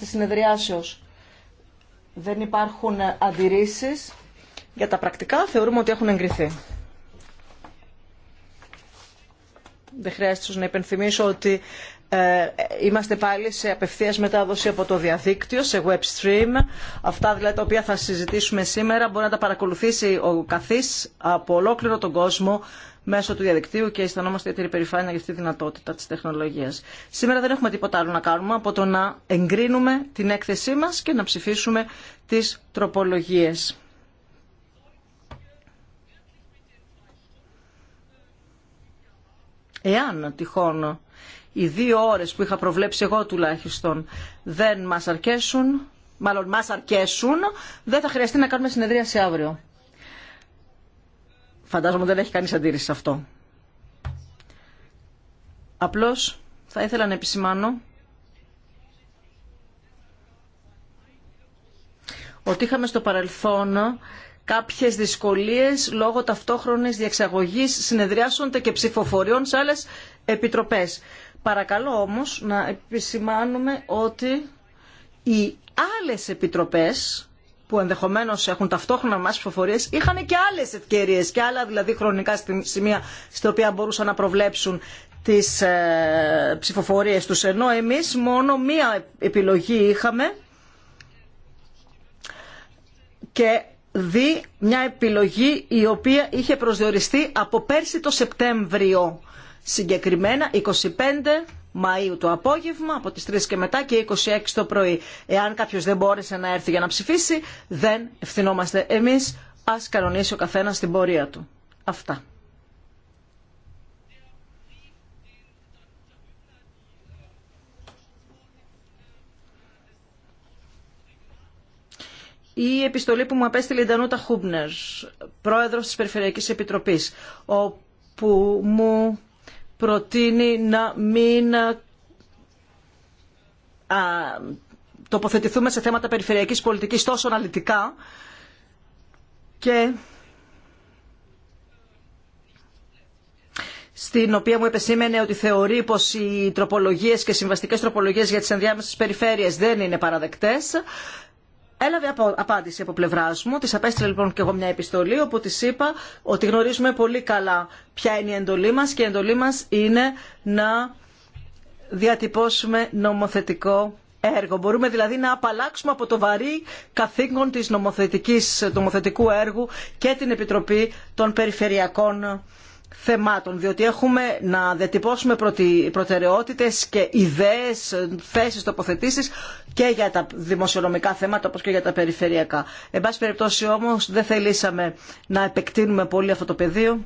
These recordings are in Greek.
της συνεδριάσεως δεν υπάρχουν αντιρρήσεις για τα πρακτικά θεωρούμε ότι έχουν εγκριθεί. Δεν χρειάζεται να υπενθυμίσω ότι ε, είμαστε πάλι σε απευθείας μετάδοση από το διαδίκτυο, σε web stream. Αυτά δηλαδή τα οποία θα συζητήσουμε σήμερα μπορεί να τα παρακολουθήσει ο καθής από ολόκληρο τον κόσμο μέσω του διαδικτύου και αισθανόμαστε ιδιαίτερη περηφάνεια για αυτή τη δυνατότητα τη τεχνολογία. Σήμερα δεν έχουμε τίποτα άλλο να κάνουμε από το να εγκρίνουμε την έκθεσή μα και να ψηφίσουμε τι τροπολογίε. Εάν τυχόν οι δύο ώρες που είχα προβλέψει εγώ τουλάχιστον δεν μας αρκέσουν, μάλλον μας αρκέσουν, δεν θα χρειαστεί να κάνουμε συνεδρίαση αύριο. Φαντάζομαι δεν έχει κάνει αντίρρηση σε αυτό. Απλώς θα ήθελα να επισημάνω ότι είχαμε στο παρελθόν κάποιες δυσκολίες λόγω ταυτόχρονης διεξαγωγής συνεδριάσεων και ψηφοφοριών σε άλλες επιτροπές. Παρακαλώ όμως να επισημάνουμε ότι οι άλλες επιτροπές που ενδεχομένω έχουν ταυτόχρονα μα ψηφοφορίε, είχαν και άλλες ευκαιρίε και άλλα δηλαδή χρονικά σημεία στα οποία μπορούσαν να προβλέψουν τις ε, ψηφοφορίες του ενώ εμείς μόνο μία επιλογή είχαμε και δει μια επιλογή η οποία είχε προσδιοριστεί από πέρσι το Σεπτέμβριο συγκεκριμένα 25 Μαΐου το απόγευμα από τις 3 και μετά και 26 το πρωί. Εάν κάποιος δεν μπόρεσε να έρθει για να ψηφίσει, δεν ευθυνόμαστε εμείς. Ας κανονίσει ο καθένας την πορεία του. Αυτά. η επιστολή που μου απέστειλε η Ντανούτα Χούμπνερ, πρόεδρος της Περιφερειακής Επιτροπής, όπου μου προτείνει να μην τοποθετηθούμε σε θέματα περιφερειακής πολιτικής τόσο αναλυτικά και στην οποία μου επεσήμενε ότι θεωρεί πως οι τροπολογίες και συμβαστικές τροπολογίες για τις ενδιάμεσες περιφέρειες δεν είναι παραδεκτές. Έλαβε απάντηση από πλευρά μου. Τη απέστειλε λοιπόν και εγώ μια επιστολή όπου τη είπα ότι γνωρίζουμε πολύ καλά ποια είναι η εντολή μα και η εντολή μα είναι να διατυπώσουμε νομοθετικό έργο. Μπορούμε δηλαδή να απαλλάξουμε από το βαρύ καθήκον της νομοθετικής, νομοθετικού έργου και την Επιτροπή των Περιφερειακών θεμάτων, διότι έχουμε να διατυπώσουμε προτεραιότητες και ιδέες, θέσεις, τοποθετήσεις και για τα δημοσιονομικά θέματα όπως και για τα περιφερειακά. Εν πάση περιπτώσει όμως δεν θελήσαμε να επεκτείνουμε πολύ αυτό το πεδίο.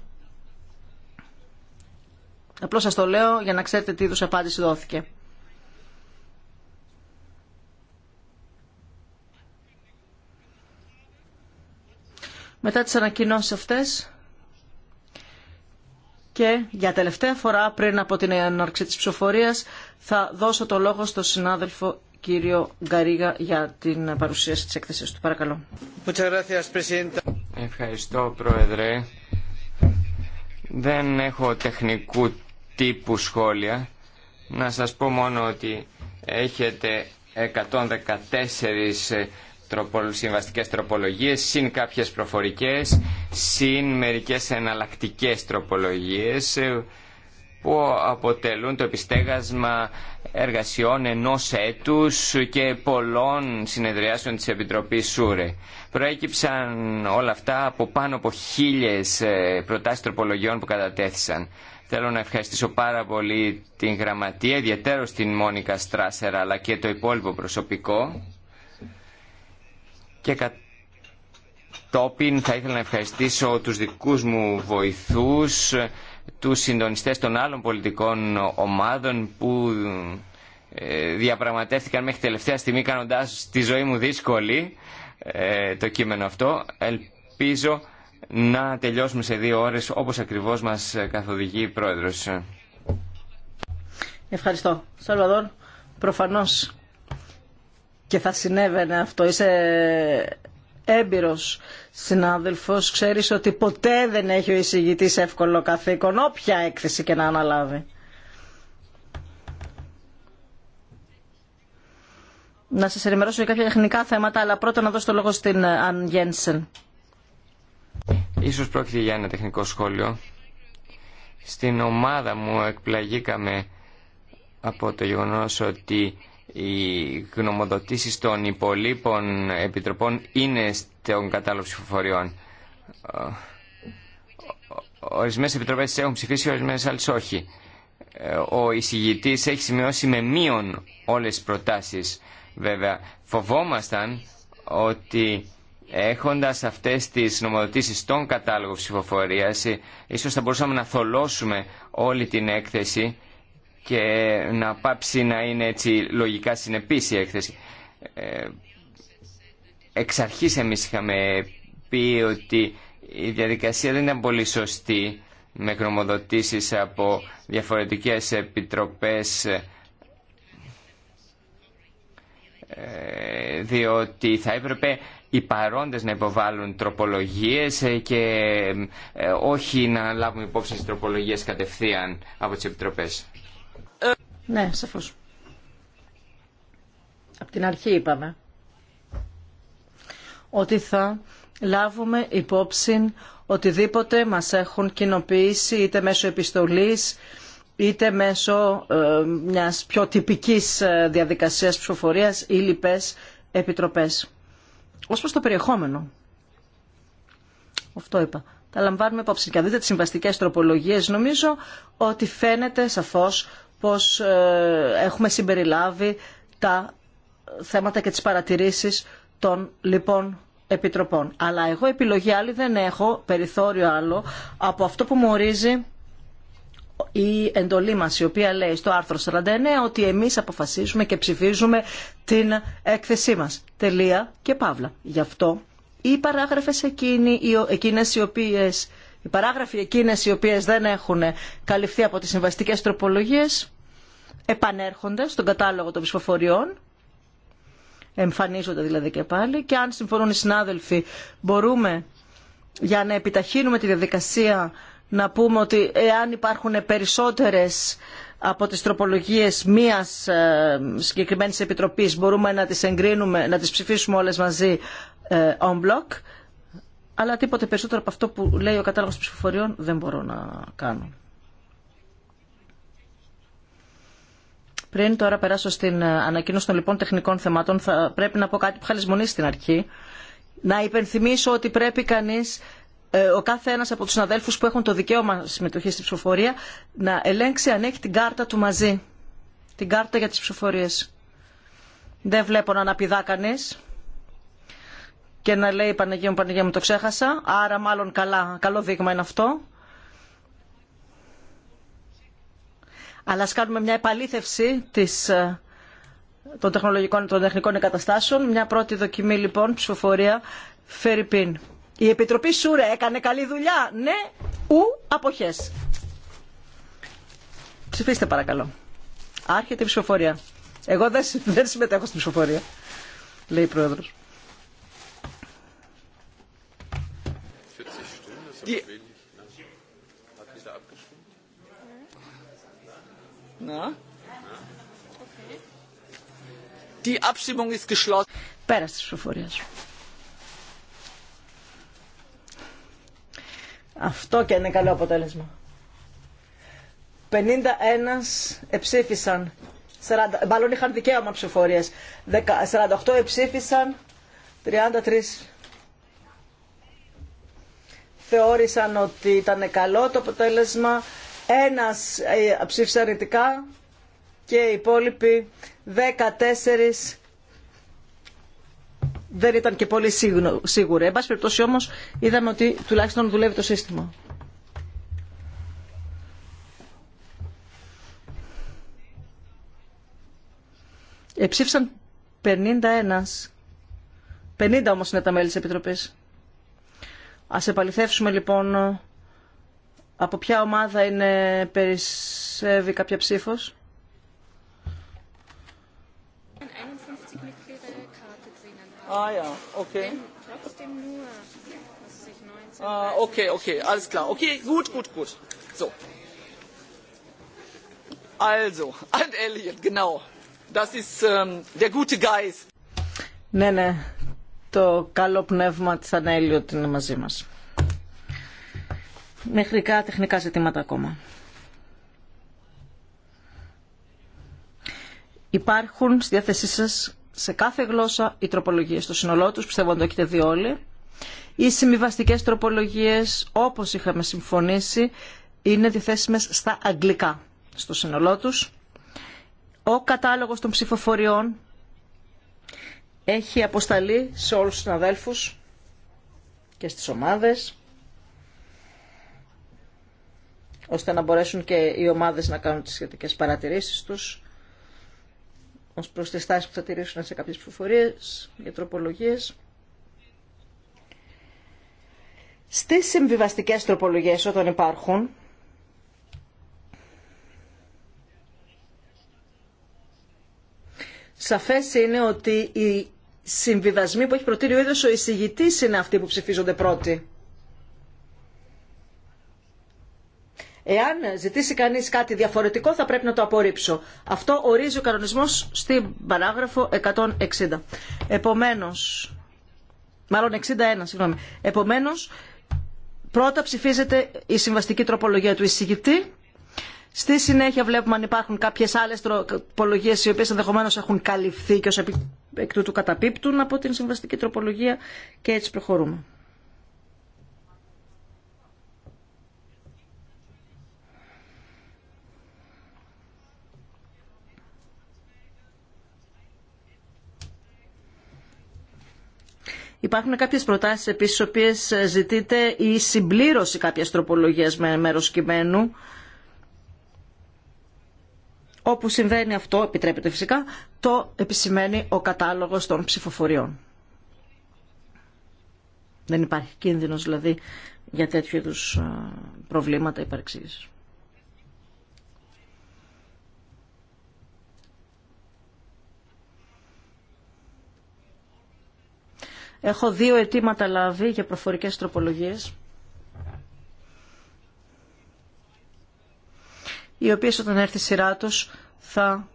Απλώς σας το λέω για να ξέρετε τι είδους απάντηση δόθηκε. Μετά τις ανακοινώσεις αυτές και για τελευταία φορά πριν από την έναρξη της ψηφοφορίας θα δώσω το λόγο στον συνάδελφο κύριο Γκαρίγα για την παρουσίαση της έκθεσης του. Παρακαλώ. Ευχαριστώ Πρόεδρε. Δεν έχω τεχνικού τύπου σχόλια. Να σας πω μόνο ότι έχετε 114 συμβαστικές τροπολογίες, συν κάποιες προφορικές, συν μερικές εναλλακτικές τροπολογίες ε, που αποτελούν το επιστέγασμα εργασιών ενός έτους και πολλών συνεδριάσεων της Επιτροπής ΣΟΥΡΕ. Προέκυψαν όλα αυτά από πάνω από χίλιες ε, προτάσεις τροπολογιών που κατατέθησαν. Θέλω να ευχαριστήσω πάρα πολύ την γραμματεία, ιδιαίτερο την Μόνικα Στράσερα αλλά και το υπόλοιπο προσωπικό και κατόπιν θα ήθελα να ευχαριστήσω τους δικούς μου βοηθούς, τους συντονιστές των άλλων πολιτικών ομάδων που ε, διαπραγματεύτηκαν μέχρι τελευταία στιγμή κάνοντας τη ζωή μου δύσκολη ε, το κείμενο αυτό. Ελπίζω να τελειώσουμε σε δύο ώρες όπως ακριβώς μας καθοδηγεί η Πρόεδρος. Ευχαριστώ. Σαλβαδόρ, προφανώς και θα συνέβαινε αυτό. Είσαι έμπειρος συνάδελφος, ξέρεις ότι ποτέ δεν έχει ο εισηγητής εύκολο καθήκον, όποια έκθεση και να αναλάβει. Να σας ενημερώσω για κάποια τεχνικά θέματα, αλλά πρώτα να δώσω το λόγο στην Αν ε, Γένσεν. Ίσως πρόκειται για ένα τεχνικό σχόλιο. Στην ομάδα μου εκπλαγήκαμε από το γεγονός ότι οι γνωμοδοτήσεις των υπολείπων επιτροπών είναι στον κατάλογο ψηφοφοριών. Ορισμένες επιτροπές έχουν ψηφίσει, ορισμένες άλλες όχι. Ε, ο εισηγητής έχει σημειώσει με μείον όλες τις προτάσεις. Βέβαια, φοβόμασταν ότι έχοντας αυτές τις νομοδοτήσεις στον κατάλογο ψηφοφορίας, ε, ίσως θα μπορούσαμε να θολώσουμε όλη την έκθεση και να πάψει να είναι έτσι λογικά συνεπής η έκθεση. Ε, εξ αρχής εμείς είχαμε πει ότι η διαδικασία δεν ήταν πολύ σωστή με γνωμοδοτήσεις από διαφορετικές επιτροπές ε, διότι θα έπρεπε οι παρόντες να υποβάλουν τροπολογίες και ε, όχι να λάβουν υπόψη τις τροπολογίες κατευθείαν από τις επιτροπές. Ναι, σαφώς. Από την αρχή είπαμε ότι θα λάβουμε υπόψη οτιδήποτε μας έχουν κοινοποιήσει είτε μέσω επιστολής είτε μέσω ε, μιας πιο τυπικής ε, διαδικασίας ψηφοφορίας ή λοιπές επιτροπές. Ως προς το περιεχόμενο. Αυτό είπα. Τα λαμβάνουμε υπόψη. Και αν δείτε τις συμβαστικές τροπολογίες νομίζω ότι φαίνεται σαφώς πως ε, έχουμε συμπεριλάβει τα θέματα και τις παρατηρήσεις των λοιπόν επιτροπών. Αλλά εγώ επιλογή άλλη δεν έχω, περιθώριο άλλο, από αυτό που μου ορίζει η εντολή μας η οποία λέει στο άρθρο 49 ότι εμείς αποφασίζουμε και ψηφίζουμε την έκθεσή μας. Τελεία και παύλα. Γι' αυτό οι παράγραφες εκείνες οι οποίες... Οι παράγραφοι εκείνες οι οποίες δεν έχουν καλυφθεί από τις συμβαστικές τροπολογίες επανέρχονται στον κατάλογο των ψηφοφοριών εμφανίζονται δηλαδή και πάλι και αν συμφωνούν οι συνάδελφοι μπορούμε για να επιταχύνουμε τη διαδικασία να πούμε ότι εάν υπάρχουν περισσότερες από τις τροπολογίες μίας ε, συγκεκριμένης επιτροπής μπορούμε να τις εγκρίνουμε, να τις ψηφίσουμε όλες μαζί on ε, block αλλά τίποτε περισσότερο από αυτό που λέει ο κατάλογος ψηφοφοριών δεν μπορώ να κάνω. Πριν τώρα περάσω στην ανακοίνωση των λοιπόν τεχνικών θεμάτων, θα πρέπει να πω κάτι που χαλισμονεί στην αρχή. Να υπενθυμίσω ότι πρέπει κανείς ε, ο κάθε ένα από τους συναδέλφου που έχουν το δικαίωμα συμμετοχή στην ψηφοφορία να ελέγξει αν έχει την κάρτα του μαζί. Την κάρτα για τις ψηφοφορίες. Δεν βλέπω να αναπηδά κανεί και να λέει Παναγία μου, Παναγία μου το ξέχασα. Άρα μάλλον καλά, καλό δείγμα είναι αυτό. Αλλά ας κάνουμε μια επαλήθευση της, ε, των τεχνολογικών των τεχνικών εγκαταστάσεων. Μια πρώτη δοκιμή λοιπόν, ψηφοφορία, Φερρυπίν. Η Επιτροπή Σούρε έκανε καλή δουλειά. Ναι, ου, αποχές. Ψηφίστε παρακαλώ. Άρχεται η ψηφοφορία. Εγώ δεν, δεν συμμετέχω στην ψηφοφορία, λέει η Πρόεδρος. Die... Die τη ψηφοφορία. Αυτό και είναι καλό αποτέλεσμα. 51 εψήφισαν. 40, μάλλον είχαν δικαίωμα ψηφοφορίε. 48 εψήφισαν. 33 θεώρησαν ότι ήταν καλό το αποτέλεσμα. Ένας ε, ψήφισε αρνητικά και οι υπόλοιποι 14 δεν ήταν και πολύ σίγουροι. Εν πάση περιπτώσει όμως είδαμε ότι τουλάχιστον δουλεύει το σύστημα. Εψήφισαν 51. 50 όμως είναι τα μέλη της Επιτροπής. Ας επαληθεύσουμε λοιπόν από ποια ομάδα είναι περισσεύει κάποια ψήφος. Ah ja, okay. Trotzdem nur, Ah, okay, okay, alles klar. Okay, gut, gut, gut. So. Also, ein Elliot, genau. Das ist der gute Geist. Ναι, ναι. Το καλό πνεύμα της Ανέλιωτ είναι μαζί μας μεχρικά τεχνικά ζητήματα ακόμα. Υπάρχουν στη διάθεσή σας σε κάθε γλώσσα οι τροπολογίες στο σύνολό τους, πιστεύω να το έχετε δει όλοι. Οι συμβιβαστικές τροπολογίες, όπως είχαμε συμφωνήσει, είναι διαθέσιμες στα αγγλικά στο σύνολό τους. Ο κατάλογος των ψηφοφοριών έχει αποσταλεί σε όλους τους αδέλφους και στις ομάδες ώστε να μπορέσουν και οι ομάδες να κάνουν τις σχετικές παρατηρήσεις τους ως προς που θα τηρήσουν σε κάποιες ψηφοφορίες για τροπολογίες. Στις συμβιβαστικές τροπολογίες όταν υπάρχουν, σαφές είναι ότι οι συμβιβασμοί που έχει προτείνει ο ίδιος ο εισηγητής είναι αυτοί που ψηφίζονται πρώτοι. Εάν ζητήσει κανεί κάτι διαφορετικό, θα πρέπει να το απορρίψω. Αυτό ορίζει ο κανονισμό στην παράγραφο 160. Επομένω. Μάλλον 61, συγγνώμη. Επομένω, πρώτα ψηφίζεται η συμβαστική τροπολογία του εισηγητή. Στη συνέχεια βλέπουμε αν υπάρχουν κάποιες άλλες τροπολογίες οι οποίες ενδεχομένω έχουν καλυφθεί και επί... εκ τούτου καταπίπτουν από την συμβαστική τροπολογία και έτσι προχωρούμε. Υπάρχουν κάποιε προτάσει επίση, στι οποίε ε, ζητείται η συμπλήρωση κάποια τροπολογία με μέρο κειμένου. Όπου συμβαίνει αυτό, επιτρέπεται φυσικά, το επισημαίνει ο κατάλογος των ψηφοφοριών. Δεν υπάρχει κίνδυνος δηλαδή για τέτοιου είδου ε, προβλήματα υπαρξή. Έχω δύο αιτήματα λάβει για προφορικές τροπολογίες. οι οποίες όταν έρθει η σειρά τους θα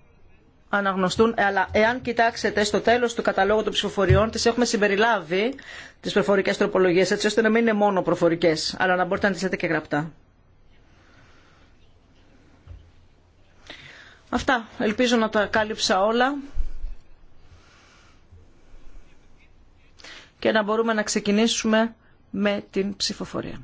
αναγνωστούν, ε, αλλά εάν κοιτάξετε στο τέλος του καταλόγου των ψηφοφοριών τις έχουμε συμπεριλάβει τις προφορικές τροπολογίες έτσι ώστε να μην είναι μόνο προφορικές αλλά να μπορείτε να τις λέτε και γραπτά. Αυτά. Ελπίζω να τα κάλυψα όλα. και να μπορούμε να ξεκινήσουμε με την ψηφοφορία.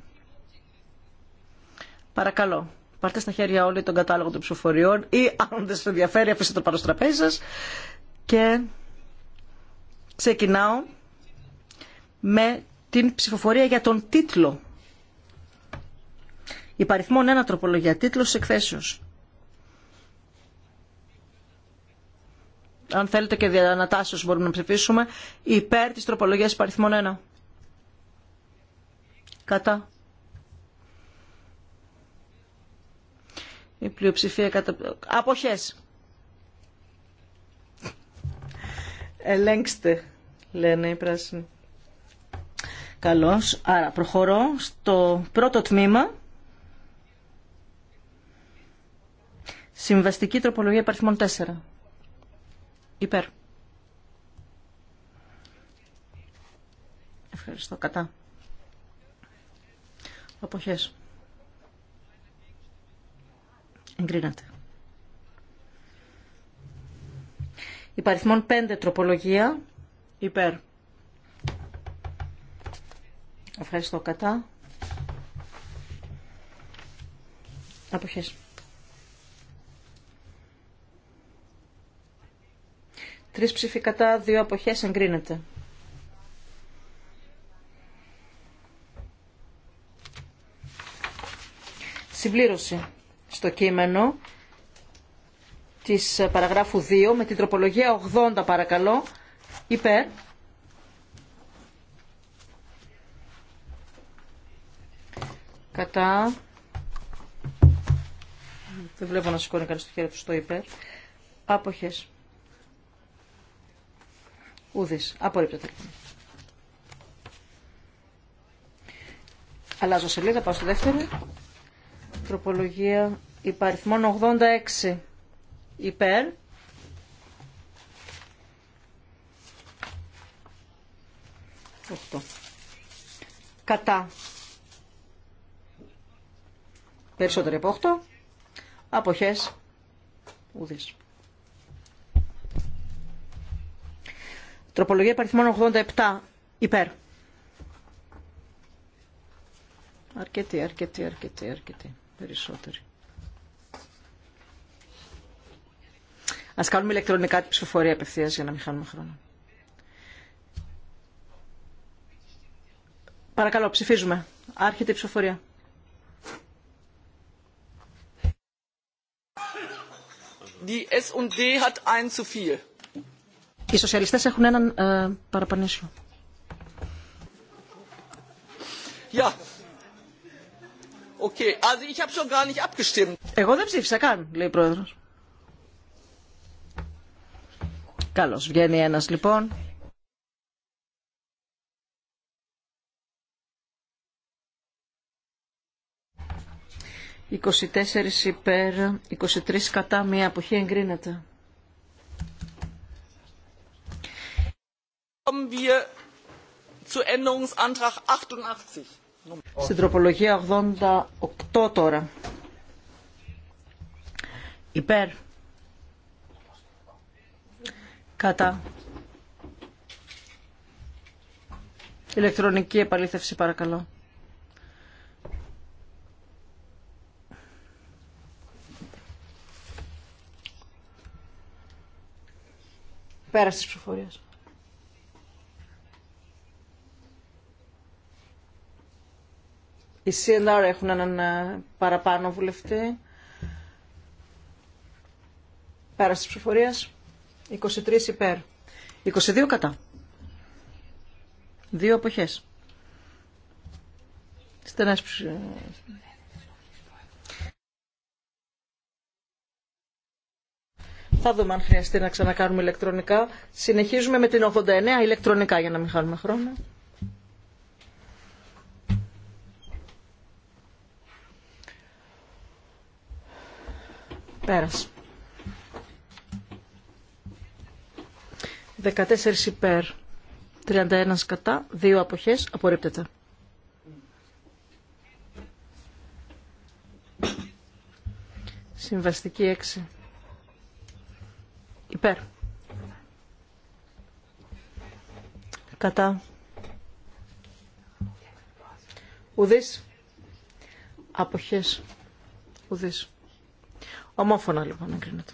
Παρακαλώ, πάρτε στα χέρια όλοι τον κατάλογο των ψηφοφοριών ή αν δεν σας ενδιαφέρει αφήστε το πάνω στραπέζι σας και ξεκινάω με την ψηφοφορία για τον τίτλο. Υπαριθμόν ένα τροπολογία τίτλος εκθέσεως. αν θέλετε και διανατάσσεως μπορούμε να ψηφίσουμε, υπέρ της τροπολογίας παριθμών 1. Κατά. Η πλειοψηφία κατά... Αποχές. Ελέγξτε, λένε οι πράσινοι. Καλώς. Άρα προχωρώ στο πρώτο τμήμα. Συμβαστική τροπολογία παριθμών 4. Υπέρ. Ευχαριστώ. Κατά. Αποχές. Εγκρίνατε. Υπαριθμόν 5 τροπολογία. Υπέρ. Ευχαριστώ. Κατά. Αποχές. Τρεις ψήφοι κατά, δύο αποχές εγκρίνεται. Συμπλήρωση στο κείμενο της ε, παραγράφου 2 με την τροπολογία 80 παρακαλώ υπέρ κατά δεν βλέπω να σηκώνει κανείς το χέρι του στο υπέρ άποχες Ούδης. Απορρίπτεται. Αλλάζω σελίδα, πάω στο δεύτερο. Τροπολογία υπαριθμών 86. Υπέρ. Αυτό. Κατά. Περισσότερο από 8. Αποχές. Ούδης. Τροπολογία παριθμών 87 υπέρ. Αρκετή, αρκετή, αρκετή, αρκετή. Περισσότερη. Ας κάνουμε ηλεκτρονικά την ψηφοφορία απευθείας για να μην χάνουμε χρόνο. Παρακαλώ, ψηφίζουμε. Άρχεται η ψηφοφορία. Die S&D hat ein zu viel. Οι σοσιαλιστές έχουν έναν ε, Εγώ δεν ψήφισα καν, λέει ο πρόεδρος. Καλώς, βγαίνει ένας λοιπόν. «24 υπέρ, 23 κατά, μία αποχή εγκρίνεται». Kommen wir zu 88. Στην τροπολογία 88 τώρα. Υπέρ. Κατά. Ηλεκτρονική επαλήθευση παρακαλώ. Πέραση τη ψηφοφορίας. Οι CNR έχουν έναν ε, παραπάνω βουλευτή. Πέρα τη ψηφοφορία. 23 υπέρ. 22 κατά. Δύο εποχές. Στενές Θα δούμε αν χρειαστεί να ξανακάνουμε ηλεκτρονικά. Συνεχίζουμε με την 89 ηλεκτρονικά για να μην χάνουμε χρόνο. Πέρας. 14 υπέρ, 31 κατά, 2 αποχές, απορρίπτεται. Συμβαστική 6. Υπέρ. Κατά. Ουδής. Αποχές. Ουδής. Ομόφωνα λοιπόν εγκρίνεται.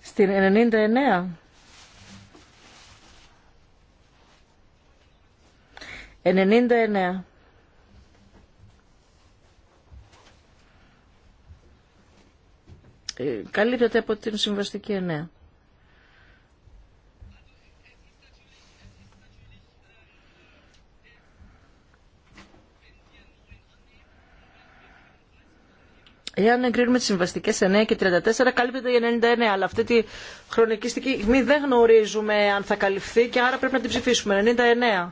Στην 99. 99. Ε, καλύπτεται από την συμβαστική 9. Εάν εγκρίνουμε τι συμβαστικέ 9 και 34, καλύπτεται η 99, αλλά αυτή τη χρονική στιγμή δεν γνωρίζουμε αν θα καλυφθεί και άρα πρέπει να την ψηφίσουμε. 99.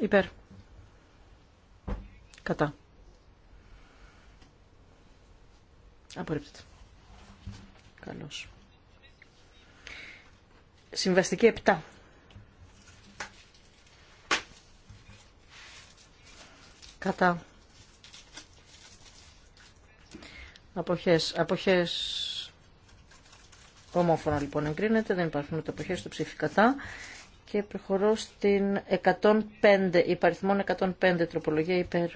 Υπέρ. Κατά. Απορρίπτεται. Καλώς. Συμβαστική 7. Κατά. Αποχές, αποχές ομόφωνα λοιπόν εγκρίνεται, δεν υπάρχουν ούτε αποχές στο ψήφι Και προχωρώ στην 105, υπαριθμόν 105 τροπολογία υπέρ.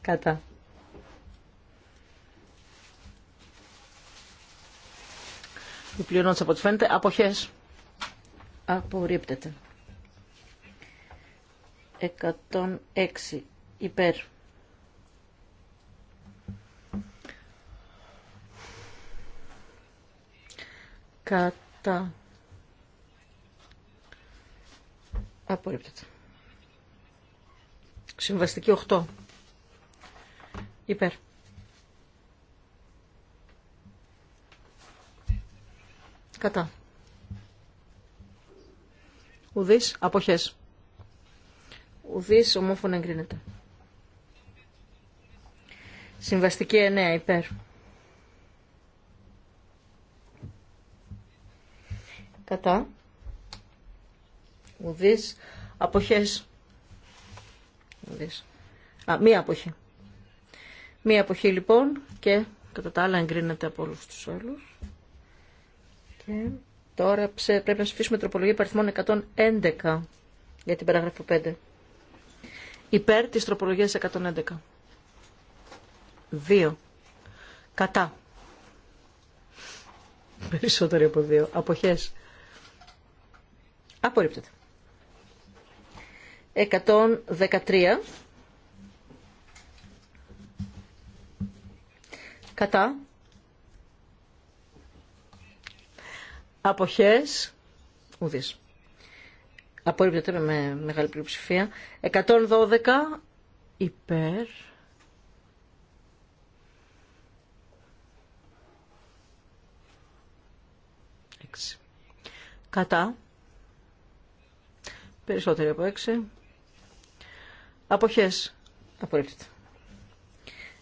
Κατά. Η πλειονότητα από ό,τι φαίνεται, αποχές. Απορρίπτεται. 106 υπέρ. κατά απορρίπτεται. Συμβαστική 8. Υπέρ. Κατά. Ουδής, αποχές. Ουδής, ομόφωνα εγκρίνεται. Συμβαστική 9, υπέρ. κατά ουδείς αποχές α, μία αποχή μία αποχή λοιπόν και κατά τα άλλα εγκρίνεται από όλους τους άλλους και τώρα πρέπει να σφίσουμε τροπολογία υπαριθμών 111 για την παράγραφο 5 υπέρ της τροπολογίας 111 2 κατά περισσότεροι από δύο αποχές Απορρίπτεται. 113. Κατά. Αποχές. Ουδής. Απορρίπτεται με μεγάλη πλειοψηφία. 112. Υπέρ. Κατά. Περισσότεροι από έξι. Αποχές. Απορρίπτεται.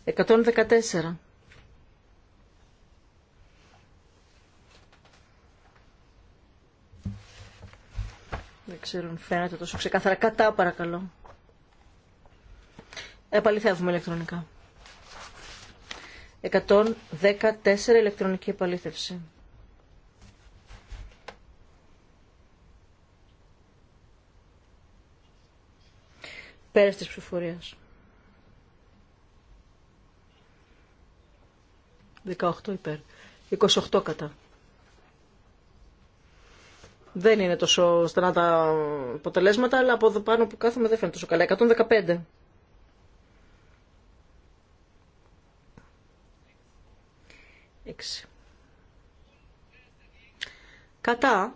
114. Δεν ξέρω αν φαίνεται τόσο ξεκάθαρα. Κατά παρακαλώ. Επαληθεύουμε ηλεκτρονικά. 114 ηλεκτρονική επαλήθευση. Πέρας της ψηφοφορίας. 18 υπέρ. 28 κατά. Δεν είναι τόσο στενά τα αποτελέσματα, αλλά από εδώ πάνω που κάθομαι δεν φαίνεται τόσο καλά. 115. Έξι. Κατά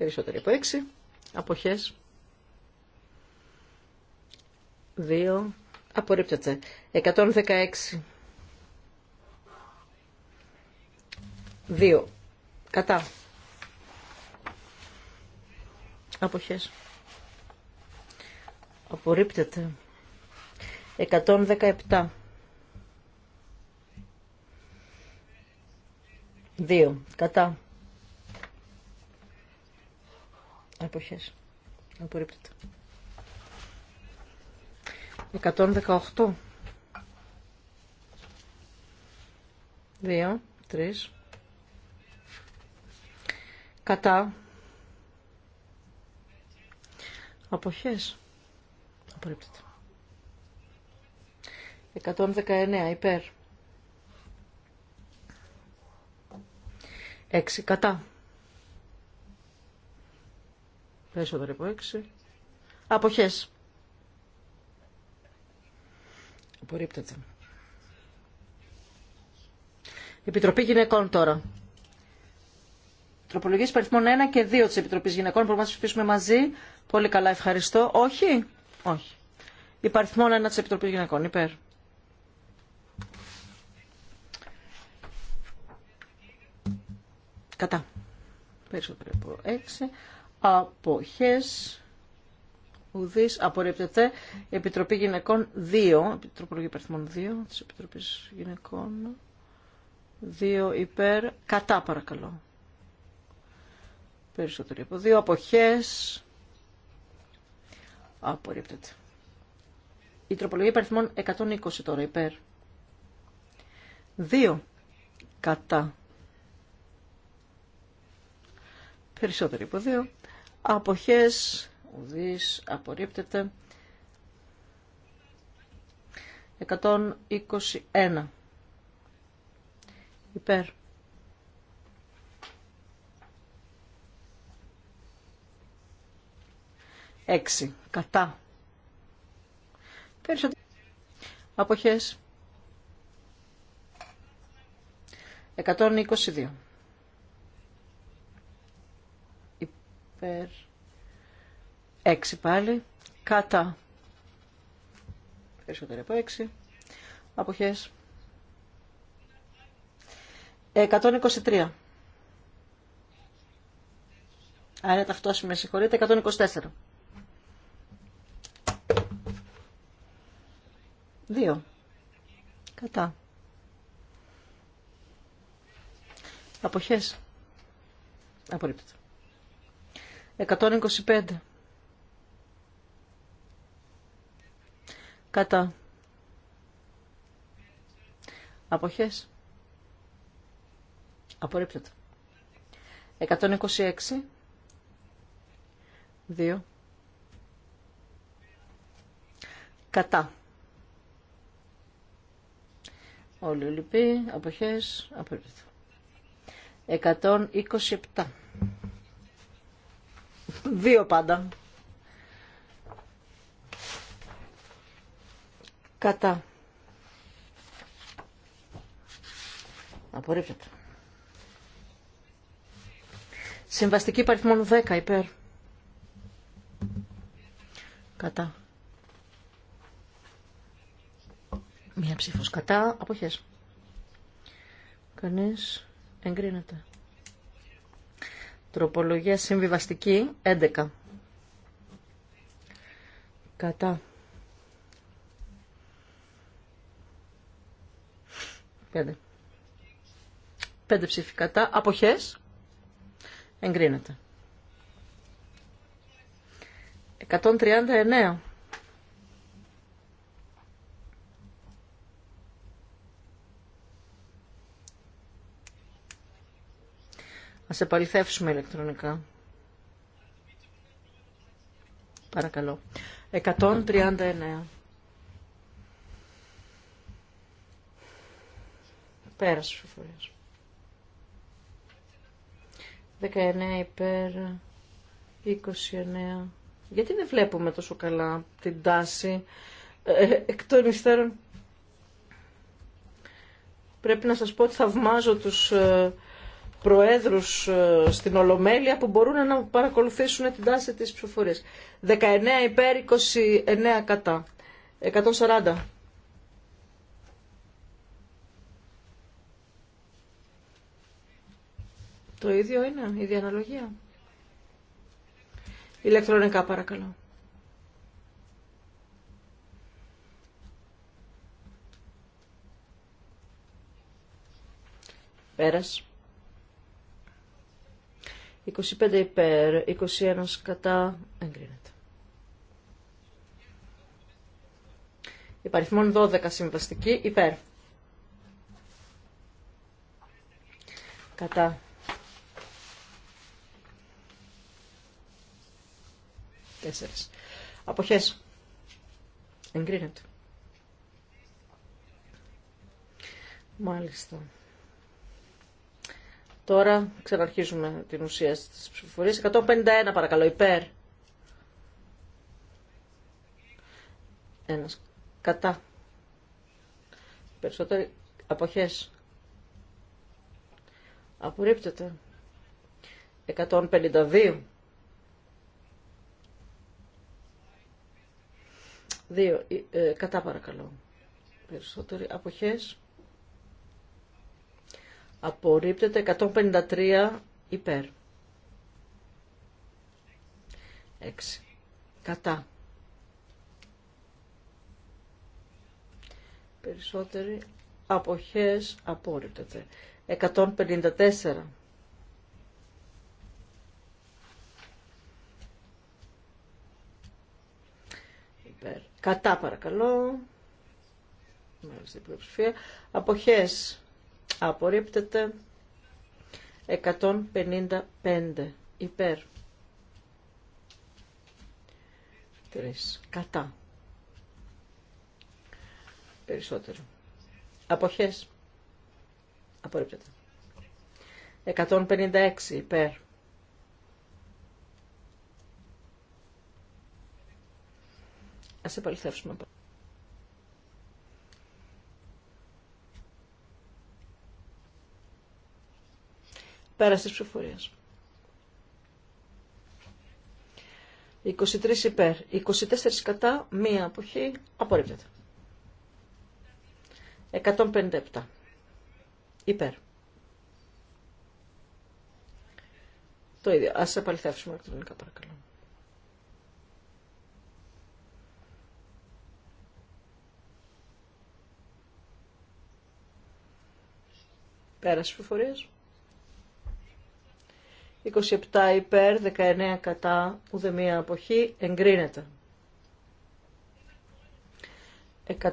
Περισσότεροι από 6. Αποχές. 2. Απορρίπτεται. 116. 2. Κατά. Αποχές. Απορρίπτεται. 117. 2. Κατά. Αποχές. Απορρίπτεται. 118. 2, 3. Κατά. Αποχές. Απορρίπτεται. 119 υπέρ. 6 κατά. Περισσότερο από έξι. Αποχές. Απορρίπτεται. Επιτροπή Γυναικών τώρα. Τροπολογίε παριθμών 1 και 2 τη Επιτροπή Γυναικών. Μπορούμε να τι ψηφίσουμε μαζί. Πολύ καλά, ευχαριστώ. Όχι. Όχι. Υπαριθμών 1 τη Επιτροπή Γυναικών. Υπέρ. Κατά. Περισσότερο από 6 αποχές ουδής απορρίπτεται Επιτροπή Γυναικών 2 Επιτροπή Υπερθμών 2 της Επιτροπής Γυναικών 2 υπέρ κατά παρακαλώ Περισσότερο από 2 αποχές απορρίπτεται η τροπολογία Περιθμών 120 τώρα υπέρ 2 κατά περισσότερο υπό 2 Αποχές. Ουδής. Απορρίπτεται. 121. Υπέρ. Έξι. Κατά. Περισσότερο. Αποχές. 122. υπέρ. 6 πάλι. Κατά. Περισσότερο από 6. Αποχές. 123. Άρα ταυτόσιμη, συγχωρείτε, 124. 2 Κατά. Αποχές. Απορρίπτεται. 125. Κατά. Αποχές. Απορρίπτεται. 126. 2. Κατά. Όλοι οι λοιποί, αποχές, απορρίπτεται. 127. Δύο πάντα. Κατά. Απορρίπτεται. Συμβαστική παριθμόν 10 υπέρ. Κατά. Μία ψήφος κατά. Αποχές. Κανείς εγκρίνεται. Τροπολογία συμβιβαστική 11. Κατά. 5. 5 ψήφοι κατά. Αποχές. Εγκρίνεται. 139. Ας επαληθεύσουμε ηλεκτρονικά. Παρακαλώ. 139. Πέρασε φορέας. 19 υπέρ, 29. Γιατί δεν βλέπουμε τόσο καλά την τάση ε, ε, εκ των υστέρων. Πρέπει να σας πω ότι θαυμάζω τους ε, προέδρους ε, στην Ολομέλεια που μπορούν να παρακολουθήσουν την τάση της ψηφοφορίας. 19 υπέρ, 29 κατά. 140. Το ίδιο είναι, η ίδια αναλογία. Ηλεκτρονικά παρακαλώ. Πέρας. 25 υπέρ, 21 κατά, εγκρίνεται. Υπαριθμόν 12 συμβαστική υπέρ. Κατά. Τέσσερις. Αποχές. Εγκρίνεται. Μάλιστα. Τώρα ξαναρχίζουμε την ουσία στις ψηφοφορίες. 151 παρακαλώ, υπέρ. Ένας κατά. Περισσότεροι αποχές. Απορρίπτεται. 152. Δύο. Ε, κατά παρακαλώ. Περισσότεροι αποχές. Απορρίπτεται 153 υπέρ. 6. Κατά. Περισσότεροι αποχές απορρίπτεται. 154. Κατά παρακαλώ. Μάλιστα η πλειοψηφία. Αποχές Απορρίπτεται 155 υπέρ. 3 κατά. Περισσότερο. Αποχές. Απορρίπτεται. 156 υπέρ. Ας επαληθεύσουμε. Πέραση στις 23 υπέρ, 24 κατά, μία αποχή, απορρίπτεται. 157 υπέρ. Το ίδιο. Ας επαληθεύσουμε ηλεκτρονικά παρακαλώ. Πέρασε ψηφοφορίας. 27 υπέρ, 19 κατά, ουδεμία αποχή, εγκρίνεται.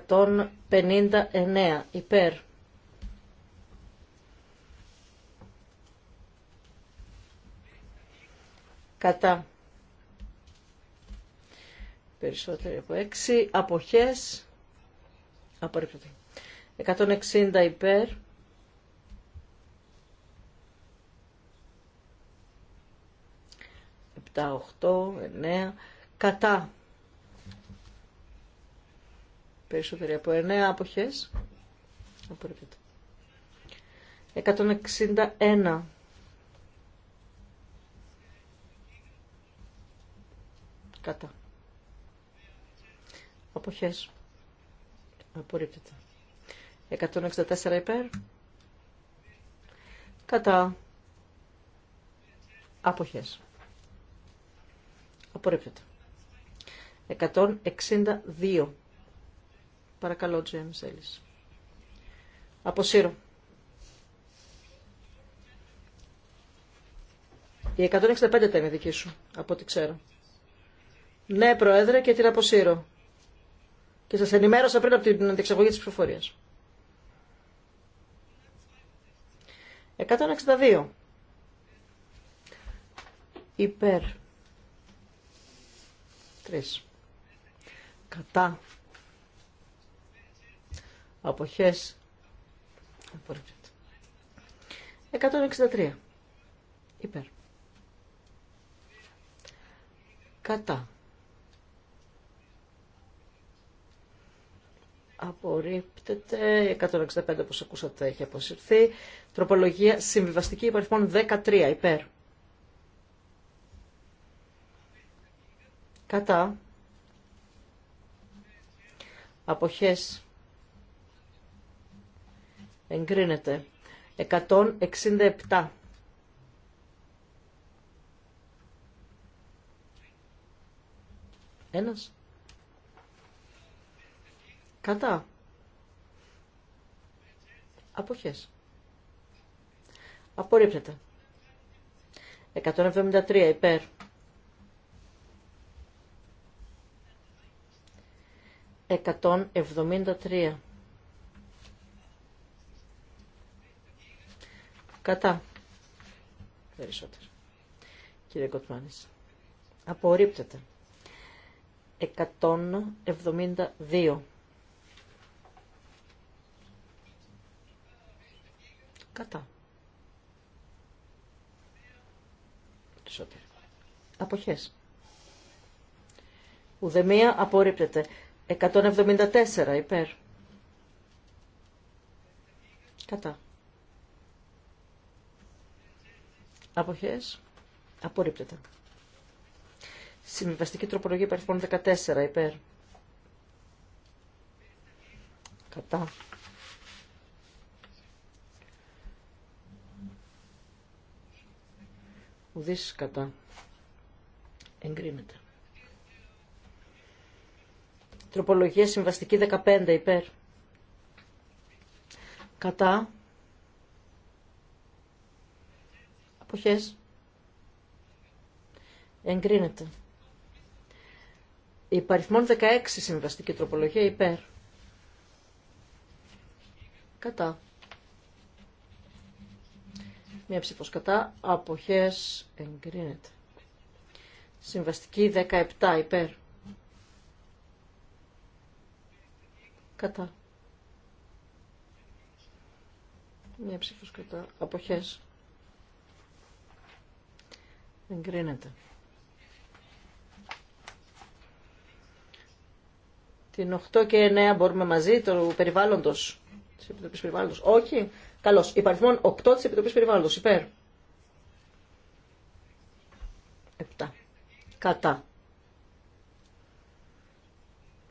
159 υπέρ. Κατά. Περισσότεροι από 6. Αποχές. Απορρίπτωτη. 160 υπέρ. 7, 8, 9, κατά. Περισσότεροι από 9 αποχές. Απορρίπτεται. 161. Κατά. Αποχές. Απορρίπτεται. 164 υπέρ. Κατά. Αποχές. Απορρίπτεται. 162. Παρακαλώ, James Ellis. Αποσύρω. Η 165 ήταν η δική σου, από ό,τι ξέρω. Ναι, Πρόεδρε, και την αποσύρω. Και σας ενημέρωσα πριν από την αντιεξαγωγή της ψηφοφορίας. 162. Υπέρ. 3. Κατά. Αποχές. Απορρίπτεται. 163. Υπέρ. Κατά. Απορρίπτεται. 165 όπως ακούσατε έχει αποσυρθεί. Τροπολογία συμβιβαστική υπαριθμών 13. Υπέρ. κατά αποχές εγκρίνεται 167 Ένας. Κατά. Αποχές. Απορρίπτεται. 173 υπέρ. 173. Κατά. Περισσότερο. Κύριε Κοτμάνης. Απορρίπτεται. 172. Κατά. Περισσότερο. Αποχές. Ουδεμία απορρίπτεται. 174 υπέρ. Κατά. Αποχές. Απορρίπτεται. Συμβιβαστική τροπολογία υπερφών 14 υπέρ. Κατά. Ουδής κατά. Εγκρίνεται. Τροπολογία συμβαστική 15 υπέρ. Κατά. Αποχές. Εγκρίνεται. Υπαριθμόν 16 συμβαστική τροπολογία υπέρ. Κατά. Μία ψήφος κατά. Αποχές εγκρίνεται. Συμβαστική 17 υπέρ. Κατά. Μία ψήφος κατά. Αποχές. Εγκρίνεται. Την 8 και 9 μπορούμε μαζί, το περιβάλλοντος, της Επιτροπής Περιβάλλοντος. Όχι. Καλώς. Υπαριθμόν 8 της Επιτροπής Περιβάλλοντος. Υπέρ. 7. Κατά.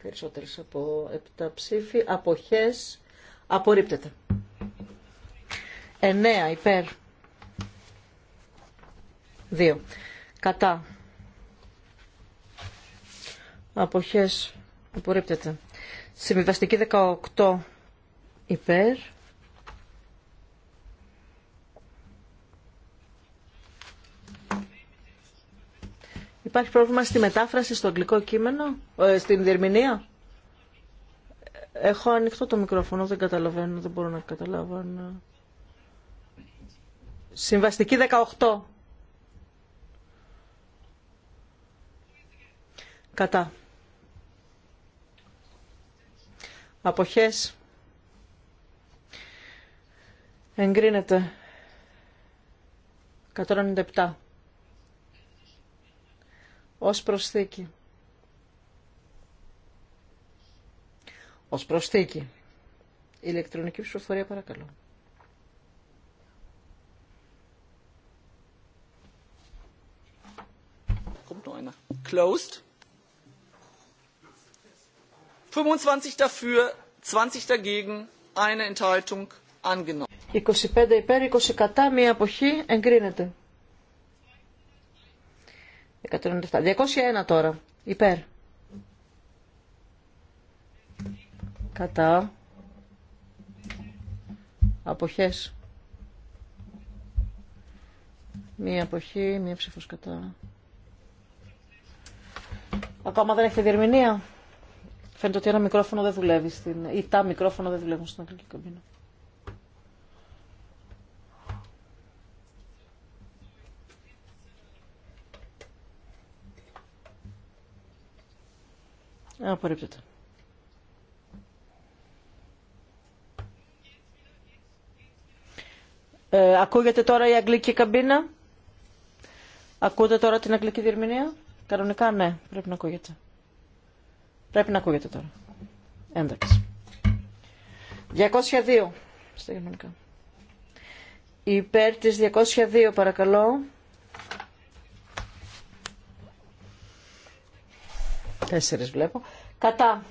Περισσότερες από 7 ψήφοι. Αποχές. Απορρίπτεται. 9 υπέρ. 2. Κατά. Αποχές. Απορρίπτεται. Συμβιβαστική 18 υπέρ υπάρχει πρόβλημα στη μετάφραση στο αγγλικό κείμενο, ε, στην διερμηνία. Έχω ανοιχτό το μικρόφωνο, δεν καταλαβαίνω, δεν μπορώ να καταλάβω. Συμβαστική 18. Κατά. Αποχές. Εγκρίνεται. 197 ως προσθήκη. Ως προσθήκη. Ηλεκτρονική ψηφοφορία παρακαλώ. Kommt Closed. 25 dafür, 20 dagegen, eine Enthaltung angenommen. 25 υπέρ, 20 κατά, μία αποχή εγκρίνεται. 201 τώρα. Υπέρ. Κατά. Αποχές. Μία αποχή, μία ψήφος κατά. Ακόμα δεν έχετε διερμηνία. Φαίνεται ότι ένα μικρόφωνο δεν δουλεύει στην... ή τα μικρόφωνα δεν δουλεύουν στην αγγλική καμπίνα. Απορρίπτεται. Ε, ακούγεται τώρα η αγγλική καμπίνα. Ακούτε τώρα την αγγλική διερμηνία. Κανονικά ναι, πρέπει να ακούγεται. Πρέπει να ακούγεται τώρα. Ένταξη. 202 στα γερμανικά. Υπέρ της 202 παρακαλώ. Τέσσερις βλέπω. Κατά.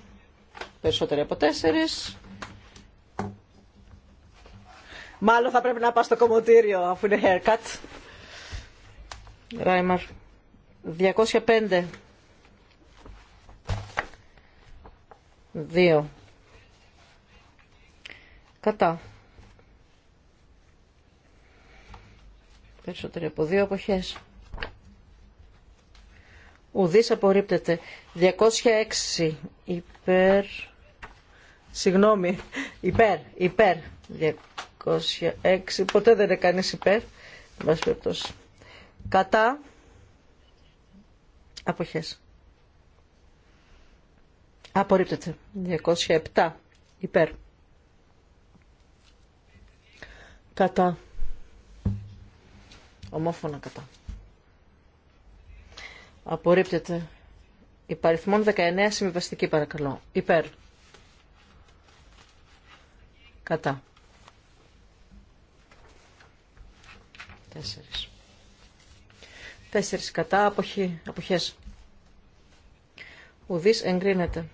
Περισσότεροι από τέσσερις. Μάλλον θα πρέπει να πάω στο κομμωτήριο αφού είναι haircut. Ράιμαρ. 205. Δύο. Κατά. Περισσότεροι από δύο εποχές. Ουδής απορρίπτεται. 206 υπέρ... Συγγνώμη, υπέρ, υπέρ. 206, ποτέ δεν είναι κανείς υπέρ. Κατά αποχές. Απορρίπτεται. 207 υπέρ. Κατά. Ομόφωνα κατά. Απορρίπτεται. Υπαριθμόν 19 συμβιβαστική παρακαλώ. Υπέρ. Κατά. Τέσσερις. Τέσσερις κατά αποχή, αποχές. Ουδής εγκρίνεται.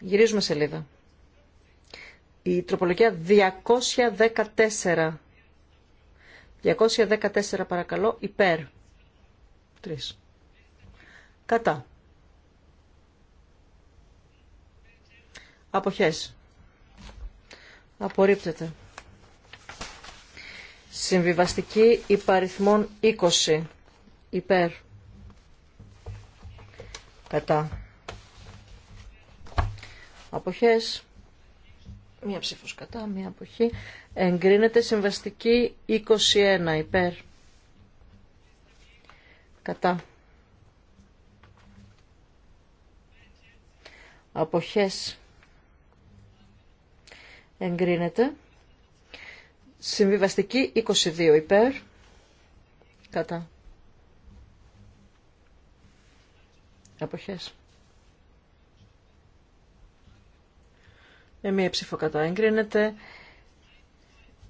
Γυρίζουμε σελίδα. Η τροπολογία 214. 214 παρακαλώ υπέρ. Κατά. Αποχές. Απορρίπτεται. Συμβιβαστική υπαριθμών 20. Υπέρ. Κατά. Αποχές. Μία ψήφος κατά, μία αποχή. Εγκρίνεται συμβαστική 21. Υπέρ κατά αποχές εγκρίνεται συμβιβαστική 22 υπέρ κατά αποχές με μία ψήφο κατά εγκρίνεται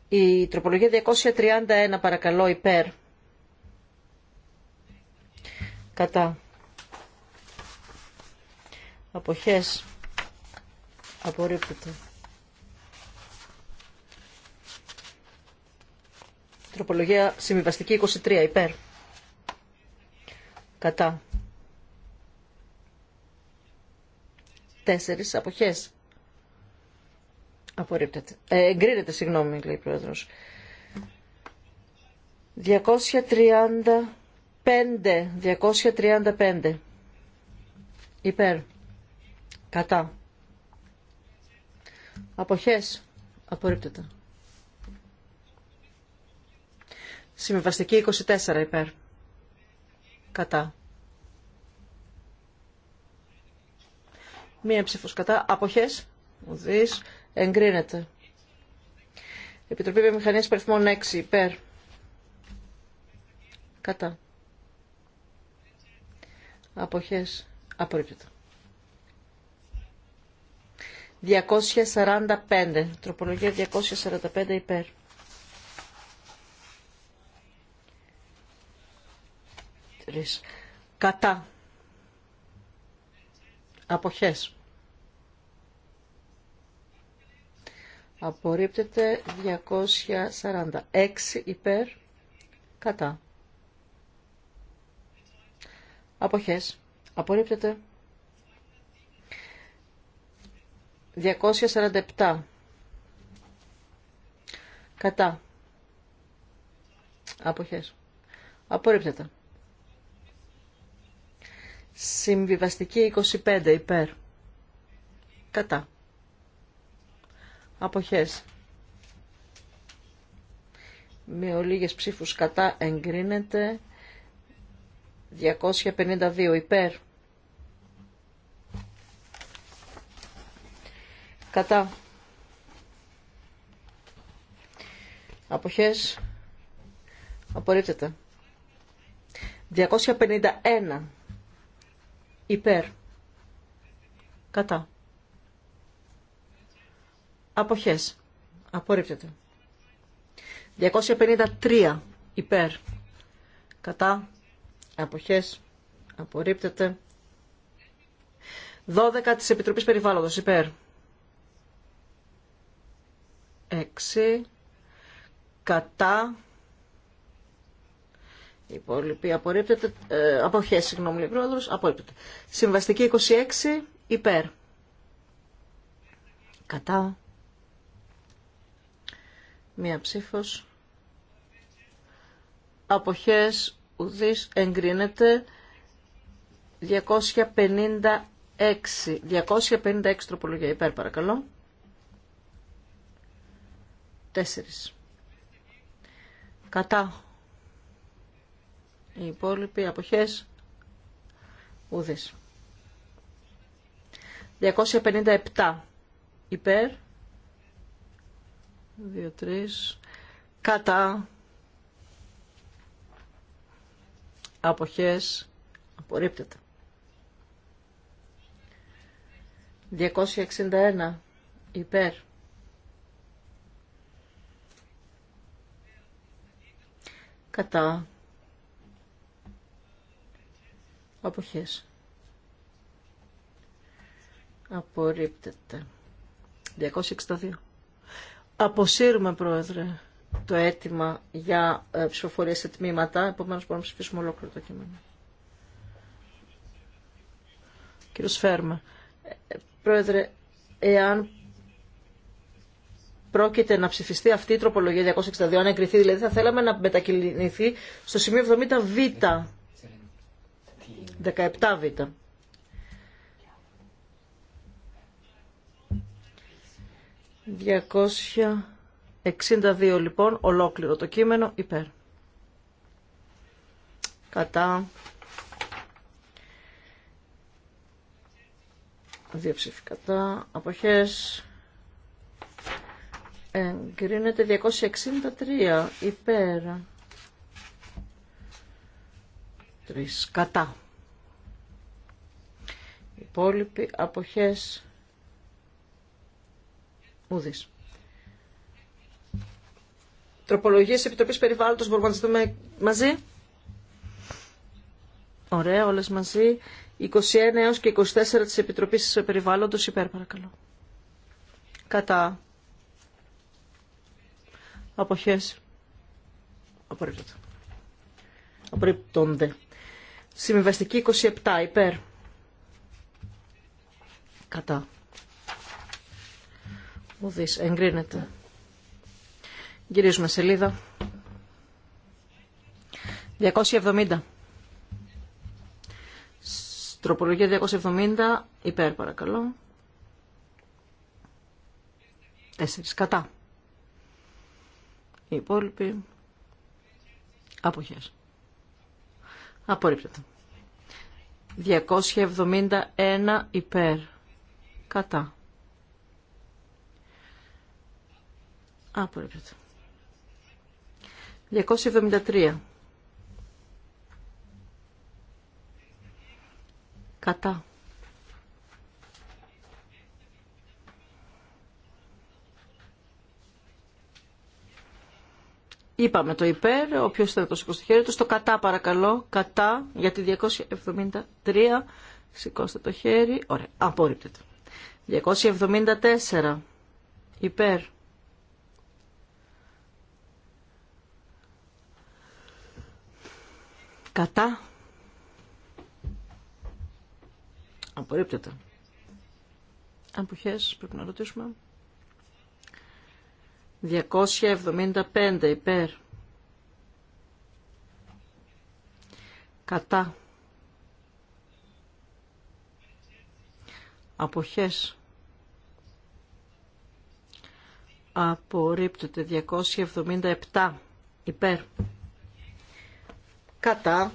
η τροπολογία 231 παρακαλώ υπέρ κατά αποχές απορρίπτεται. Τροπολογία συμβιβαστική 23 υπέρ κατά τέσσερις αποχές απορρίπτεται. Ε, εγκρίνεται, συγγνώμη, λέει Πρόεδρος. 230 5.235, Υπέρ. Κατά. Αποχές. Απορρίπτεται. Συμβαστική 24 υπέρ. Κατά. Μία ψήφος κατά. Αποχές. Ουδής. Εγκρίνεται. Επιτροπή Βιομηχανίας Περιθμών 6 υπέρ. Κατά αποχές απορρίπτεται. 245, τροπολογία 245 υπέρ. Κατά. Αποχές. Απορρίπτεται 246 υπέρ. Κατά. Αποχές. Απορρίπτεται. 247. Κατά. Αποχές. Απορρίπτεται. Συμβιβαστική 25 υπέρ. Κατά. Αποχές. Με ολίγες ψήφους κατά εγκρίνεται 252 υπέρ. Κατά. Αποχές. Απορρίπτεται. 251 υπέρ. Κατά. Αποχές. Απορρίπτεται. 253 υπέρ. Κατά αποχές απορρίπτεται 12 της Επιτροπής Περιβάλλοντος υπέρ 6 κατά η υπόλοιπη απορρίπτεται ε, αποχές συγγνώμη λέει πρόεδρος απορρίπτεται συμβαστική 26 υπέρ κατά μία ψήφος αποχές ουδής εγκρίνεται 256 256 τροπολογία υπέρ παρακαλώ 4 κατά οι υπόλοιποι αποχές ουδής 257 υπέρ 2-3 κατά αποχές απορρίπτεται. 261 υπέρ. Κατά. Αποχές. Απορρίπτεται. 262. Αποσύρουμε, Πρόεδρε το αίτημα για ε, ψηφοφορία σε τμήματα, Επομένω μπορούμε να ψηφίσουμε ολόκληρο το κείμενο. Κύριο Φέρμα, ε, Πρόεδρε, εάν πρόκειται να ψηφιστεί αυτή η τροπολογία 262, αν εγκριθεί, δηλαδή θα θέλαμε να μετακινηθεί στο σημείο 70β, 17β. Διακόσια... 62 λοιπόν, ολόκληρο το κείμενο, υπέρ. Κατά. Δύο ψήφοι κατά. Αποχές. Εγκρίνεται 263 υπέρ. Τρεις κατά. Υπόλοιποι αποχές ουδής. Τροπολογίες Επιτροπής Περιβάλλοντος μπορούμε να τι δούμε μαζί. Ωραία, όλες μαζί. 21 έω και 24 τη Επιτροπή Περιβάλλοντος υπέρ παρακαλώ. Κατά. Αποχέ. Απορρίπτονται. Απορρίπτονται. Συμβιβαστική 27 υπέρ. Κατά. Ουδής. Εγκρίνεται. Γυρίζουμε σελίδα. 270. Στροπολογία 270, υπέρ παρακαλώ. 4. Κατά. Οι υπόλοιποι. Αποχές. Απορρίπτεται. 271 υπέρ. Κατά. Απορρίπτεται. 273. Κατά. Είπαμε το υπέρ, όποιος θέλει το σηκώσει το χέρι του, στο κατά παρακαλώ, κατά για τη 273, σηκώστε το χέρι, ωραία, το. 274, υπέρ, Κατά. Απορρίπτεται. Αποχές πρέπει να ρωτήσουμε. 275 υπέρ. Κατά. Αποχές. Απορρίπτεται 277 υπέρ κατά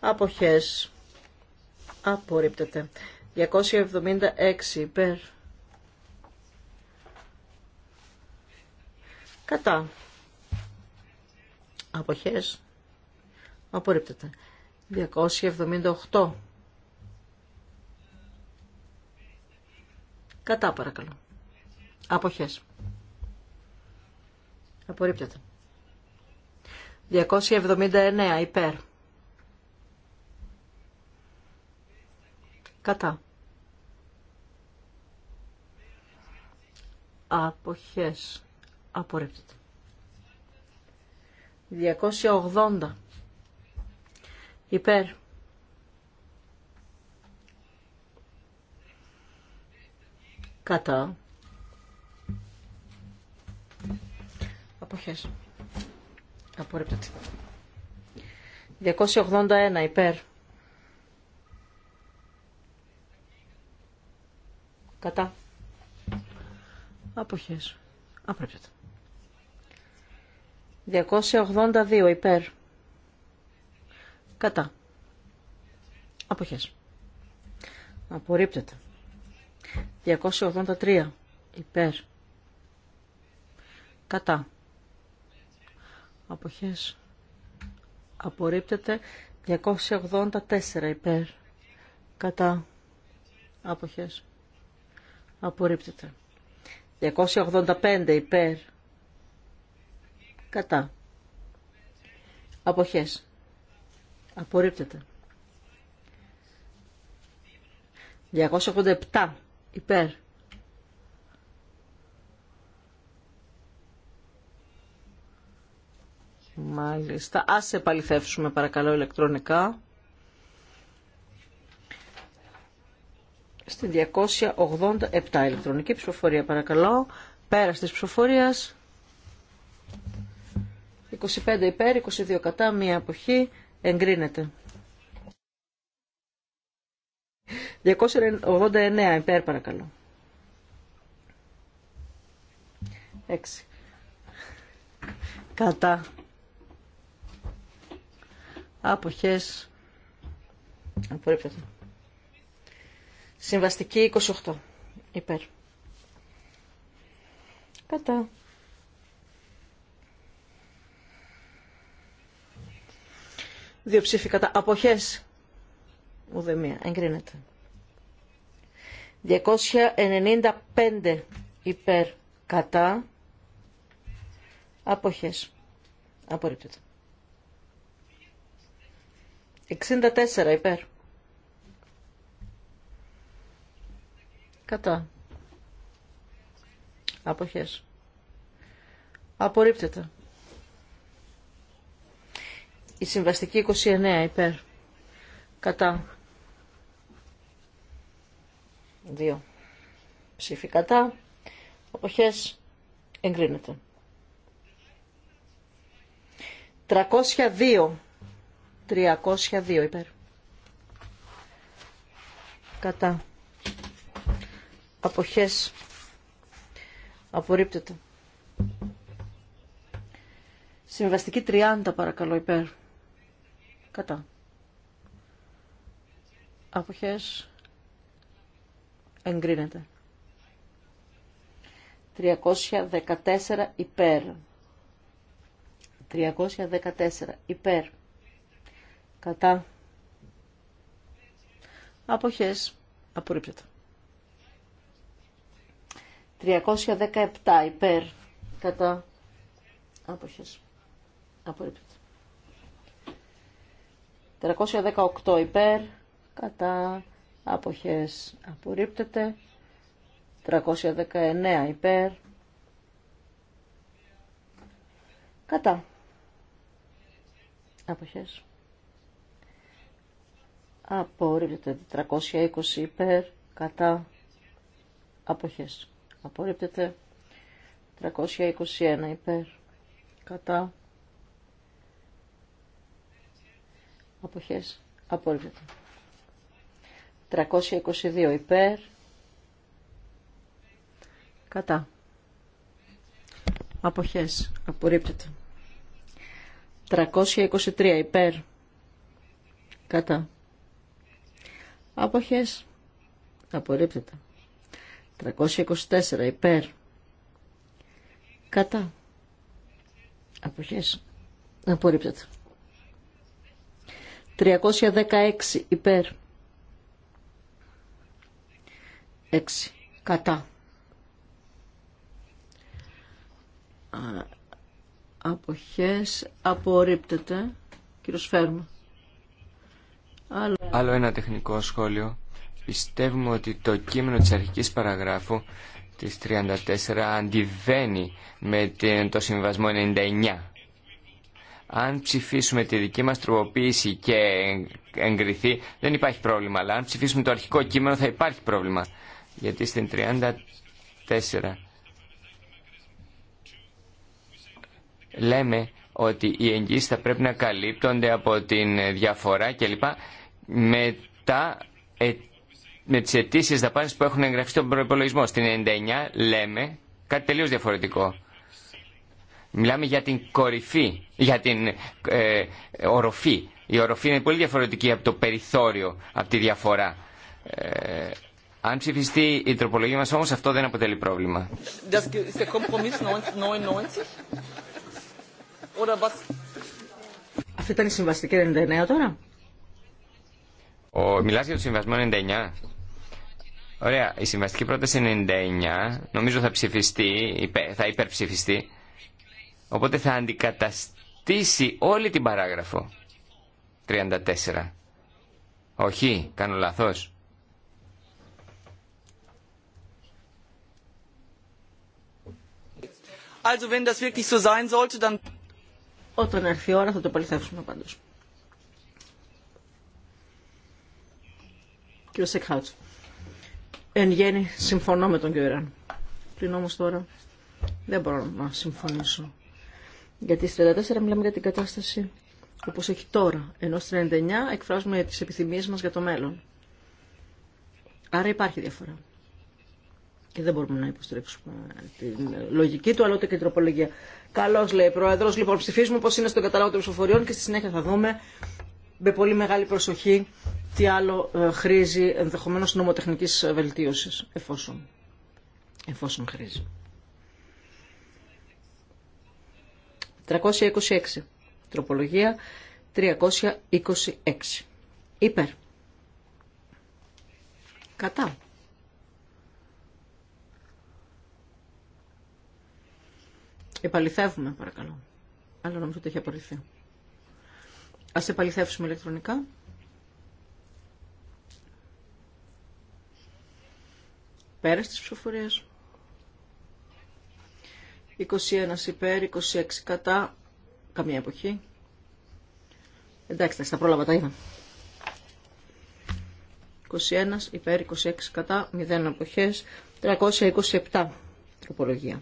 αποχές απορρίπτεται 276 υπέρ κατά αποχές απορρίπτεται 278 κατά παρακαλώ αποχές απορρίπτεται 279 υπέρ. Κατά. Αποχές. Απορρίπτεται. 280. Υπέρ. Κατά. Αποχές. Απορρίπτεται. 281 υπέρ. Κατά. Αποχές. Απορρίπτεται. 282 υπέρ. Κατά. Αποχές. Απορρίπτεται. 283 υπέρ. Κατά αποχές απορρίπτεται 284 υπέρ κατά αποχές απορρίπτεται 285 υπέρ κατά αποχές απορρίπτεται 287 υπέρ Μάλιστα. Ας επαληθεύσουμε παρακαλώ ηλεκτρονικά. στην 287 ηλεκτρονική ψηφοφορία παρακαλώ. Πέρα της ψηφοφορίας. 25 υπέρ, 22 κατά, μία αποχή. Εγκρίνεται. 289 υπέρ παρακαλώ. 6. Κατά αποχές απορρίπτεται. Συμβαστική 28 υπέρ. Κατά. Δύο ψήφοι κατά αποχές. Ουδεμία. Εγκρίνεται. 295 υπέρ κατά αποχές. Απορρίπτεται. 64 υπέρ. Κατά. Αποχές. Απορρίπτεται. Η συμβαστική 29 υπέρ. Κατά. 2. Ψήφι κατά. Αποχές. Εγκρίνεται. 302 302 υπέρ. Κατά. Αποχές. Απορρίπτεται. Συμβαστική 30 παρακαλώ υπέρ. Κατά. Αποχές. Εγκρίνεται. 314 υπέρ. 314 υπέρ κατά αποχές απορρίπτεται. 317 υπέρ κατά αποχές απορρίπτεται. 318 υπέρ κατά αποχές απορρίπτεται. 319 υπέρ κατά αποχές Απορρίπτεται 420 υπέρ κατά αποχές. Απορρίπτεται 321 υπέρ κατά αποχές. Απορρίπτεται. 322 υπέρ κατά αποχές. Απορρίπτεται. 323 υπέρ κατά Αποχές. Απορρίπτεται. 324 υπέρ. Κατά. Αποχές. Απορρίπτεται. 316 υπέρ. 6 κατά. αποχές απορρίπτεται. Κύριος Φέρμα. Άλλο ένα τεχνικό σχόλιο. Πιστεύουμε ότι το κείμενο της αρχικής παραγράφου της 34 αντιβαίνει με το συμβασμό 99. Αν ψηφίσουμε τη δική μας τροποποίηση και εγκριθεί δεν υπάρχει πρόβλημα, αλλά αν ψηφίσουμε το αρχικό κείμενο θα υπάρχει πρόβλημα. Γιατί στην 34 λέμε ότι οι εγγύσεις θα πρέπει να καλύπτονται από την διαφορά κλπ με, τα, ε, με τις αιτήσει δαπάνες που έχουν εγγραφεί στον προπολογισμό. Στην 99 λέμε κάτι τελείως διαφορετικό. Μιλάμε για την κορυφή, για την ε, οροφή. Η οροφή είναι πολύ διαφορετική από το περιθώριο, από τη διαφορά. Ε, αν ψηφιστεί η τροπολογία μας όμως αυτό δεν αποτελεί πρόβλημα. Αυτή ήταν η συμβαστική 99 τώρα. Ο, μιλάς για το συμβασμό 99. Ωραία, η συμβαστική πρόταση 99 νομίζω θα ψηφιστεί, θα υπερψηφιστεί, οπότε θα αντικαταστήσει όλη την παράγραφο 34. Όχι, κάνω λαθός. Also, wenn das wirklich so sein sollte, dann... Όταν έρθει η ώρα θα το παληθεύσουμε πάντως. Κύριο Σεκχάουτ. Εν γέννη συμφωνώ με τον κύριο Πριν όμως τώρα δεν μπορώ να συμφωνήσω. Γιατί στις 34 μιλάμε για την κατάσταση όπως έχει τώρα, ενώ στις 39 εκφράζουμε τις επιθυμίες μας για το μέλλον. Άρα υπάρχει διαφορά. Και δεν μπορούμε να υποστηρίξουμε την λογική του, αλλά ούτε και την τροπολογία. Καλώ λέει ο Πρόεδρο. Λοιπόν, ψηφίζουμε πώ είναι στον κατάλογο των ψηφοφοριών και στη συνέχεια θα δούμε με πολύ μεγάλη προσοχή τι άλλο ε, χρήζει ενδεχομένως νομοτεχνικής βελτίωσης, εφόσον, εφόσον χρήζει. 326. Τροπολογία 326. Υπέρ. Κατά. Επαληθεύουμε, παρακαλώ. Άλλο νομίζω ότι έχει απορριφθεί. Ας επαληθεύσουμε ηλεκτρονικά. Πέρα της ψηφοφορίες. 21 υπέρ, 26 κατά, καμία εποχή. Εντάξει, τα πρόλαβα τα είδα. 21 υπέρ, 26 κατά, 0 εποχές, 327 τροπολογία.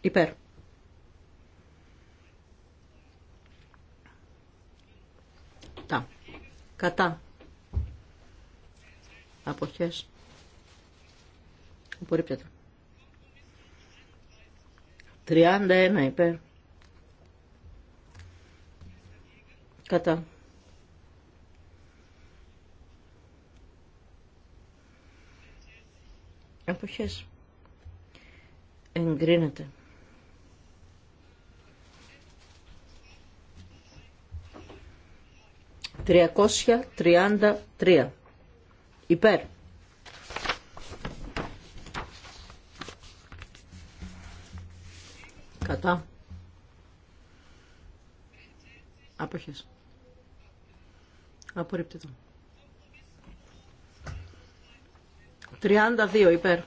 Υπέρ. Κατά. Αποχές. Απορρίπτεται. 31 υπέρ. Κατά. Αποχές. Εγκρίνεται. 333. Υπέρ. Κατά. Άποχες. Απορρίπτεται. 32 υπέρ.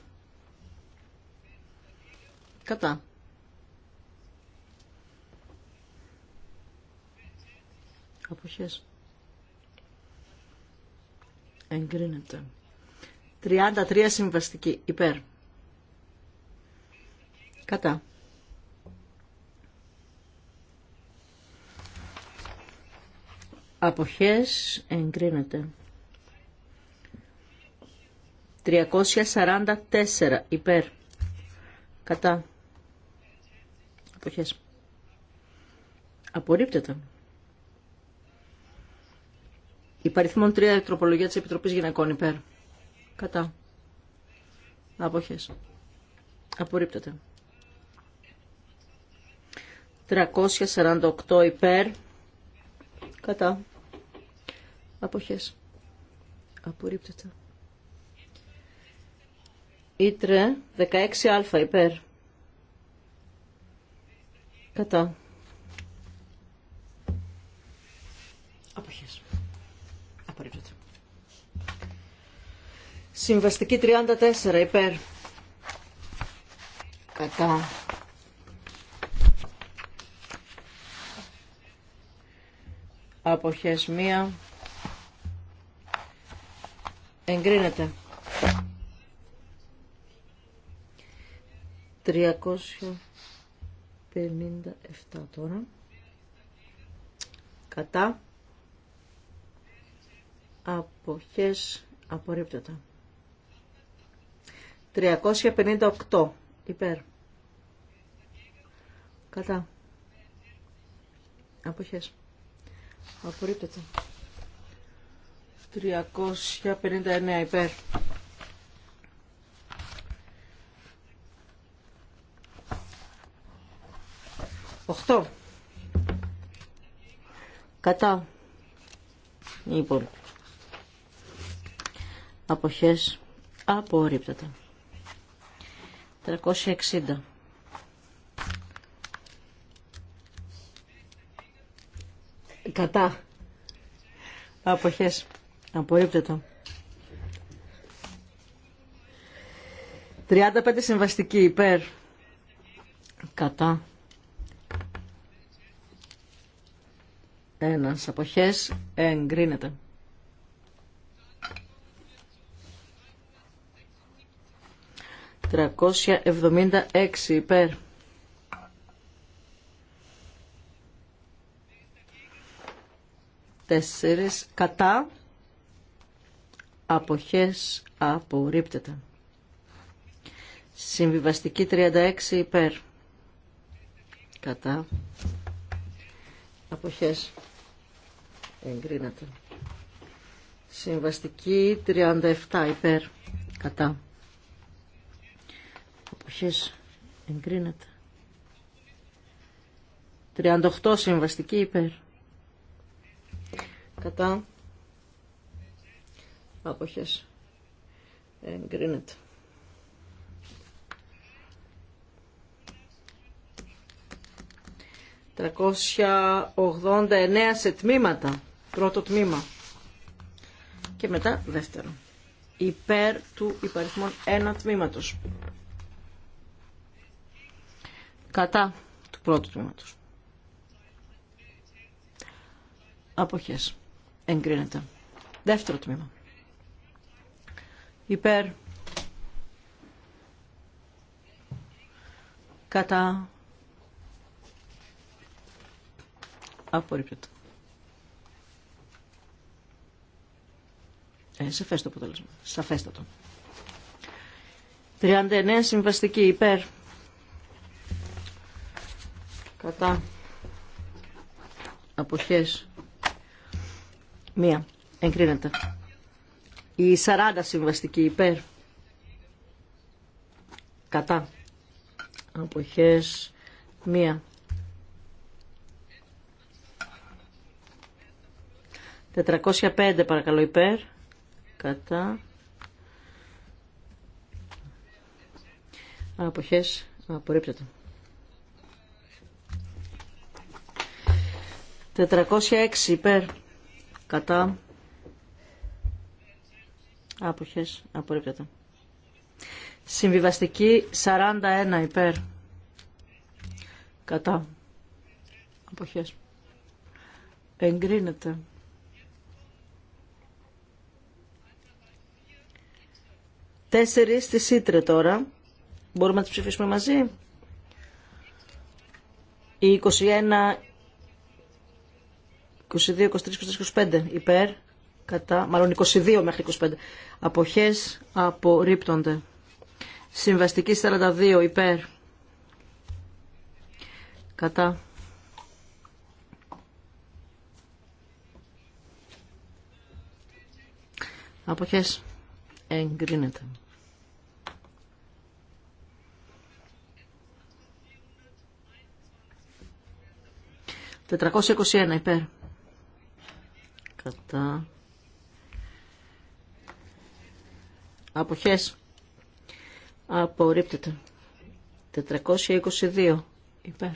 Κατά. Αποχές. Εγκρίνεται. 33 συμβαστική. Υπέρ. Κατά. Αποχές εγκρίνεται. 344 υπέρ. Κατά. Αποχές. Απορρίπτεται. Υπαριθμόν 3 τροπολογία της Επιτροπής Γυναικών υπέρ. Κατά. Αποχές. Απορρίπτεται. 348 υπέρ. Κατά. Αποχές. Απορρίπτεται. Ήτρε 16α υπέρ. Κατά. Συμβαστική 34 υπέρ. Κατά. Αποχές μία. Εγκρίνεται. 357 τώρα. Κατά. Αποχές απορρίπτωτα. 358 υπέρ. Κατά. Αποχές. Απορρίπτεται. 359 υπέρ. Οχτώ. Κατά. Λοιπόν. Αποχές. Απορρίπτεται. 360. Κατά. Αποχές. το. 35 συμβαστική υπέρ. Κατά. Ένας αποχές εγκρίνεται. 376 υπέρ. Τέσσερις κατά. Αποχές απορρίπτεται. Συμβιβαστική 36 υπέρ. Κατά. Αποχές. Εγκρίνεται. Συμβαστική 37 υπέρ. Κατά. Αποχές εγκρίνεται. 38 συμβαστική υπέρ. Κατά. Αποχές εγκρίνεται. 389 σε τμήματα. Πρώτο τμήμα. Και μετά δεύτερο. Υπέρ του υπαριθμών ένα τμήματος. Κατά του πρώτου τμήματος. Αποχές. Εγκρίνεται. Δεύτερο τμήμα. Υπέρ. Κατά. Απορρίπτεται. Ε, σαφές το αποτέλεσμα. Σαφέστατο. 39 συμβαστική υπέρ κατά αποχές μία εγκρίνεται η 40 συμβαστική υπέρ κατά αποχές μία 405 παρακαλώ υπέρ κατά αποχές απορρίπτεται 406 υπέρ κατά άποχες απορρίπτεται. Συμβιβαστική 41 υπέρ κατά αποχές. Εγκρίνεται. Τέσσερις στη Σίτρε τώρα. Μπορούμε να τις ψηφίσουμε μαζί. Η 21 22, 23, 25 υπέρ, κατά, μάλλον 22 μέχρι 25. Αποχές απορρίπτονται. Συμβαστική 42 υπέρ, κατά. Αποχές εγκρίνεται. Τετρακόσια υπέρ κατά αποχές απορρίπτεται 422 υπέρ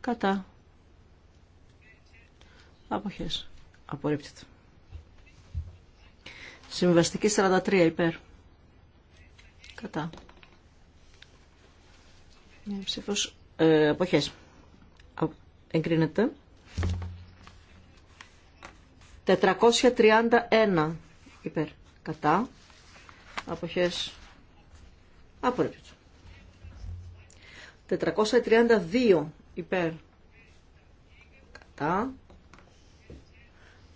κατά αποχές απορρίπτεται συμβαστική 43 υπέρ κατά ψήφος ε, αποχές εγκρίνεται 431 υπέρ κατά αποχές απορρίπτω 432 υπέρ κατά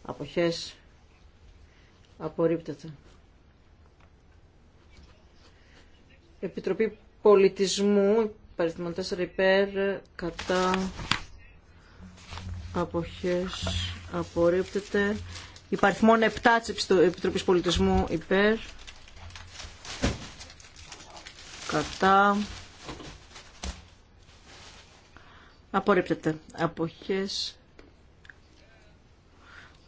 αποχές απορρίπτεται Επιτροπή Πολιτισμού Παριθμόν 4 υπέρ κατά αποχές απορρίπτεται. Υπαριθμόν 7 της Επιτροπής Πολιτισμού υπέρ. Κατά. Απορρίπτεται. Αποχές.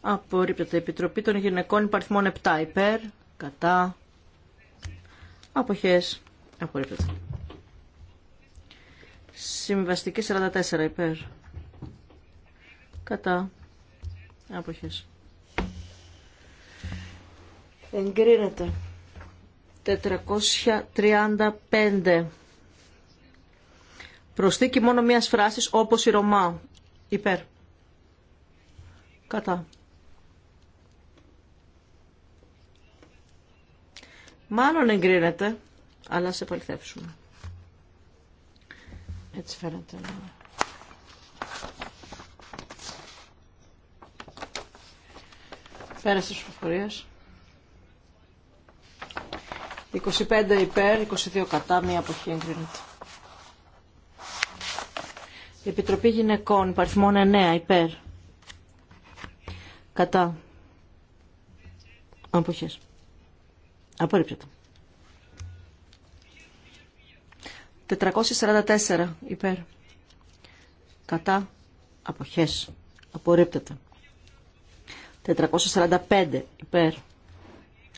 Απορρίπτεται. Επιτροπή των Γυναικών υπαριθμόν 7 υπέρ. Κατά. Αποχές. Απορρίπτεται. Συμβαστική 44 υπέρ. Κατά. Άποχες. Εγκρίνεται. 435. Προσθήκη μόνο μιας φράσης όπως η Ρωμά. Υπέρ. Κατά. Μάλλον εγκρίνεται, αλλά σε επαληθεύσουμε. Έτσι φαίνεται. Πέρασε τη ψηφοφορία. 25 υπέρ, 22 κατά, μία αποχή εγκρίνεται. Η Επιτροπή Γυναικών, υπαριθμών 9 υπέρ. Κατά. Αποχές. Απορρίπτεται. 444 υπέρ. Κατά. Αποχές. Απορρίπτεται. 445 υπέρ.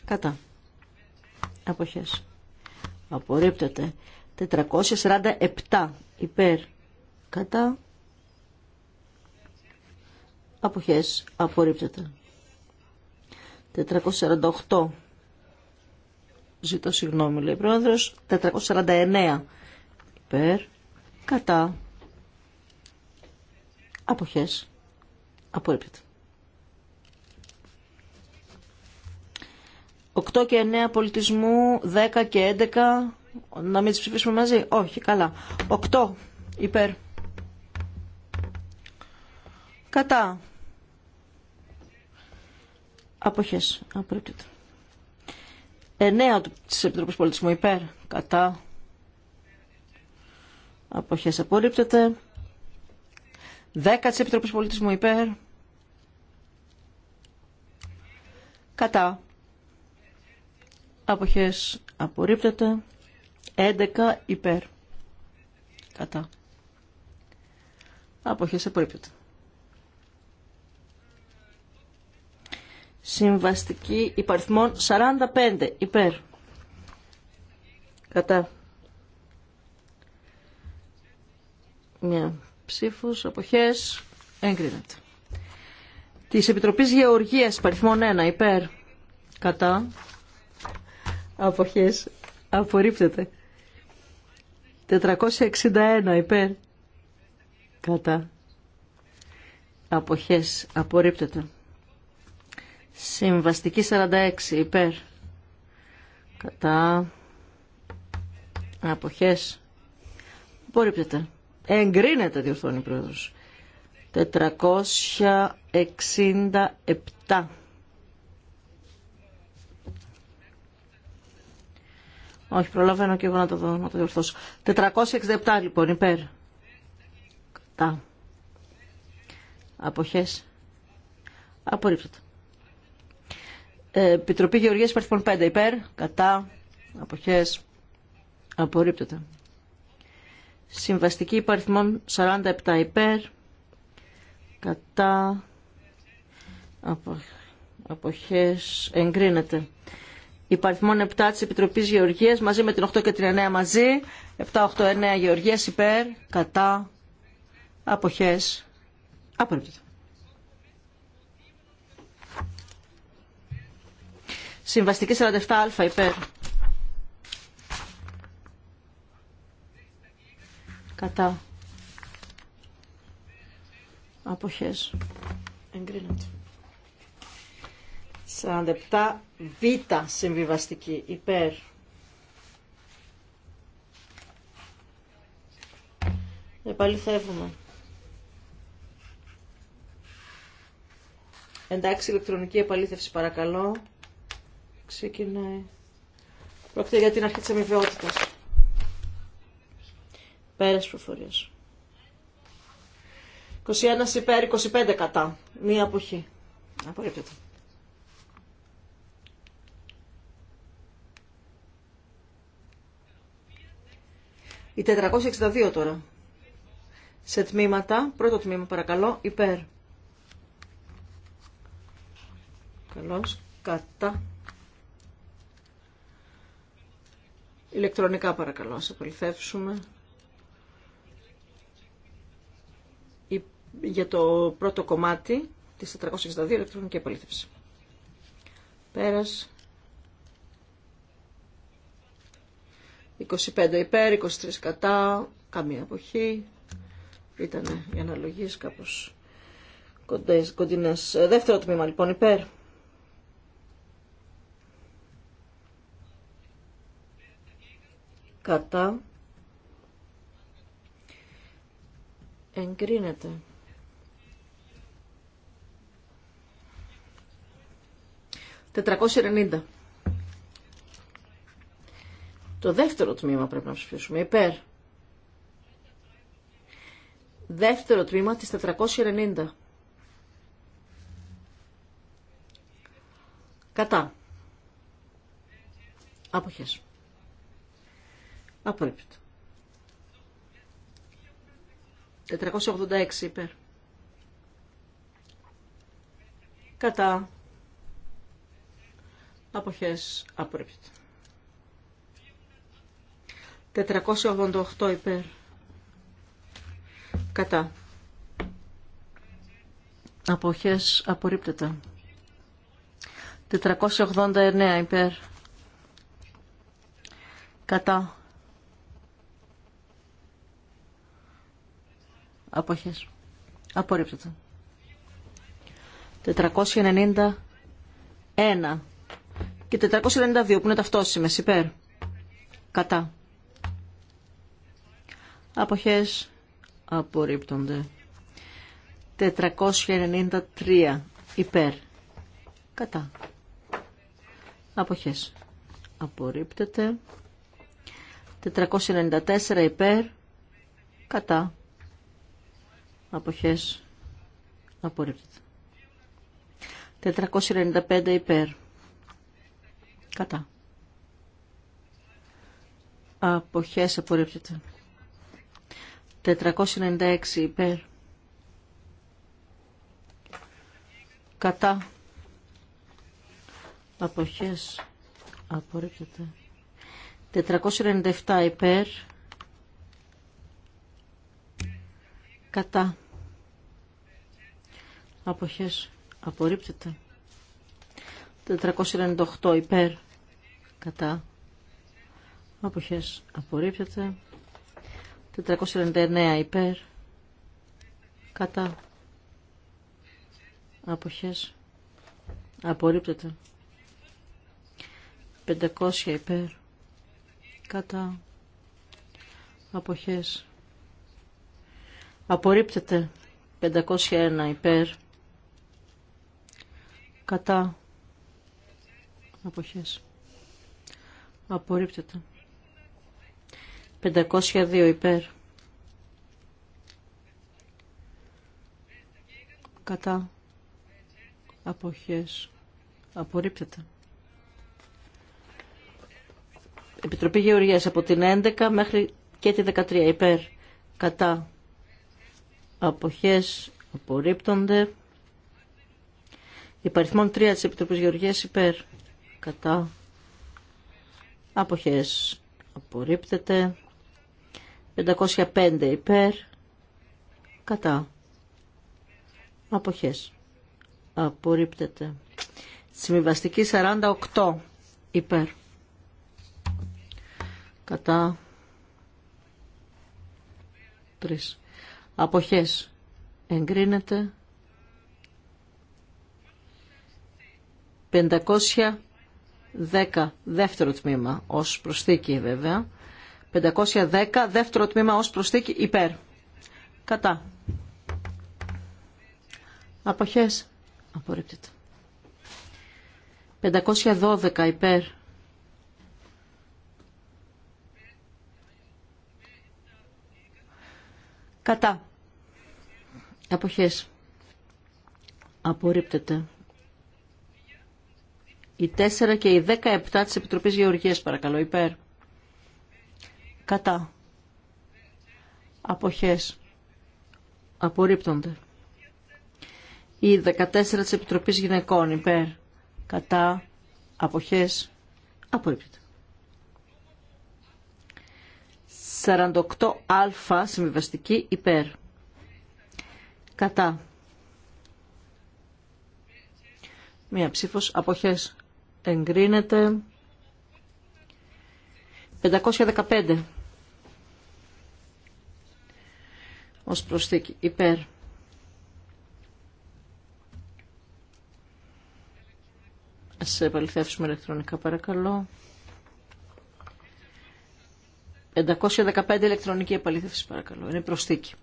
Κατά. Αποχές. Απορρίπτεται. 447 υπέρ. Κατά. Αποχές. Απορρίπτεται. 448. Ζητώ συγγνώμη, λέει πρόεδρος. 449 υπέρ. Κατά. Αποχές. Απορρίπτεται. 8 και 9 πολιτισμού, 10 και 11, να μην τις ψηφίσουμε μαζί. Όχι, καλά. 8 υπέρ. Κατά. Αποχές. Απρίπτεται. 9 της Επιτροπής Πολιτισμού υπέρ. Κατά. Αποχές απορρίπτεται. 10 της Επιτροπής Πολιτισμού υπέρ. Κατά αποχές απορρίπτεται 11 υπέρ κατά αποχές απορρίπτεται συμβαστική υπαριθμών 45 υπέρ κατά μια ψήφους αποχές εγκρίνεται της Επιτροπής Γεωργίας υπαριθμών 1 υπέρ κατά αποχές απορρίπτεται 461 υπέρ κατά αποχές απορρίπτεται συμβαστική 46 υπέρ κατά αποχές απορρίπτεται εγκρίνεται διορθώνει πρόεδρος 467 Όχι, προλαβαίνω και εγώ να το, δω, να το διορθώσω. 467 λοιπόν, υπέρ. Κατά. Αποχές. Ε, Επιτροπή Γεωργίας Παρθυπών λοιπόν 5 υπέρ. Κατά. Αποχές. Απορρίπτεται. Συμβαστική υπαριθμών 47 υπέρ. Κατά. Αποχές. Εγκρίνεται υπαριθμών 7 τη Επιτροπής Γεωργία μαζί με την 8 και την 9 μαζί. 7, 8, 9 γεωργιες υπερ υπέρ, αποχέ. αποχές, απορρίπτεται. Συμβαστική 47α υπέρ. Κατά. Αποχές. εγκρίνονται. 47 β συμβιβαστική υπέρ. Επαληθεύουμε. Εντάξει, ηλεκτρονική επαλήθευση παρακαλώ. Ξεκινάει. Πρόκειται για την αρχή της αμοιβαιότητας. Πέρας προφορίας. 21 υπέρ, 25 κατά. Μία αποχή. Απορρίπτεται. Η 462 τώρα. Σε τμήματα. Πρώτο τμήμα παρακαλώ. Υπέρ. Καλώς. Κατά. Ηλεκτρονικά παρακαλώ. Ας απολυθεύσουμε. Για το πρώτο κομμάτι της 462 ηλεκτρονική απολύθευση. Πέρας. 25 υπέρ, 23 κατά, καμία αποχή. Ήταν οι αναλογίες κάπω κοντίνε. Δεύτερο τμήμα λοιπόν υπέρ. Κατά. Εγκρίνεται. Τετρακόσια το δεύτερο τμήμα πρέπει να ψηφίσουμε. Υπέρ. Δεύτερο τμήμα της 490. Κατά. Αποχές. Απορρίπτω. 486 υπέρ. Κατά. Αποχές. Απορρίπτω. 488 υπέρ. Κατά. Αποχές απορρίπτεται. 489 υπέρ. Κατά. Αποχές. Απορρίπτεται. 491 και 492 που είναι ταυτόσιμες υπέρ. Κατά αποχές απορρίπτονται. 493 υπέρ κατά αποχές απορρίπτεται. 494 υπέρ κατά αποχές απορρίπτεται. 495 υπέρ κατά αποχές απορρίπτεται. 496 υπέρ. Κατά. Αποχές. Απορρίπτεται. 497 υπέρ. Κατά. Αποχές. Απορρίπτεται. 498 υπέρ. Κατά. Αποχές. Απορρίπτεται. 499 υπέρ. Κατά. Αποχές. Απορρίπτεται. 500 υπέρ. Κατά. Αποχές. Απορρίπτεται. 501 υπέρ. Κατά. Αποχές. Απορρίπτεται. 502 υπέρ. Κατά. Αποχές. Απορρίπτεται. Επιτροπή Γεωργίας από την 11 μέχρι και την 13 υπέρ. Κατά. Αποχές. Απορρίπτονται. Υπαριθμόν 3 της Επιτροπής Γεωργίας υπέρ. Κατά. Αποχές. Απορρίπτεται. 505 υπέρ κατά αποχές απορρίπτεται συμβιβαστική 48 υπέρ κατά 3 αποχές εγκρίνεται 510 δεύτερο τμήμα ως προσθήκη βέβαια 510 δεύτερο τμήμα ως προσθήκη υπέρ. Κατά. Αποχές. Απορρίπτεται. 512 υπέρ. Κατά. Αποχές. Απορρίπτεται. Οι 4 και οι 17 της Επιτροπής Γεωργίας παρακαλώ υπέρ κατά αποχές απορρίπτονται η 14 της Επιτροπής Γυναικών υπέρ κατά απορρίπτονται απορρίπτεται 48α συμβιβαστική υπέρ κατά μία ψήφος αποχές εγκρίνεται 515 ως προσθήκη υπέρ. Ας επαληθεύσουμε ηλεκτρονικά παρακαλώ. 515 ηλεκτρονική επαλήθευση παρακαλώ. Είναι προσθήκη.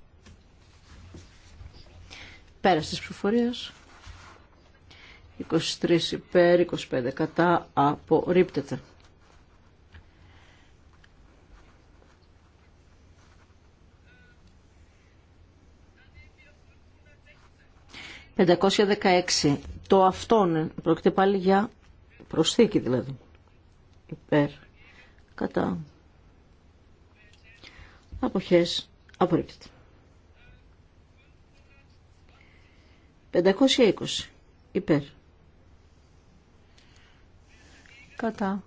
Πέρας της ψηφοφορίας. 23 υπέρ, 25 κατά, απορρίπτεται. 516. Το αυτόν πρόκειται πάλι για προσθήκη δηλαδή. Υπέρ. Κατά. Αποχές. Απορρίπτεται. 520. Υπέρ. Κατά.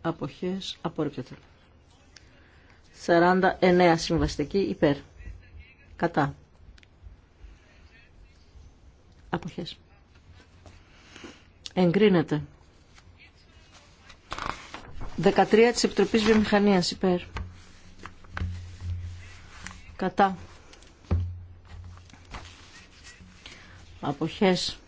Αποχές. Απορρίπτεται. 49 συμβαστική υπέρ. Κατά. Αποχές. Εγκρίνεται. 13 της Επιτροπής Βιομηχανίας υπέρ. Κατά. Αποχές.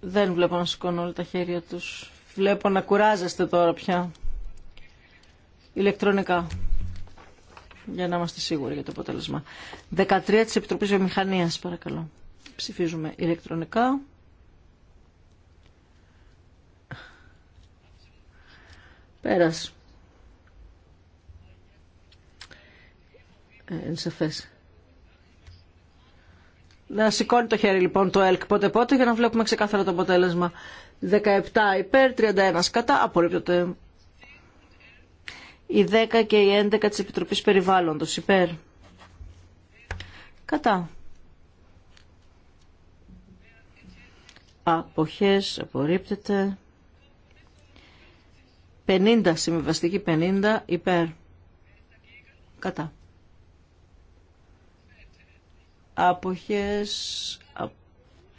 Δεν βλέπω να σηκώνω όλα τα χέρια τους. Βλέπω να κουράζεστε τώρα πια. Ηλεκτρονικά για να είμαστε σίγουροι για το αποτέλεσμα. 13 της Επιτροπής Βιομηχανίας, παρακαλώ. Ψηφίζουμε ηλεκτρονικά. Πέρας. Ε, είναι σαφές. Να σηκώνει το χέρι λοιπόν το ΕΛΚ πότε πότε για να βλέπουμε ξεκάθαρα το αποτέλεσμα. 17 υπέρ, 31 κατά, απορρίπτωται. Η 10 και η 11 της Επιτροπής Περιβάλλοντος υπέρ. Κατά. Αποχές απορρίπτεται. 50, συμβιβαστική 50 υπέρ. Κατά. Αποχές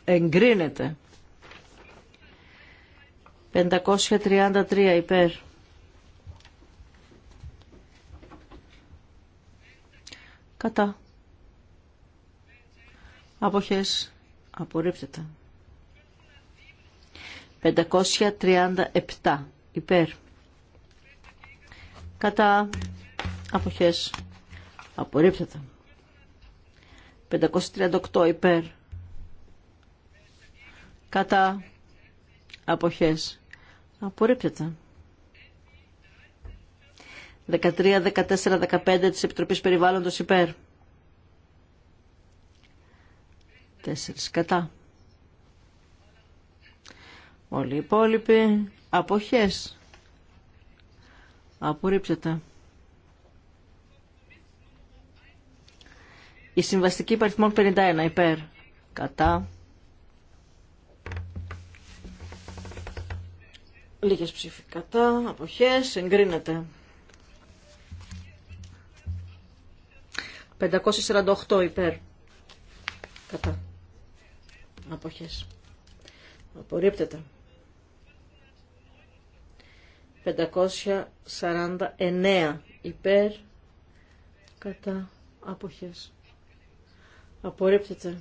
εγκρίνεται. 533 υπέρ. κατά αποχές απορρίπτεται 537 υπέρ κατά αποχές απορρίπτεται 538 υπέρ κατά αποχές απορρίπτεται 13, 14, 15 της Επιτροπής Περιβάλλοντος υπέρ. 4 κατά. Όλοι οι υπόλοιποι αποχές. Απορρίψετε. Η συμβαστική υπαριθμών 51 υπέρ. Κατά. Λίγες ψήφοι κατά. Αποχές. Εγκρίνεται. 548 υπέρ. Κατά. Αποχές. Απορρίπτεται. 549 υπέρ. Κατά. Αποχές. Απορρίπτεται.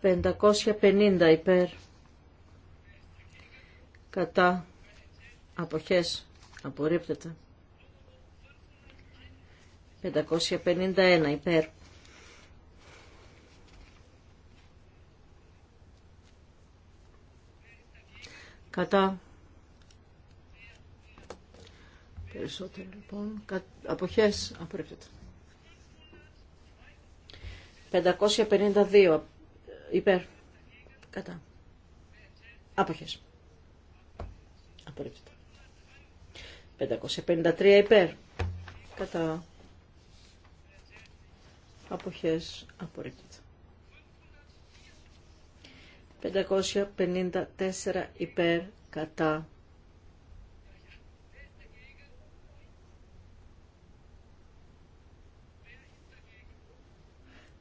550 υπέρ. Κατά. Αποχές. Απορρίπτεται. 551 υπέρ. Κατά. Περισσότερο λοιπόν. Κα... Αποχές. Απορρίπτεται. 552 υπέρ. Κατά. Αποχές. Απορρίπτεται. 553 υπέρ. Κατά αποχές απορρίπτεται. 554 υπέρ κατά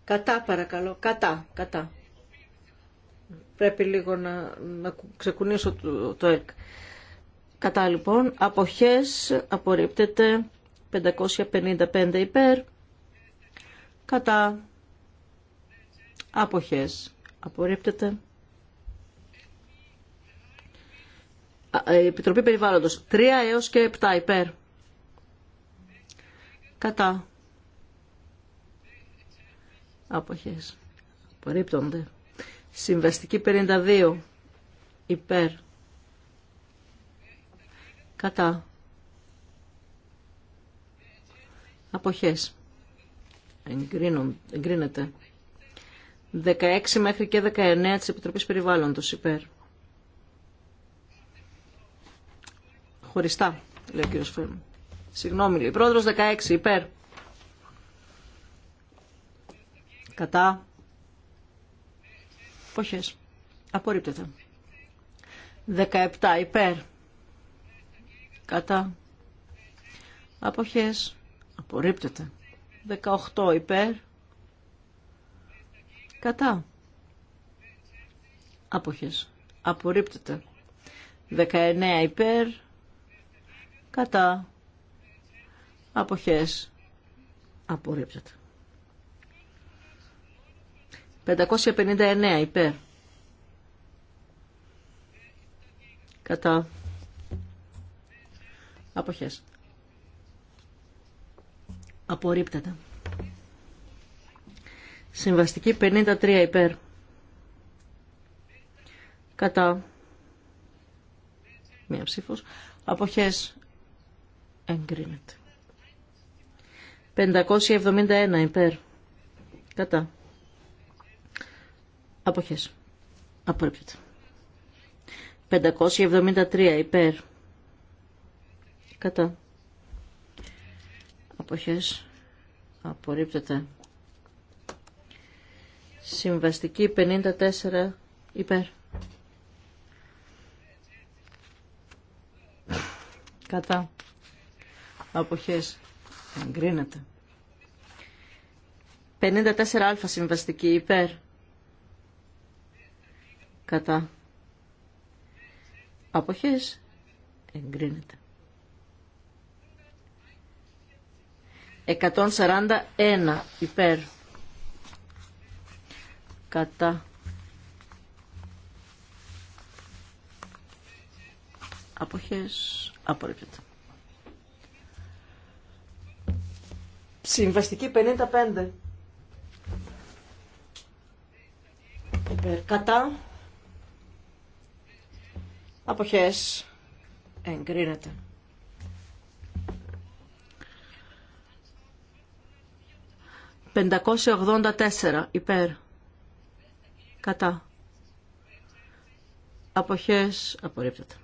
Κατά παρακαλώ, κατά, κατά. Πρέπει λίγο να, να ξεκουνήσω το, ΕΚ. Κατά λοιπόν, αποχές απορρίπτεται 555 υπέρ, κατά αποχές απορρίπτεται ε, Επιτροπή Περιβάλλοντος 3 έως και 7 υπέρ κατά αποχές απορρίπτονται Συμβαστική 52 υπέρ κατά αποχές εγκρίνεται. 16 μέχρι και 19 της Επιτροπής Περιβάλλοντος υπέρ. Χωριστά, λέει ο κύριος Φέρμου. Συγγνώμη, λέει. Πρόεδρος 16 υπέρ. Κατά. Ποχές. Απορρίπτεται. 17 υπέρ. Κατά. Αποχές. Απορρίπτεται. 18 υπέρ. Κατά. Άποχες. Απορρίπτεται. 19 υπέρ. Κατά. Αποχές. Απορρίπτεται. 559 υπέρ. Κατά. Αποχές. Απορρίπτεται. Συμβαστική 53 υπέρ. Κατά. Μία ψήφος. Αποχές. Εγκρίνεται. 571 υπέρ. Κατά. Αποχές. Απορρίπτεται. 573 υπέρ. Κατά αποχές απορρίπτεται συμβαστική 54 υπέρ κατά αποχές εγκρίνεται 54α συμβαστική υπέρ κατά αποχές εγκρίνεται 141 υπέρ κατά αποχές απορρίπτεται. Συμβαστική 55 υπέρ κατά αποχές εγκρίνεται. 584 υπέρ. Κατά. Αποχές απορρίπτεται.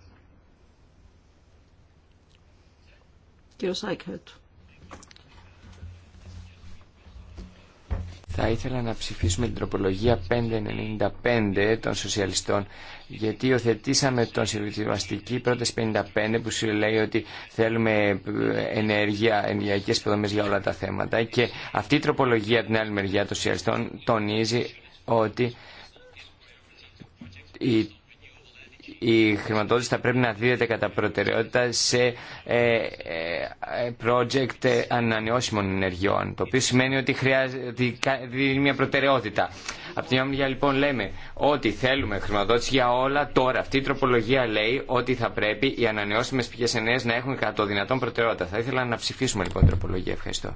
Κύριο Σάικερτ θα ήθελα να ψηφίσουμε την τροπολογία 595 των σοσιαλιστών γιατί υιοθετήσαμε τον συμβιβαστική πρόταση 55 που σου λέει ότι θέλουμε ε, ενέργεια, ενεργειακές υποδομές για όλα τα θέματα και αυτή η τροπολογία την άλλη μεριά των σοσιαλιστών τονίζει ότι η η χρηματοδότηση θα πρέπει να δίδεται κατά προτεραιότητα σε ε, ε, ε, project ανανεώσιμων ενεργειών, το οποίο σημαίνει ότι, δίνει μια προτεραιότητα. Από την άλλη λοιπόν λέμε ότι θέλουμε χρηματοδότηση για όλα τώρα. Αυτή η τροπολογία λέει ότι θα πρέπει οι ανανεώσιμες πηγές ενέργεια να έχουν κατά το δυνατόν προτεραιότητα. Θα ήθελα να ψηφίσουμε λοιπόν την τροπολογία. Ευχαριστώ.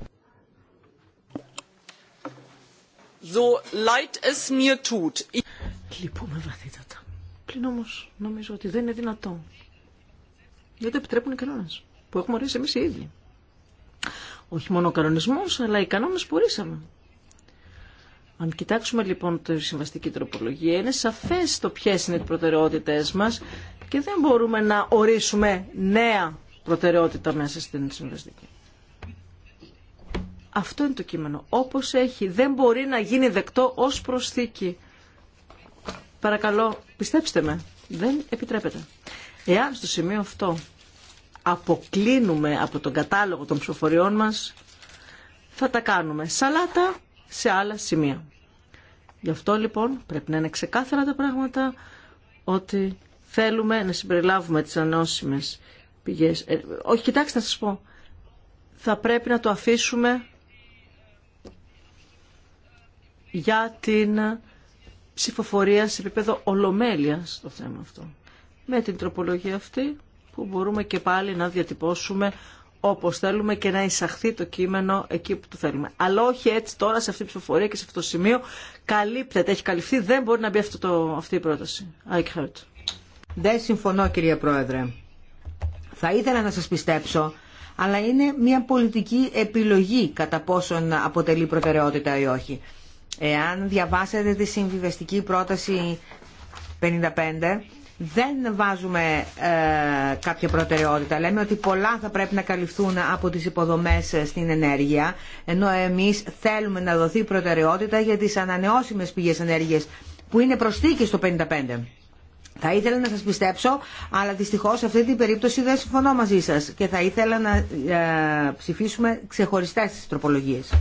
So leid es mir tut. Πριν όμως νομίζω ότι δεν είναι δυνατό. Δεν το επιτρέπουν οι κανόνες που έχουμε ορίσει εμείς οι ίδιοι. Όχι μόνο ο κανονισμός, αλλά οι κανόνες που ορίσαμε. Αν κοιτάξουμε λοιπόν τη συμβαστική τροπολογία, είναι σαφές το ποιες είναι οι προτεραιότητες μας και δεν μπορούμε να ορίσουμε νέα προτεραιότητα μέσα στην συμβαστική. Αυτό είναι το κείμενο. Όπως έχει, δεν μπορεί να γίνει δεκτό ως προσθήκη. Παρακαλώ, πιστέψτε με, δεν επιτρέπεται. Εάν στο σημείο αυτό αποκλίνουμε από τον κατάλογο των ψηφοφοριών μας, θα τα κάνουμε σαλάτα σε άλλα σημεία. Γι' αυτό λοιπόν πρέπει να είναι ξεκάθαρα τα πράγματα ότι θέλουμε να συμπεριλάβουμε τις ανώσιμες πηγές. Ε, όχι, κοιτάξτε να σας πω. Θα πρέπει να το αφήσουμε για την ψηφοφορία σε επίπεδο ολομέλειας στο θέμα αυτό. Με την τροπολογία αυτή που μπορούμε και πάλι να διατυπώσουμε όπως θέλουμε και να εισαχθεί το κείμενο εκεί που το θέλουμε. Αλλά όχι έτσι τώρα σε αυτή την ψηφοφορία και σε αυτό το σημείο καλύπτεται, έχει καλυφθεί, δεν μπορεί να μπει αυτό το, αυτή η πρόταση. Eichhardt. Δεν συμφωνώ κυρία Πρόεδρε. Θα ήθελα να σας πιστέψω, αλλά είναι μια πολιτική επιλογή κατά πόσον αποτελεί προτεραιότητα ή όχι. Εάν διαβάσετε τη συμβιβαστική πρόταση 55, δεν βάζουμε ε, κάποια προτεραιότητα. Λέμε ότι πολλά θα πρέπει να καλυφθούν από τις υποδομές ε, στην ενέργεια, ενώ εμείς θέλουμε να δοθεί προτεραιότητα για τις ανανεώσιμες πηγές ενέργειας, που είναι προσθήκη στο 55. Θα ήθελα να σας πιστέψω, αλλά δυστυχώς σε αυτή την περίπτωση δεν συμφωνώ μαζί σας και θα ήθελα να ε, ψηφίσουμε ξεχωριστές τις τροπολογίες.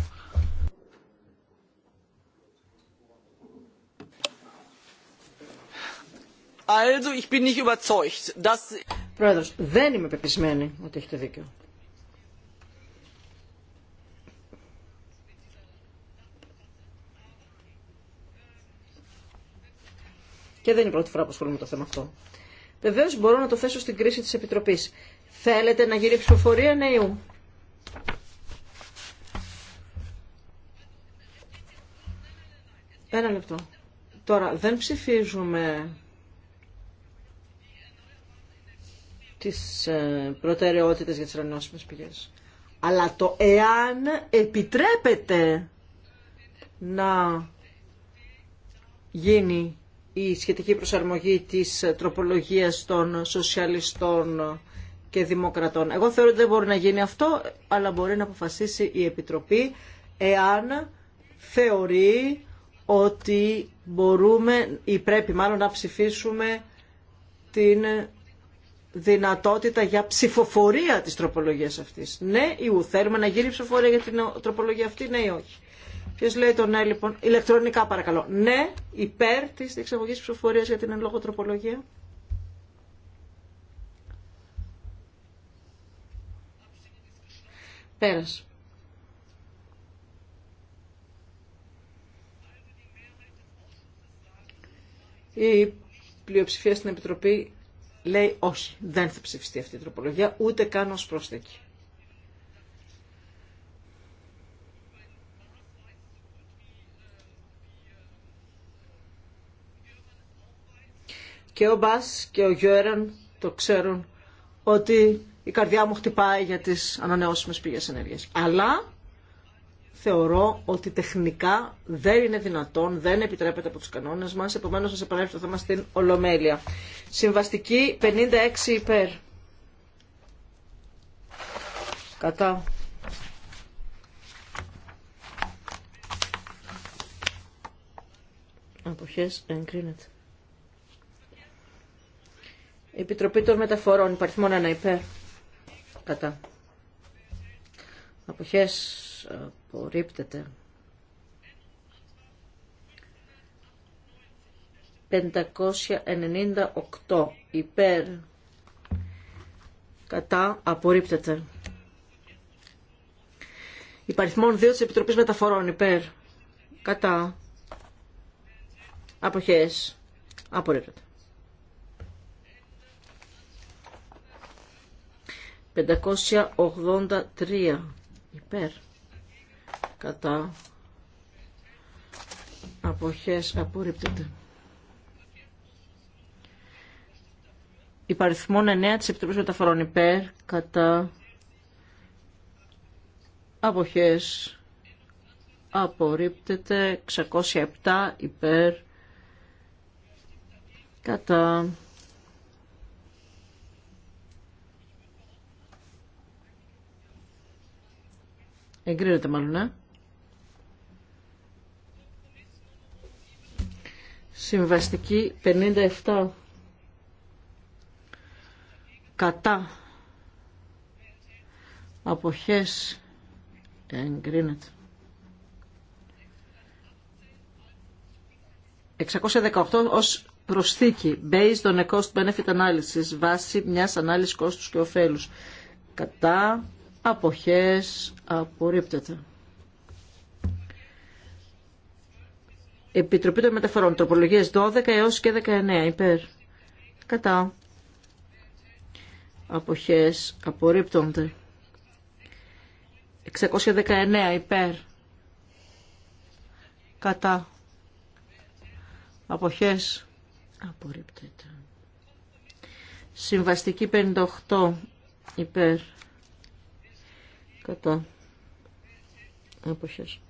Also, δεν είμαι πεπισμένη ότι έχετε δίκιο. Και δεν είναι η πρώτη φορά που ασχολούμαι με το θέμα αυτό. Βεβαίω μπορώ να το θέσω στην κρίση τη Επιτροπή. Θέλετε να γίνει ψηφοφορία νέου. Ναι Ένα λεπτό. Τώρα δεν ψηφίζουμε τις ε, προτεραιότητες για τις ανανεώσιμες πηγές. Αλλά το εάν επιτρέπεται να γίνει η σχετική προσαρμογή της τροπολογίας των σοσιαλιστών και δημοκρατών. Εγώ θεωρώ ότι δεν μπορεί να γίνει αυτό, αλλά μπορεί να αποφασίσει η Επιτροπή εάν θεωρεί ότι μπορούμε ή πρέπει μάλλον να ψηφίσουμε την δυνατότητα για ψηφοφορία της τροπολογίας αυτής. Ναι ή ου. Θέλουμε να γίνει ψηφοφορία για την τροπολογία αυτή, ναι ή όχι. Ποιο λέει το ναι, λοιπόν, ηλεκτρονικά παρακαλώ. Ναι, υπέρ τη εξαγωγής ψηφοφορία για την εν λόγω τροπολογία. Πέρας. Η πλειοψηφία στην Επιτροπή λέει όχι, δεν θα ψηφιστεί αυτή η τροπολογία, ούτε καν ως πρόσθεκη. Και ο Μπάς και ο Γιώεραν το ξέρουν ότι η καρδιά μου χτυπάει για τις ανανεώσιμες πηγές ενέργειας. Αλλά θεωρώ ότι τεχνικά δεν είναι δυνατόν, δεν επιτρέπεται από τους κανόνες μας, επομένως σε επανέλθω το θέμα στην Ολομέλεια. Συμβαστική 56 υπέρ. Κατά. Αποχές εγκρίνεται. Επιτροπή των Μεταφορών, υπαριθμόν ένα υπέρ. Κατά. Αποχές Απορρίπτεται. 598 υπέρ κατά απορρίπτεται. Υπαριθμόν 2 τη Επιτροπής Μεταφορών υπέρ κατά αποχές απορρίπτεται. 583 υπέρ κατά αποχές απορρίπτεται. Υπαριθμόν 9 της Επιτροπής Μεταφορών υπέρ κατά αποχές απορρίπτεται 607 υπέρ κατά εγκρίνεται μάλλον, ναι. Συμβαστική 57 κατά αποχές εγκρίνεται. 618 ως προσθήκη based on a cost benefit analysis βάσει μιας ανάλυσης κόστους και ωφέλους. Κατά αποχές απορρίπτεται. Επιτροπή των Μεταφορών. Τροπολογίε 12 έως και 19. Υπέρ. Κατά. Αποχές. Απορρίπτονται. 619. Υπέρ. Κατά. Αποχές. Απορρίπτονται. Συμβαστική 58. Υπέρ. Κατά. Αποχές.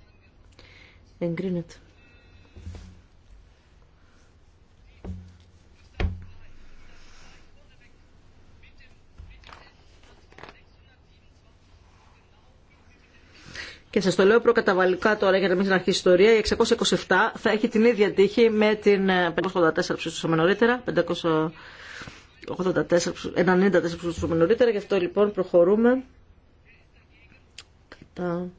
Εγκρίνεται. και σα το λέω προκαταβαλικά τώρα για να μην ξαναρχίσει η ιστορία, η 627 θα έχει την ίδια τύχη με την 584 ε, ψηφίσαμε νωρίτερα, 584 ψηφίσαμε νωρίτερα, γι' αυτό λοιπόν προχωρούμε κατά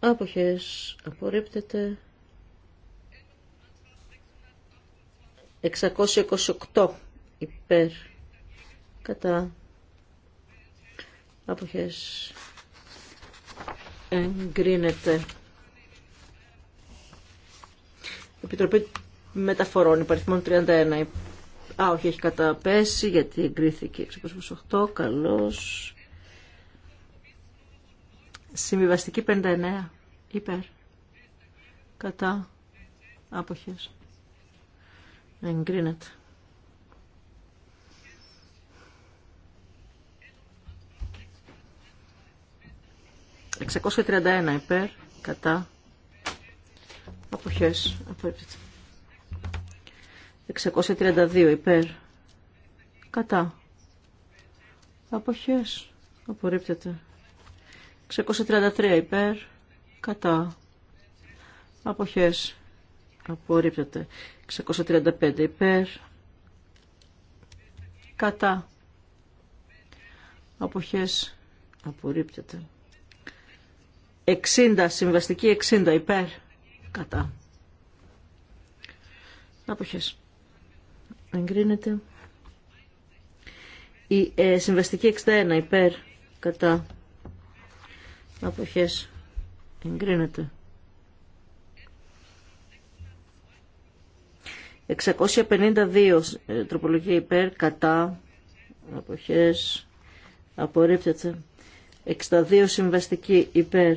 άποχέ. απορρίπτεται 628 υπέρ κατά άποχες εγκρίνεται. Επιτροπή Μεταφορών, υπαριθμών 31. Α, όχι, έχει καταπέσει γιατί εγκρίθηκε 628. Καλώς. Συμβιβαστική 59. Υπέρ. Κατά. Άποχες. Εγκρίνεται. 631 υπέρ, κατά, αποχές, απορρίπτεται. 632 υπέρ, κατά, αποχές, απορρίπτεται. 633 υπέρ, κατά, αποχές, απορρίπτεται. 635 υπέρ, κατά, αποχές, απορρίπτεται. 60, συμβαστική 60 υπέρ κατά. Αποχές. Εγκρίνεται. Η ε, συμβαστική 61 υπέρ κατά. Αποχές. Εγκρίνεται. 652 ε, τροπολογία υπέρ κατά. Αποχές. Απορρίπτεται. 62 συμβαστική υπέρ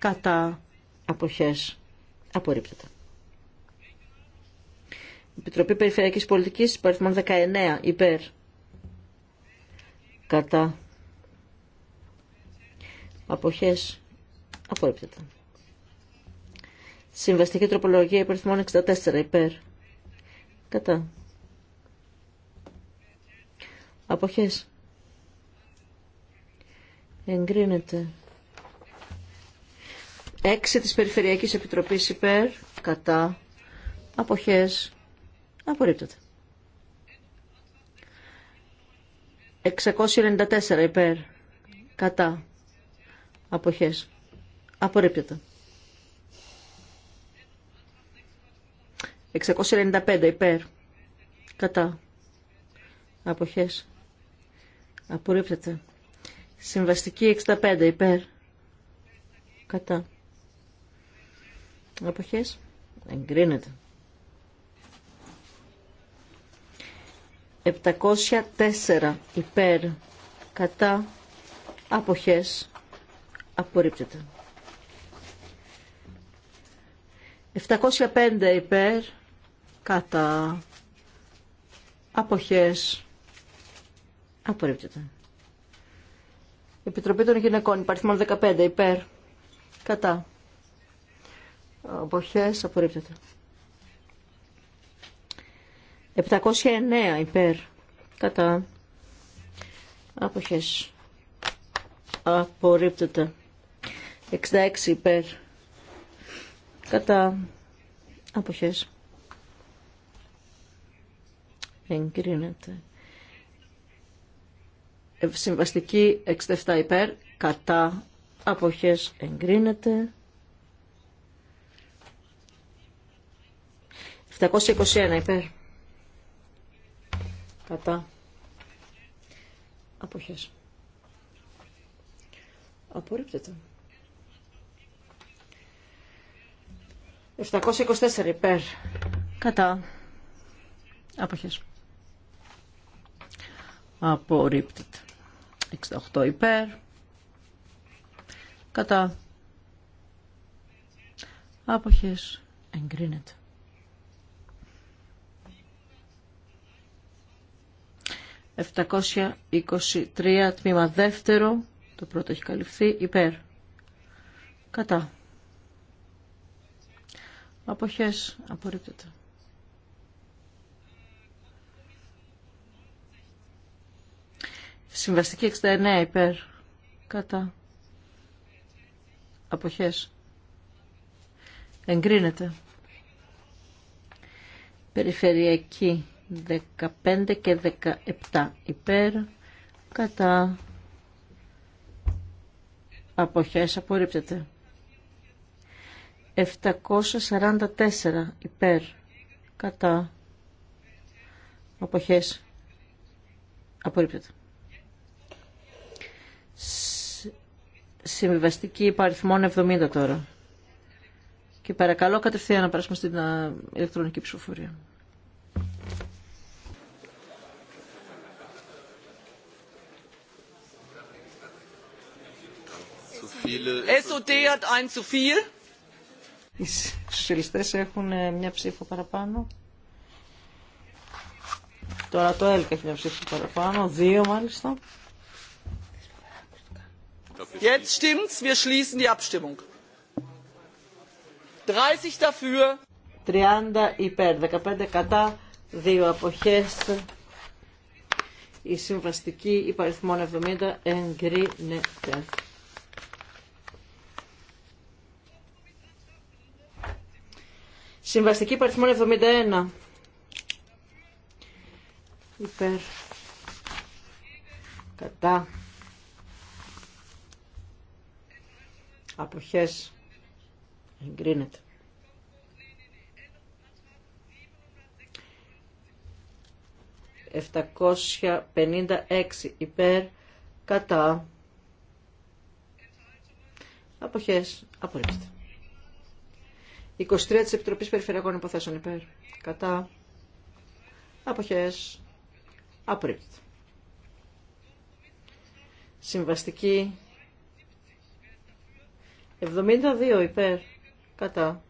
κατά αποχές απορρίπτεται. Επιτροπή Περιφερειακής Πολιτικής, υπ. 19, υπέρ, κατά, αποχές, απορρίπτεται. Συμβαστική τροπολογία υπερθυμών 64, υπέρ, κατά, αποχές, εγκρίνεται. 6 της Περιφερειακής Επιτροπής υπέρ, κατά, αποχές, απορρίπτεται. 694 υπέρ, κατά, αποχές, απορρίπτεται. 695 υπέρ, κατά, αποχές, απορρίπτεται. Συμβαστική 65 υπέρ, κατά Αποχές. Εγκρίνεται. 704 υπέρ κατά αποχές απορρίπτεται. 705 υπέρ κατά αποχές απορρίπτεται. Επιτροπή των Γυναικών, υπαριθμών 15 υπέρ κατά Αποχές απορρίπτεται. 709 υπέρ. Κατά. Αποχές. Απορρίπτεται. 66 υπέρ. Κατά. Αποχές. Εγκρίνεται. Ε, συμβαστική 67 υπέρ. Κατά. Αποχές εγκρίνεται. 721 υπέρ. Κατά. Αποχές. Απορρίπτεται. 724 υπέρ. Κατά. Αποχές. Απορρίπτεται. 68 υπέρ. Κατά. Άποχες εγκρίνεται. 723 τμήμα δεύτερο, το πρώτο έχει καλυφθεί, υπέρ. Κατά. Αποχές, απορρίπτεται. Συμβαστική 69 υπέρ. Κατά. Αποχές. Εγκρίνεται. Περιφερειακή 15 και 17 υπέρ κατά αποχές απορρίπτεται 744 υπέρ κατά αποχές απορρίπτεται Συμβιβαστική υπαριθμών 70 τώρα. Και παρακαλώ κατευθείαν να περάσουμε στην ηλεκτρονική ψηφοφορία. SOD hat ein zu viel. Οι σοσιαλιστέ έχουν ε, μια ψήφο παραπάνω. Τώρα το ΕΛΚ έχει μια ψήφο παραπάνω, δύο μάλιστα. Jetzt stimmt's, wir schließen die Abstimmung. 30 dafür. 30 υπέρ, 15 κατά, δύο απόχέ. Η συμβαστική υπαριθμών 70 εγκρίνεται. Συμβαστική παριθμό 71. Υπέρ. Κατά. Αποχές. Εγκρίνεται. 756, πενήντα έξι υπέρ κατά αποχές απορρίψτε. 23 της Επιτροπής Περιφερειακών Υποθέσεων υπέρ. Κατά. Αποχές. Απρίπτω. Συμβαστική. 72 υπέρ. Κατά.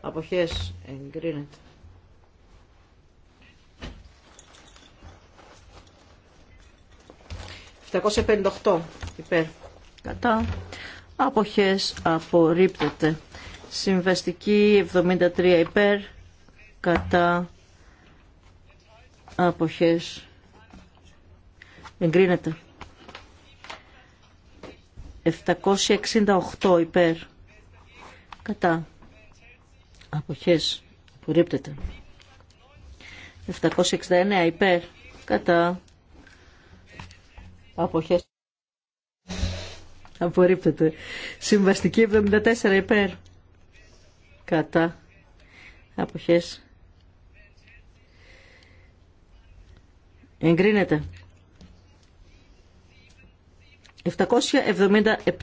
Αποχές. Εγκρίνεται. «758 υπέρ». Κατά. Αποχές απορρίπτεται. Συμβαστική 73 υπέρ κατά αποχές εγκρίνεται. 768 υπέρ κατά αποχές απορρίπτεται. 769 υπέρ κατά αποχές απορρίπτεται. Συμβαστική 74 υπέρ κατά αποχές εγκρίνεται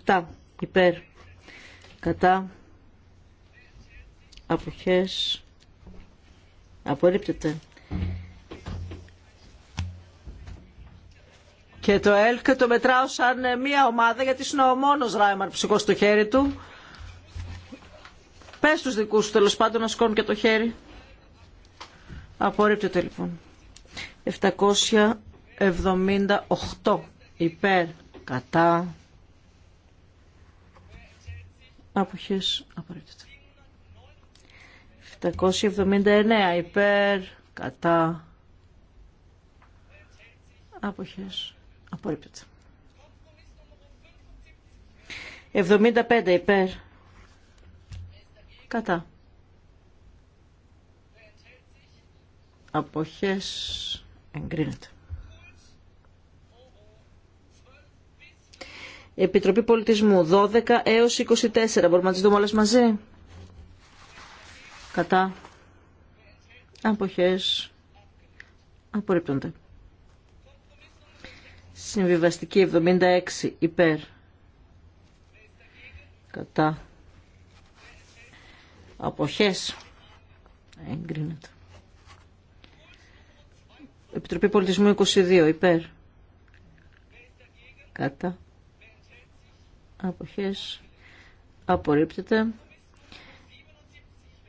777 υπέρ κατά αποχές απορρίπτεται και το ΕΛΚ το μετράω σαν ε, μία ομάδα γιατί είναι ο μόνος Ράιμαρ που σηκώσει το χέρι του Πες τους δικούς σου τέλος πάντων να σκόνουν και το χέρι. Απορρίπτεται λοιπόν. 778 υπέρ κατά αποχές απορρίπτεται. 779 υπέρ κατά αποχές απορρίπτεται. 75 υπέρ Κατά. Αποχές εγκρίνεται. Επιτροπή Πολιτισμού 12 έως 24. Μπορούμε να τις δούμε όλες μαζί. Κατά. Αποχές. Απορρίπτονται. Συμβιβαστική 76 υπέρ. Κατά αποχές εγκρίνεται Επιτροπή Πολιτισμού 22 υπέρ κατά αποχές απορρίπτεται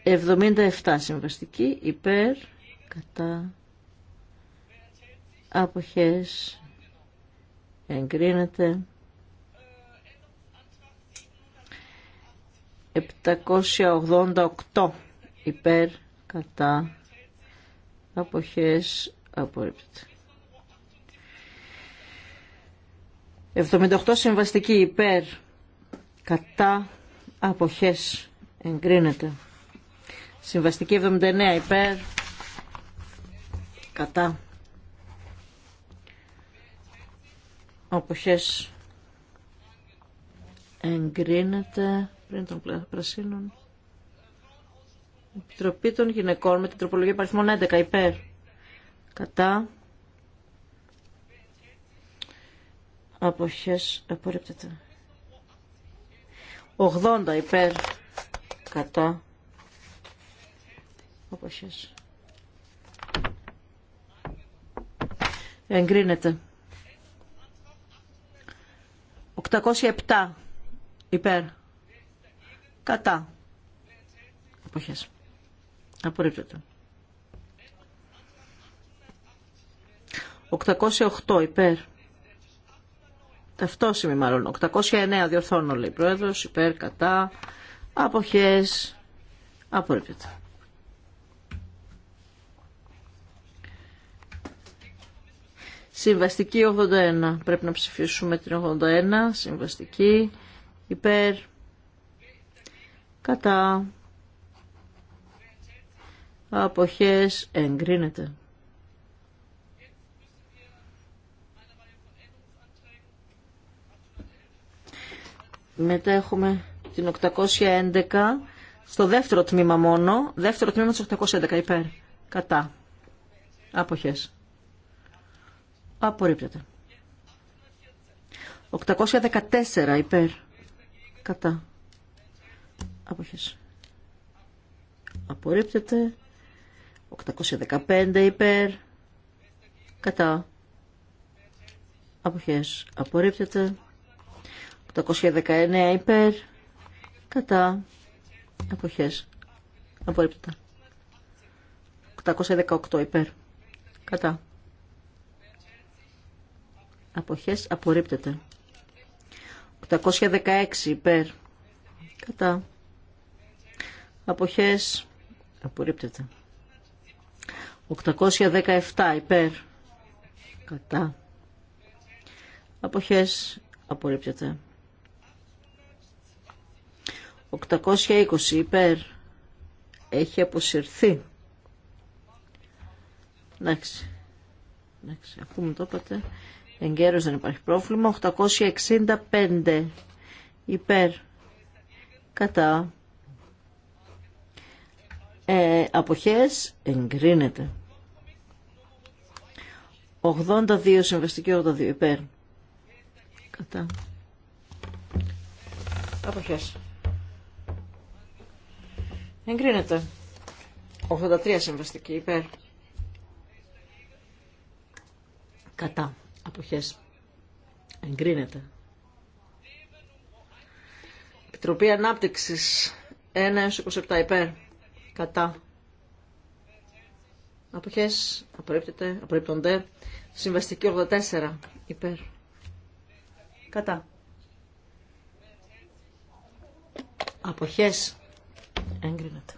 77 συμβαστική υπέρ κατά αποχές εγκρίνεται 788 υπέρ κατά αποχές απορρίπτεται. 78 συμβαστική υπέρ κατά αποχές εγκρίνεται. Συμβαστική 79 υπέρ κατά αποχές εγκρίνεται πριν των πρασίνων. Επιτροπή των γυναικών με την τροπολογία παριθμών 11 υπέρ. Κατά. Αποχές απορρίπτεται. 80 υπέρ. Κατά. Αποχές. Εγκρίνεται. 807 υπέρ. Κατά. Αποχές. Απορρίπτεται. 808 υπέρ. Ταυτόσημη μάλλον. 809 διορθώνω λέει πρόεδρος. Υπέρ, κατά. Αποχές. Απορρίπτεται. Συμβαστική 81. Πρέπει να ψηφίσουμε την 81. Συμβαστική. Υπέρ κατά αποχές εγκρίνεται. Μετά έχουμε την 811 στο δεύτερο τμήμα μόνο, δεύτερο τμήμα της 811 υπέρ, κατά, άποχες, απορρίπτεται. 814 υπέρ, κατά, αποχές απορρίπτεται 815 υπέρ κατά αποχές απορρίπτεται 819 υπέρ κατά αποχές απορρίπτεται 818 υπέρ κατά αποχές απορρίπτεται 816 υπέρ κατά αποχές απορρίπτεται 817 υπέρ κατά αποχές απορρίπτεται 820 υπέρ έχει αποσυρθεί εντάξει εντάξει αφού μου το είπατε εγκαίρως δεν υπάρχει πρόβλημα 865 υπέρ κατά ε, αποχές εγκρίνεται 82 συμβαστική 82 υπέρ κατά αποχές εγκρίνεται 83 συμβαστική υπέρ κατά αποχές εγκρίνεται Επιτροπή Ανάπτυξης 1 27 υπέρ κατά αποχές απορρίπτεται, απορρίπτονται συμβαστική 84 υπέρ κατά αποχές έγκρινεται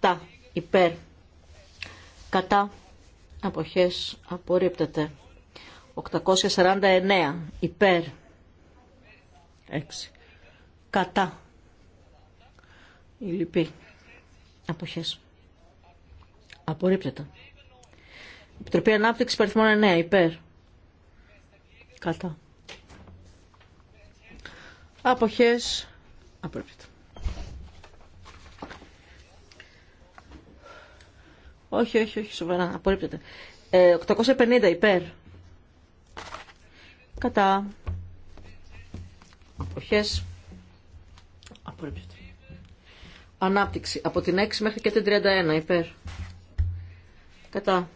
847 υπέρ κατά αποχές απορρίπτεται 849 υπέρ Κατά. Η λυπή. Αποχές. Απορρίπτεται. Επιτροπή Ανάπτυξη Παριθμών 9. Υπέρ. Κατά. Αποχές. Απορρίπτεται. Όχι, όχι, όχι, σοβαρά. Απορρίπτεται. 850 ε, υπέρ. Κατά. Αποχές. Ανάπτυξη. Από την 6 μέχρι και την 31. Υπέρ. Κατά.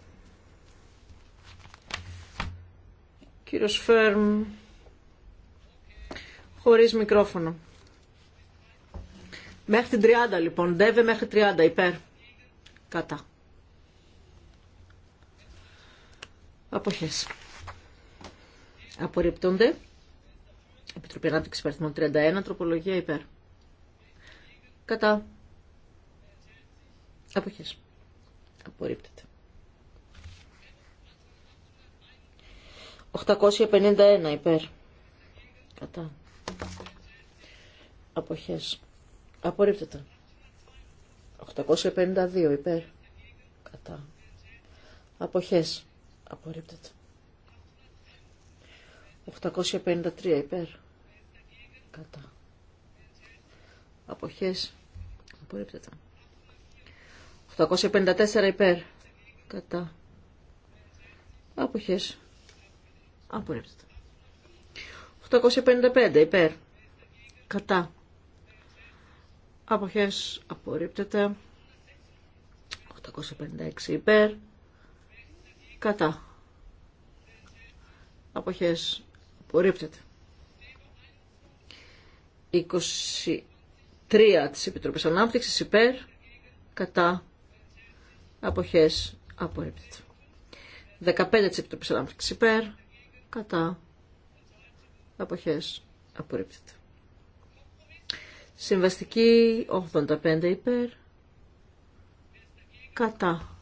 Κύριο Φέρμ. Χωρίς μικρόφωνο. Μέχρι την 30 λοιπόν. Ντέβε μέχρι 30. Υπέρ. Κατά. Αποχές. Απορρίπτονται. Επιτροπή Ανάπτυξη Παριθμών 31, τροπολογία υπέρ. Κατά. Αποχές. Απορρίπτεται. 851 υπέρ. Κατά. Αποχές. Απορρίπτεται. 852 υπέρ. Κατά. Αποχές. Απορρίπτεται. 853 υπέρ. Κατά. Αποχές. Απορρίπτεται. 854 υπέρ. Κατά. Αποχές. Απορρίπτεται. 855 υπέρ. Κατά. Αποχές. Απορρίπτεται. 856 υπέρ. Κατά. Αποχές. Απορρίπτεται. 23 της Επιτροπής Ανάπτυξης υπέρ κατά αποχές απορρίπτεται. 15 της Επιτροπής Ανάπτυξης υπέρ κατά αποχές απορρίπτεται. Συμβαστική 85 υπέρ κατά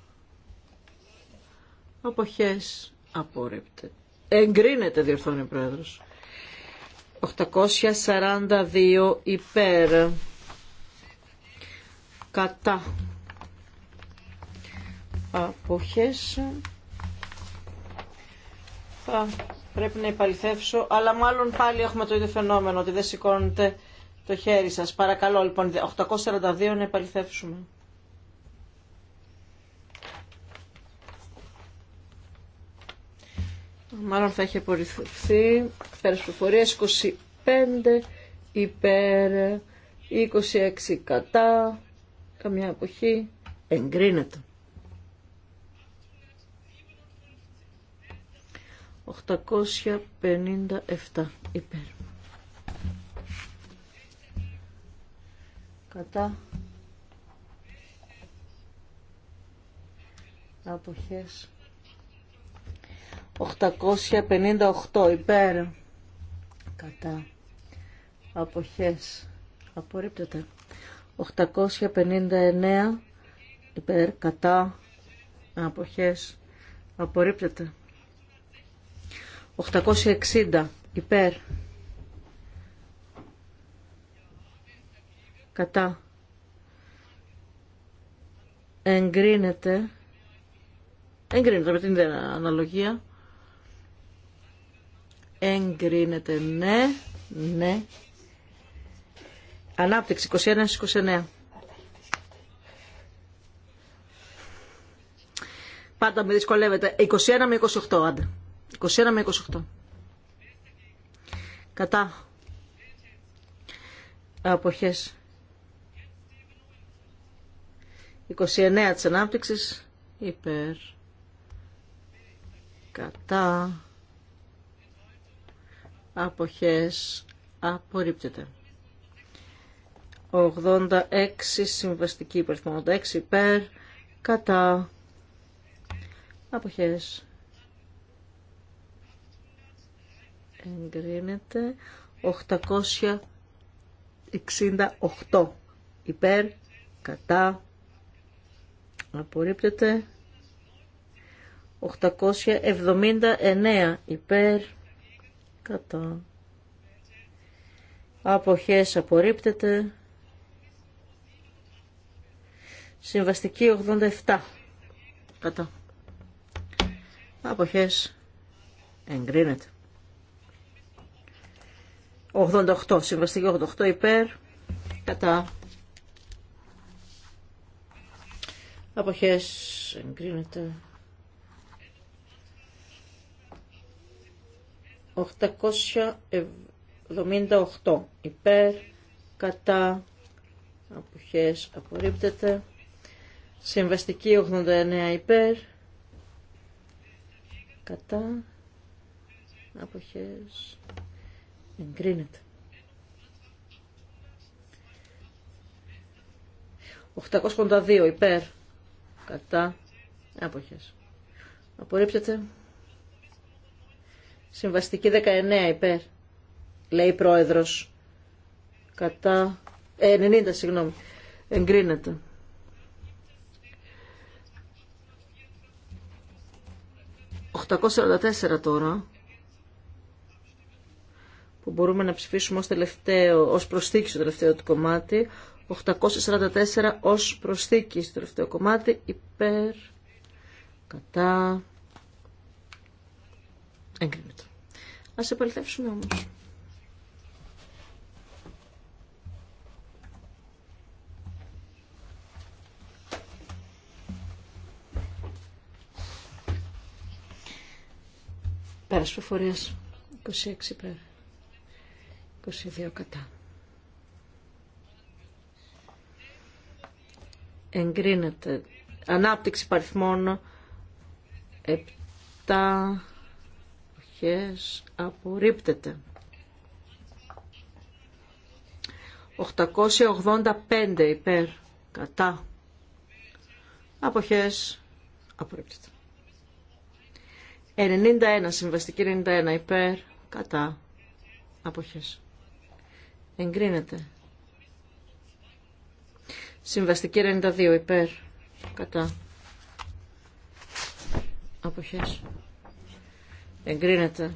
αποχές απορρίπτεται. Εγκρίνεται διορθώνει ο Πρόεδρος. 842 υπέρ κατά αποχές θα πρέπει να υπαλληθεύσω αλλά μάλλον πάλι έχουμε το ίδιο φαινόμενο ότι δεν σηκώνετε το χέρι σας παρακαλώ λοιπόν 842 να υπαλληθεύσουμε Μάλλον θα έχει απορριφθεί. Πέρα προφορία 25 υπέρ 26 κατά. Καμιά εποχή. Εγκρίνεται. 857 υπέρ. Κατά. Αποχές. 858 υπέρ κατά αποχές απορρίπτεται 859 υπέρ κατά αποχές απορρίπτεται 860 υπέρ κατά εγκρίνεται εγκρίνεται με την αναλογία εγκρίνεται ναι, ναι. Ανάπτυξη 21-29. Πάντα με δυσκολεύεται. 21 με 28, άντε. 21 με 28. Κατά. Αποχές. 29 της ανάπτυξης. Υπέρ. Κατά αποχές απορρίπτεται. 86 συμβαστική υπερθμόντα 6 υπέρ κατά αποχές εγκρίνεται 868 υπέρ κατά απορρίπτεται 879 υπέρ κατά αποχές απορρίπτεται συμβαστική 87 κατά αποχές εγκρίνεται 88 συμβαστική 88 υπέρ κατά αποχές εγκρίνεται 878 υπέρ, κατά, αποχές, απορρίπτεται. Συμβαστική 89 υπέρ, κατά, αποχές, εγκρίνεται. 882 υπέρ, κατά, αποχές. Απορρίπτεται. Συμβαστική 19 υπέρ, λέει πρόεδρος. Κατά... Ε, 90, συγγνώμη. Εγκρίνεται. ...844 τώρα... ...που μπορούμε να ψηφίσουμε ως, τελευταίο, ως προσθήκη στο τελευταίο του κομμάτι... ...844 ως προσθήκη στο τελευταίο κομμάτι... ...υπέρ... ...κατά... Εγκρίνεται. Ας επαληθεύσουμε όμως. Πέρα προφορία 26 πέρα. 22 κατά. Εγκρίνεται. Ανάπτυξη παριθμών 7 αποχές απορρίπτεται. 885 υπέρ κατά αποχές απορρίπτεται. 91 συμβαστική 91 υπέρ κατά αποχές. Εγκρίνεται. Συμβαστική 92 υπέρ κατά αποχές Εγκρίνεται.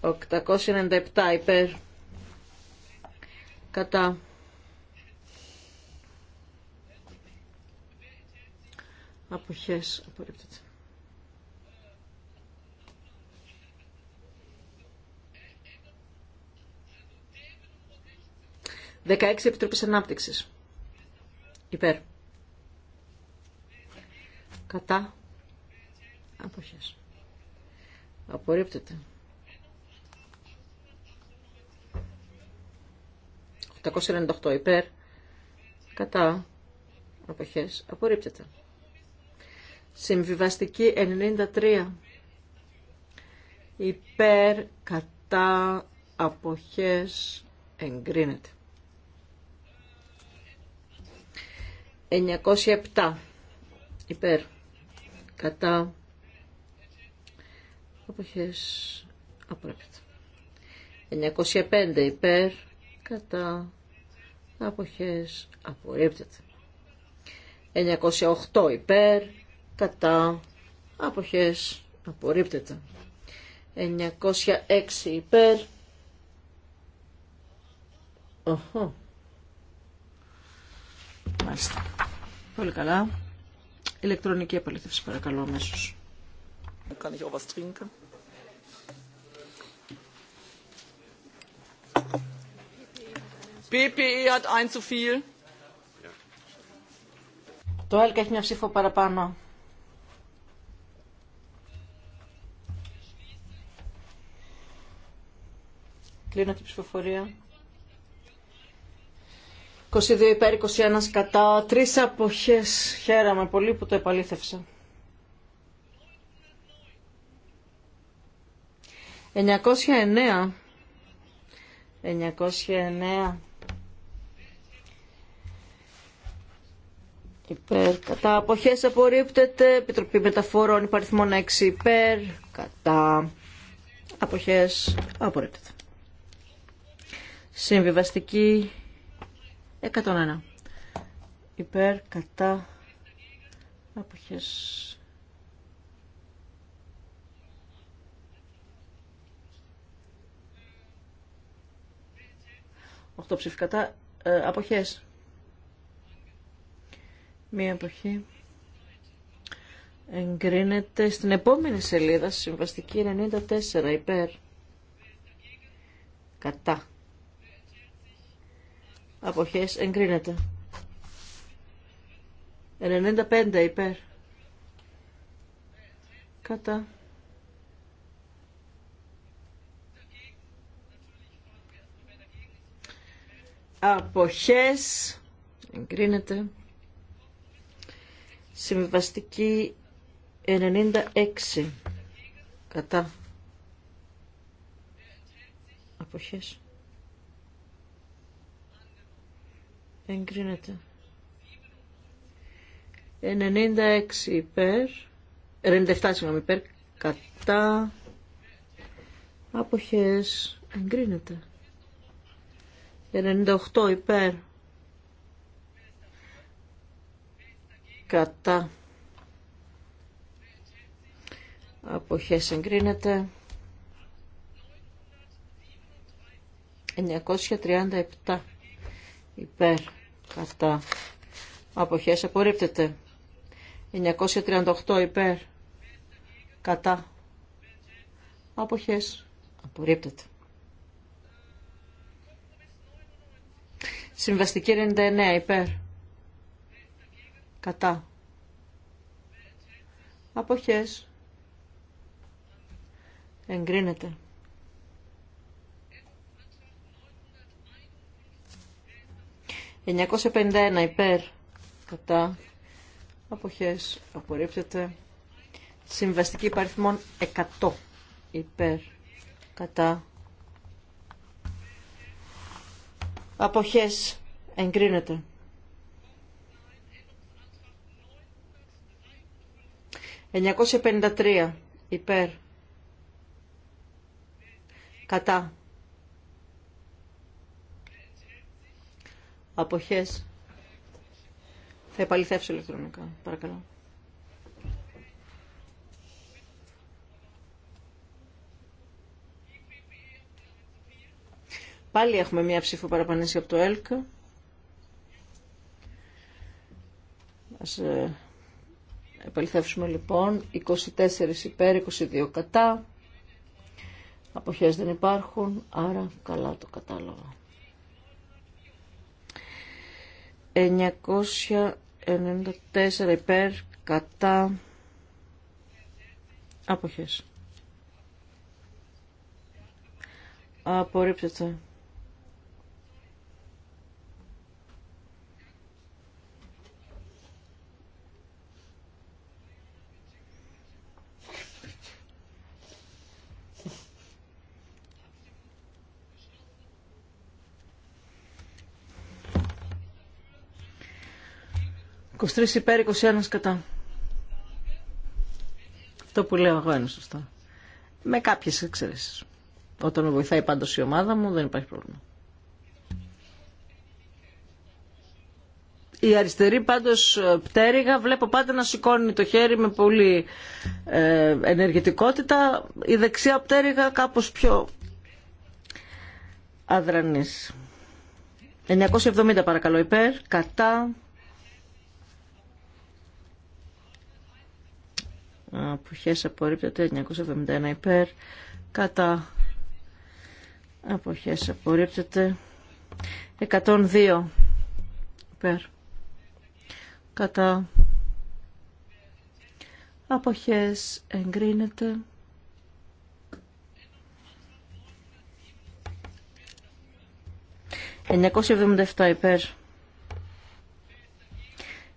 897 υπέρ. Κατά. Αποχές. Απορρίπτεται. Δεκαέξι επιτροπή Ανάπτυξης. Υπέρ. Κατά. Αποχές. Απορρίπτεται. 898 υπέρ. Κατά. Αποχές. Απορρίπτεται. Συμβιβαστική 93. Υπέρ. Κατά. Αποχές. Εγκρίνεται. 907 υπέρ κατά αποχές απορρίπτεται. 905 υπέρ κατά αποχές απορρίπτεται. 908 υπέρ κατά αποχές απορρίπτεται. 906 υπέρ Οχο. Μάλιστα. Πολύ καλά. Ηλεκτρονική επαλήθευση παρακαλώ αμέσως. Το ΕΛΚ έχει μια ψήφο παραπάνω. Κλείνω την ψηφοφορία. 22 υπέρ, 21 κατά, Τρεις αποχές. Χαίρομαι πολύ που το επαλήθευσα. 909. 909. Υπέρ. Κατά αποχές απορρίπτεται. Επιτροπή Μεταφορών υπαριθμών 6 υπέρ. Κατά αποχές απορρίπτεται. Συμβιβαστική 101. Υπέρ. Κατά αποχές 8 ψήφι κατά. Ε, αποχές. Μία αποχή. Εγκρίνεται στην επόμενη σελίδα, συμβαστική 94, υπέρ. Κατά. Αποχές εγκρίνεται. 95 υπέρ. Κατά. αποχές εγκρίνεται συμβαστική 96 κατά αποχές εγκρίνεται 96 υπέρ 97 συγγνώμη υπέρ κατά αποχές εγκρίνεται 98 υπέρ κατά αποχές εγκρίνεται 937 υπέρ κατά αποχές απορρίπτεται 938 υπέρ κατά αποχές απορρίπτεται Συμβαστική 99 υπέρ. Κατά. Αποχές. Εγκρίνεται. ...951 υπέρ, κατά, αποχές, απορρίπτεται, συμβαστική υπαριθμών 100 υπέρ, κατά, αποχές εγκρίνεται. 953 υπέρ κατά αποχές θα επαληθεύσω ηλεκτρονικά παρακαλώ Πάλι έχουμε μία ψήφο παραπανήση από το ΕΛΚ. Ας ε, επαληθεύσουμε λοιπόν. 24 υπέρ, 22 κατά. Αποχές δεν υπάρχουν, άρα καλά το κατάλαβα. 994 υπέρ, κατά. Αποχές. Απορρίπτεται. 23 υπέρ, 21 κατά. Αυτό που λέω εγώ είναι σωστό. Με κάποιε εξαιρέσει. Όταν με βοηθάει πάντω η ομάδα μου δεν υπάρχει πρόβλημα. Η αριστερή πάντως ε, πτέρυγα βλέπω πάντα να σηκώνει το χέρι με πολύ ε, ενεργητικότητα. Η δεξιά πτέρυγα κάπως πιο αδρανής. 970 παρακαλώ υπέρ, κατά, αποχές απορρίπτεται 971 υπέρ κατά αποχές απορρίπτεται 102 υπέρ κατά αποχές εγκρίνεται 977 υπέρ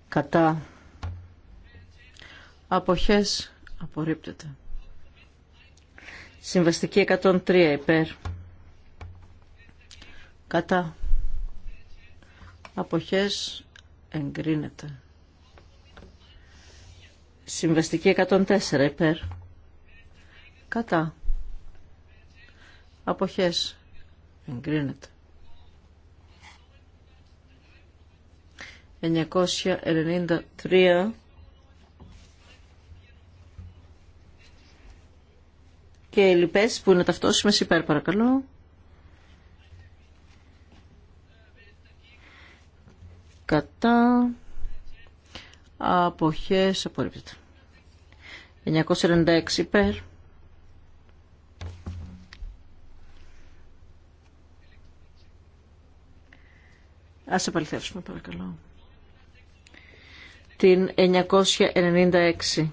κατά Αποχές απορρίπτεται. Συμβαστική 103 υπέρ. Κατά. Αποχές εγκρίνεται. Συμβαστική 104 υπέρ. Κατά. Αποχές εγκρίνεται. 993 και λοιπές που είναι ταυτόσιμες υπέρ παρακαλώ. Κατά αποχές απορρίπτεται. 996 υπέρ. Ας επαληθεύσουμε παρακαλώ. Την 996.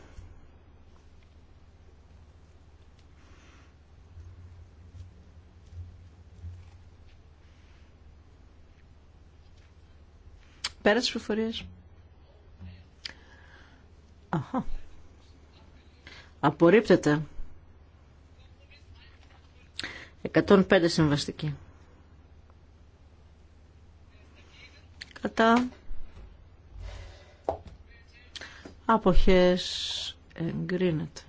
Πέρα στις προφορίες. Αχα. Απορρίπτεται. 105 συμβαστική. Κατά. Αποχές εγκρίνεται.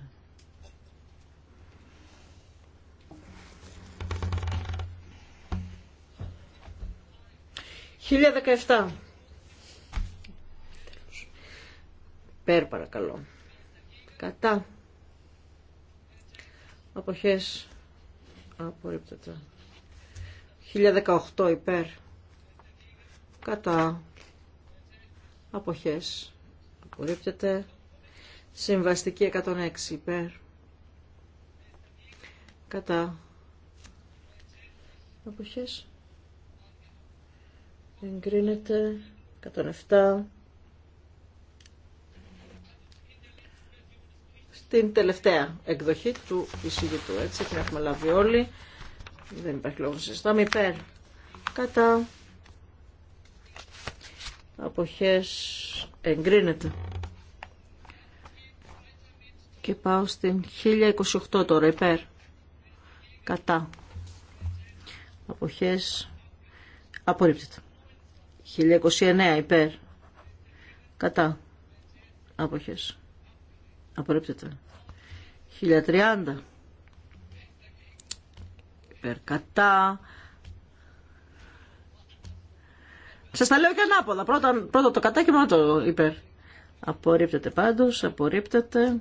Χίλια δεκαεφτά. Υπέρ παρακαλώ. Κατά. Αποχές. Απορρίπτεται. 1018 υπέρ. Κατά. Αποχές. Απορρίπτεται. Συμβαστική 106 υπέρ. Κατά. Αποχές. Εγκρίνεται. 107. την τελευταία εκδοχή του εισηγητού. Έτσι, την έχουμε λάβει όλοι. Δεν υπάρχει λόγο να συζητάμε. Υπέρ. Κατά. Αποχές εγκρίνεται. Και πάω στην 1028 τώρα. Υπέρ. Κατά. Αποχές απορρίπτεται. 1029 υπέρ. Κατά. Άποχες. Απορρίπτεται. 1030. Υπέρ κατά. Σα τα λέω και ανάποδα. Πρώτα, πρώτα το κατά και μετά το υπέρ. Απορρίπτεται πάντω. Απορρίπτεται.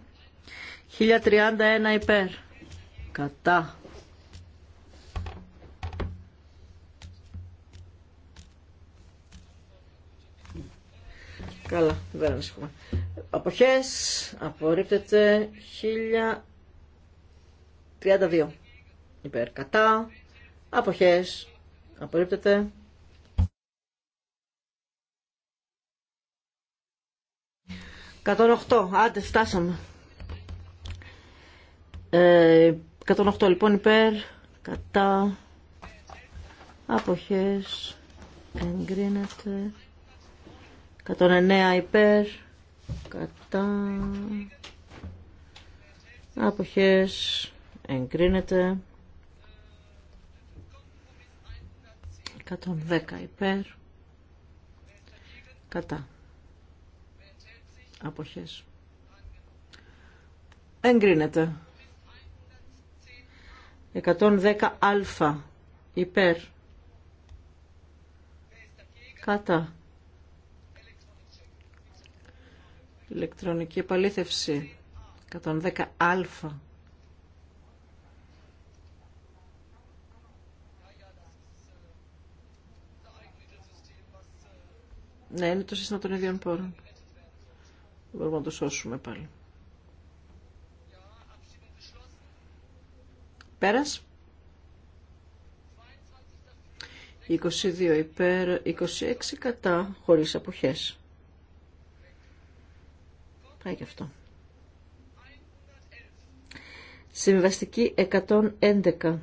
1031 υπέρ. Κατά. Καλά, δεν ανησυχούμε. Αποχές, απορρίπτεται 1032. Υπέρ κατά, αποχές, απορρίπτεται. 108, άντε φτάσαμε. Ε, 108 λοιπόν υπέρ, κατά, αποχές, εγκρίνεται. 109 υπέρ, κατά, αποχές, εγκρίνεται. 110 υπέρ, κατά, αποχές, εγκρίνεται. 110 αλφα υπέρ, κατά ηλεκτρονική επαλήθευση 110α. Ναι, είναι το σύστημα των ίδιων πόρων. Μπορούμε να το σώσουμε πάλι. Πέρας. 22 υπέρ, 26 κατά, χωρίς αποχές. Πάει και αυτό. Συμβαστική 111.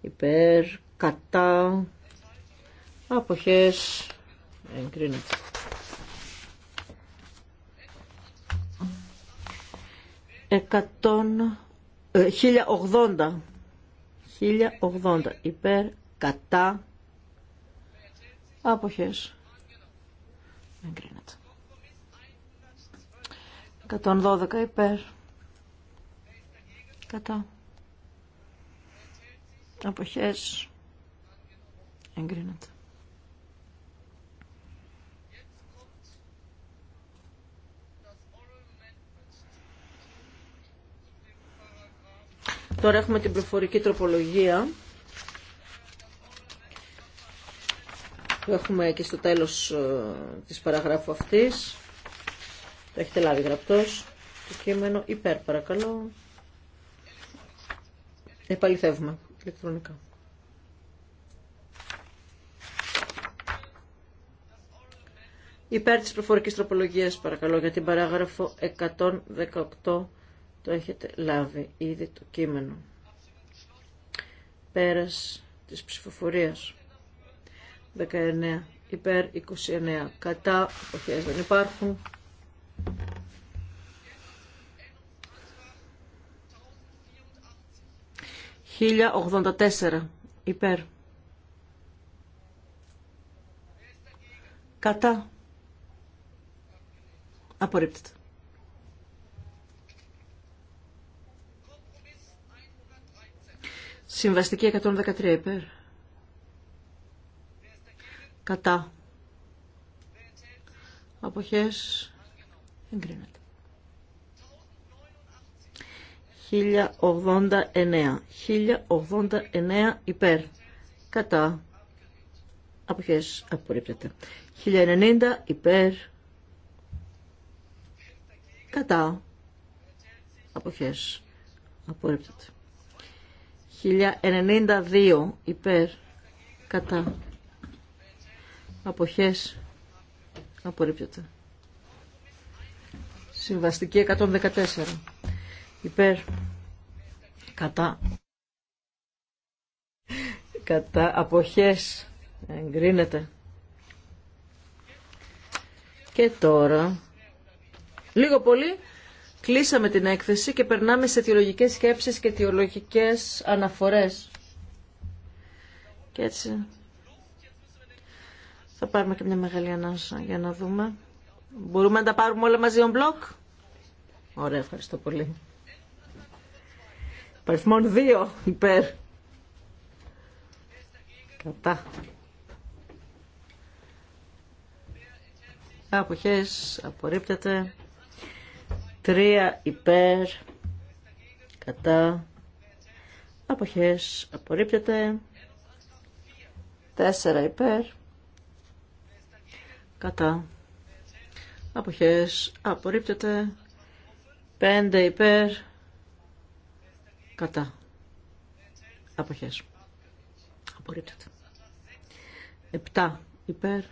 Υπέρ, κατά, αποχές, εγκρίνεται. Εκατόν... 1080 ε, 1080 υπέρ κατά άποχες εγκρίνεται 112 υπέρ. Κατά. Αποχές. Εγκρίνεται. Τώρα έχουμε την προφορική τροπολογία που έχουμε και στο τέλος ε, της παραγράφου αυτής. Το έχετε λάβει γραπτός. Το κείμενο υπέρ παρακαλώ. Επαληθεύουμε ηλεκτρονικά. Υπέρ της προφορικής τροπολογίας παρακαλώ για την παράγραφο 118 το έχετε λάβει ήδη το κείμενο. Πέρας της ψηφοφορίας. 19 υπέρ 29 κατά, οχιές δεν υπάρχουν. 1084 υπέρ. Κατά. Απορρίπτεται. Συμβαστική 113 υπέρ. Κατά. Αποχές. Εγκρίνεται. 1089. 1089 υπέρ. Κατά. ποιες απορρίπτεται. 1090 υπέρ. Κατά. ποιες απορρίπτεται. 1092 υπέρ. Κατά. ποιες απορρίπτεται. Συμβαστική 114 υπέρ κατά κατά αποχές εγκρίνεται και τώρα λίγο πολύ κλείσαμε την έκθεση και περνάμε σε θεολογικές σκέψεις και θεολογικές αναφορές και έτσι θα πάρουμε και μια μεγάλη ανάσα για να δούμε μπορούμε να τα πάρουμε όλα μαζί on block ωραία ευχαριστώ πολύ Παριθμόν 2 υπέρ. Κατά. Αποχές απορρίπτεται. 3 υπέρ. Κατά. Αποχές απορρίπτεται. 4 υπέρ. Κατά. Αποχές απορρίπτεται. 5 υπέρ Κατά. Αποχές. Απορρίπτεται. Επτά. υπέρ.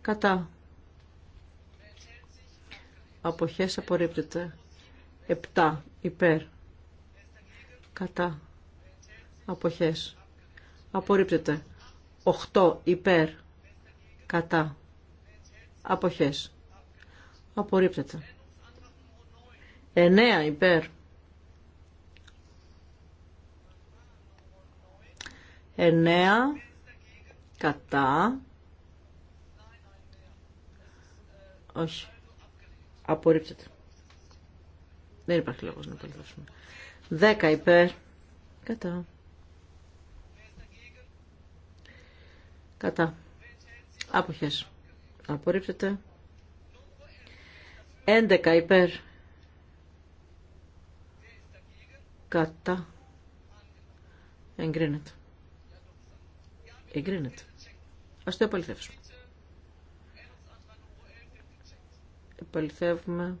Κατά. Αποχές απορρίπτεται. Επτά. υπέρ. Κατά. Αποχές. Απορρίπτεται. 8 υπέρ. Κατά. Αποχές. Απορρίπτεται. Εννέα υπέρ. Εννέα κατά. Όχι. Απορρίπτεται. Δεν υπάρχει λόγος να επαληθεύσουμε. Δέκα υπέρ. Κατά. Κατά. Άποχες. Απορρίπτεται. Έντεκα υπέρ. Κατά. Εγκρίνεται. Εγκρίνεται. Ας το επαληθεύσουμε. Επαληθεύουμε.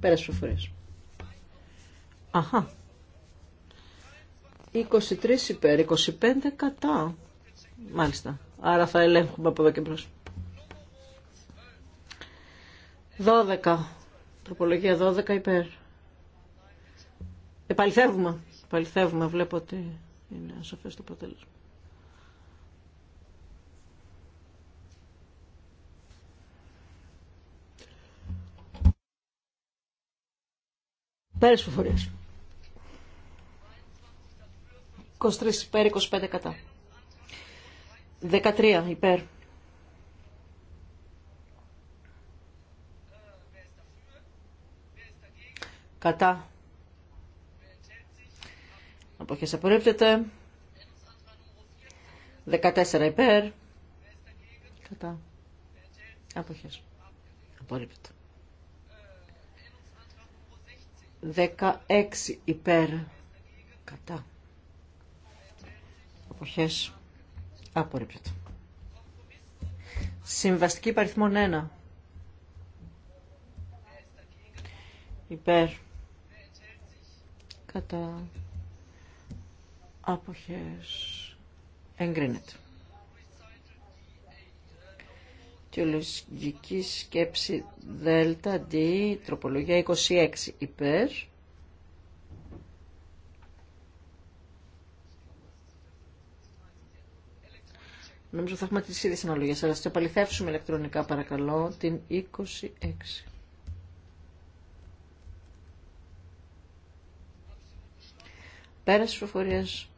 Πέρασε προφορές. Αχα. 23 υπέρ, 25 κατά. Μάλιστα. Άρα θα ελέγχουμε από εδώ και μπρος. 12. Τροπολογία 12 υπέρ. Επαληθεύουμε. Επαληθεύουμε. Βλέπω ότι είναι σαφές το αποτέλεσμα. Πέρες φοφορίες. 23 υπέρ, 25 κατά. 13 υπέρ. Κατά. Αποχές απορρίπτεται. 14 υπέρ. Κατά. Αποχές. Απορρίπτεται. 16 υπέρ. Κατά. Αποχές. Απορρίπτεται. Συμβαστική παριθμόν 1. Υπέρ. Κατά. Άποχες. Εγκρίνεται. Τιολογική σκέψη ΔΕΛΤΑ τροπολογία 26 υπέρ. Νομίζω θα έχουμε τις ίδιες αναλογίες, αλλά θα το ηλεκτρονικά παρακαλώ την 26. Πέρας της προφορίες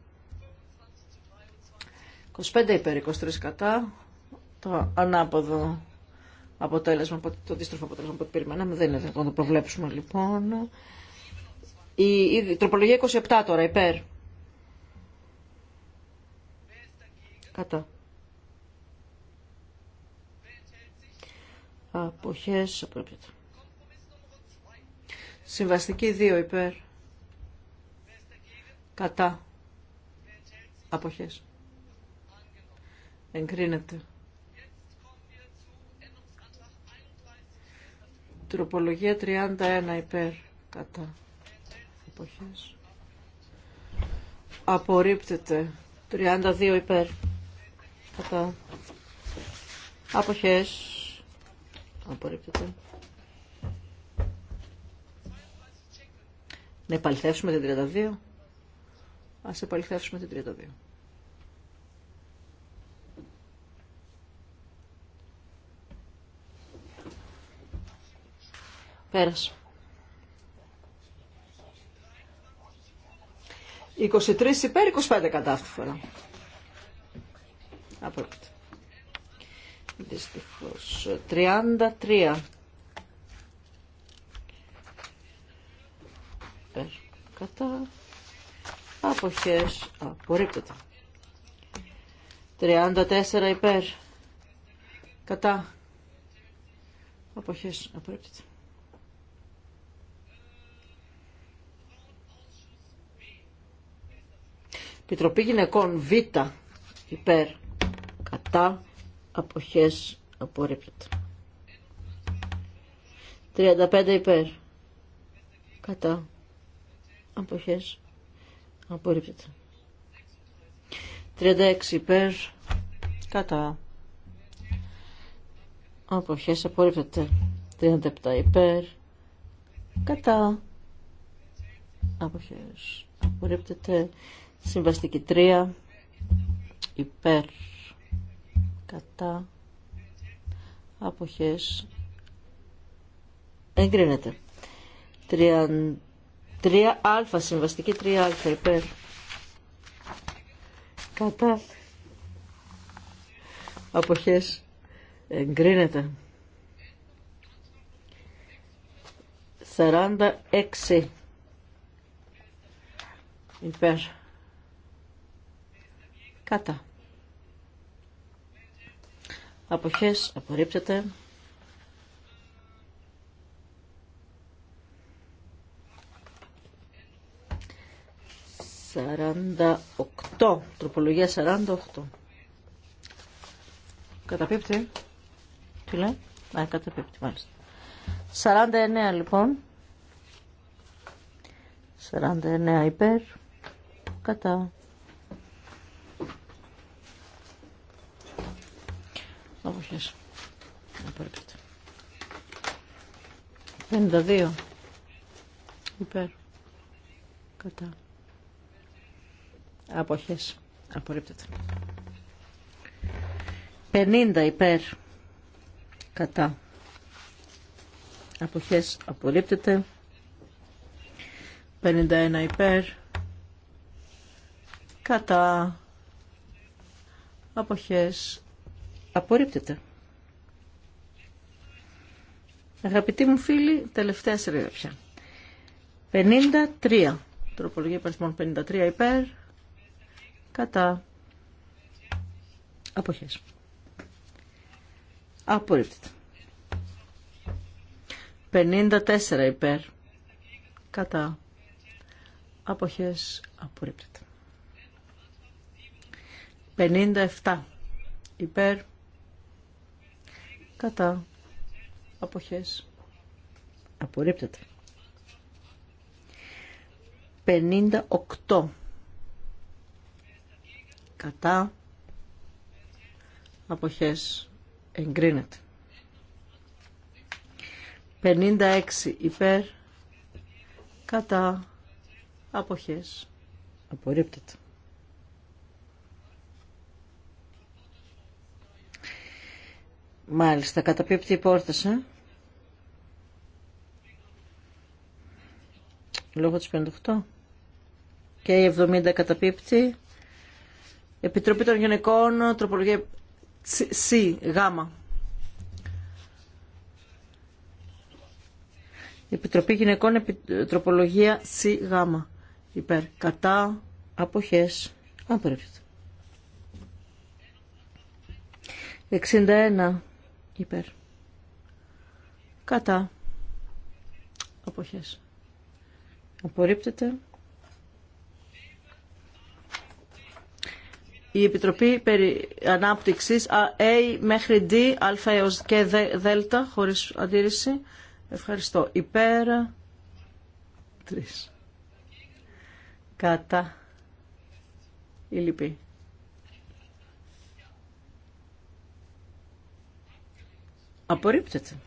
25 υπέρ 23 κατά το ανάποδο αποτέλεσμα, το αντίστροφο αποτέλεσμα που περιμέναμε, δεν είναι δυνατόν να το προβλέψουμε λοιπόν. Η, η τροπολογία 27 τώρα υπέρ. Κατά. Αποχές Συμβαστική 2 υπέρ. Κατά. Αποχές. Εγκρίνεται. Τροπολογία 31 υπέρ. Κατά. Αποχές. Απορρίπτεται. 32 υπέρ. Κατά. Αποχές Απορρίπτεται. Να επαληθεύσουμε την 32. Ας επαληθεύσουμε την 32. Πέρασε. 23 υπέρ, 25 κατά αυτή τη φορά. Απορρίπτεται δυστυχώς. 33. Υπέρ. Κατά. Αποχές. Απορρίπτεται. 34 υπέρ. Κατά. Αποχές. Απορρίπτεται. Επιτροπή Γυναικών Β υπέρ κατά αποχές απορρίπτεται. 35 υπέρ. Κατά. Αποχές. Απορρίπτεται. 36 υπέρ. Κατά. Αποχές απορρίπτεται. 37 υπέρ. Κατά. Αποχές. Απορρίπτεται. Συμβαστική 3. Υπέρ κατά αποχές εγκρίνεται 3α 3, α 3α υπέρ κατά αποχές εγκρίνεται 46 υπέρ κατά αποχές απορρίπτεται. Σαράντα οκτώ, τροπολογία σαράντα οκτώ. Καταπίπτει. Τι λέει. Α, καταπίπτει μάλιστα. Σαράντα εννέα λοιπόν. Σαράντα εννέα υπέρ. Κατά Αποχές. Απορρίπτεται. 52. Υπέρ. Κατά. Αποχές. Απορρίπτεται. 50 υπέρ. Κατά. Αποχές. Απορρίπτεται. 51 υπέρ. Κατά. Αποχές. Απορρίπτεται. Αγαπητοί μου φίλοι, τελευταία σειρά. πια. 53. Τροπολογία υπέρ 53 υπέρ. Κατά. Αποχές. Απορρίπτεται. 54 υπέρ. Κατά. Αποχές. Απορρίπτεται. 57 υπέρ κατά αποχές απορρίπτεται 58 κατά αποχές εγκρίνεται 56 υπέρ κατά αποχές απορρίπτεται Μάλιστα, καταπίπτει η πόρτα σα. Ε. Λόγω της 58. Και η 70 καταπίπτει. Επιτροπή των Γυναικών, τροπολογία C, Γ. Επιτροπή Γυναικών, τροπολογία C, Γ. Υπέρ, κατά, αποχές, Απορρίπτω. 61 υπέρ κατά αποχές απορρίπτεται η Επιτροπή περί Ανάπτυξης A μέχρι D, Α έως και Δέλτα, χωρίς αντίρρηση. Ευχαριστώ. Υπέρ. Τρεις. Κατά. Η λυπή. Απορρίπτεται.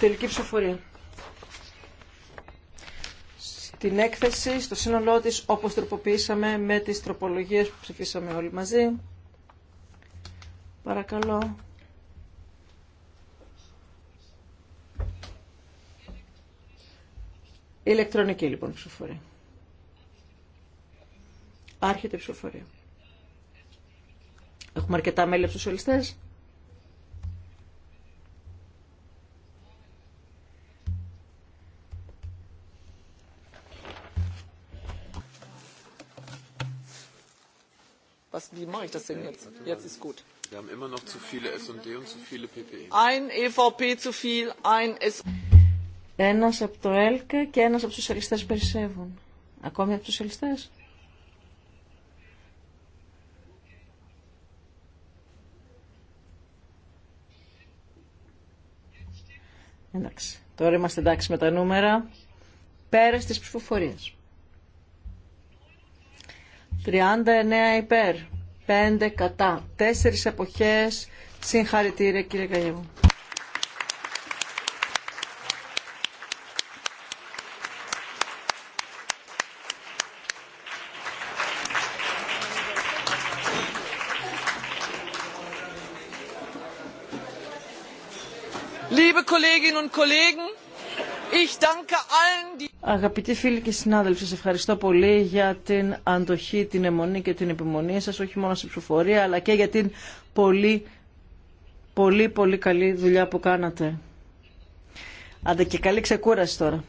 Τελική ψηφοφορία. Στην έκθεση, στο σύνολό της, όπως τροποποιήσαμε με τις τροπολογίες που ψηφίσαμε όλοι μαζί. Παρακαλώ. Ηλεκτρονική λοιπόν ψηφοφορία. Άρχεται η ψηφοφορία. Έχουμε αρκετά μέλη από τους Ένας από το ΕΛΚΑ και ένας από τους σοσιαλιστές περισσεύουν. Ακόμη από τους σοσιαλιστές. Εντάξει. Τώρα είμαστε εντάξει με τα νούμερα. Πέρα στις ψηφοφορίες. 39 υπέρ, 5 κατά, 4 εποχές. Συγχαρητήρια κύριε Καγεύου. Αγαπητοί φίλοι και συνάδελφοι, σας ευχαριστώ πολύ για την αντοχή, την αιμονή και την επιμονή σας, όχι μόνο στην ψηφοφορία, αλλά και για την πολύ, πολύ, πολύ καλή δουλειά που κάνατε. Άντε και καλή ξεκούραση τώρα.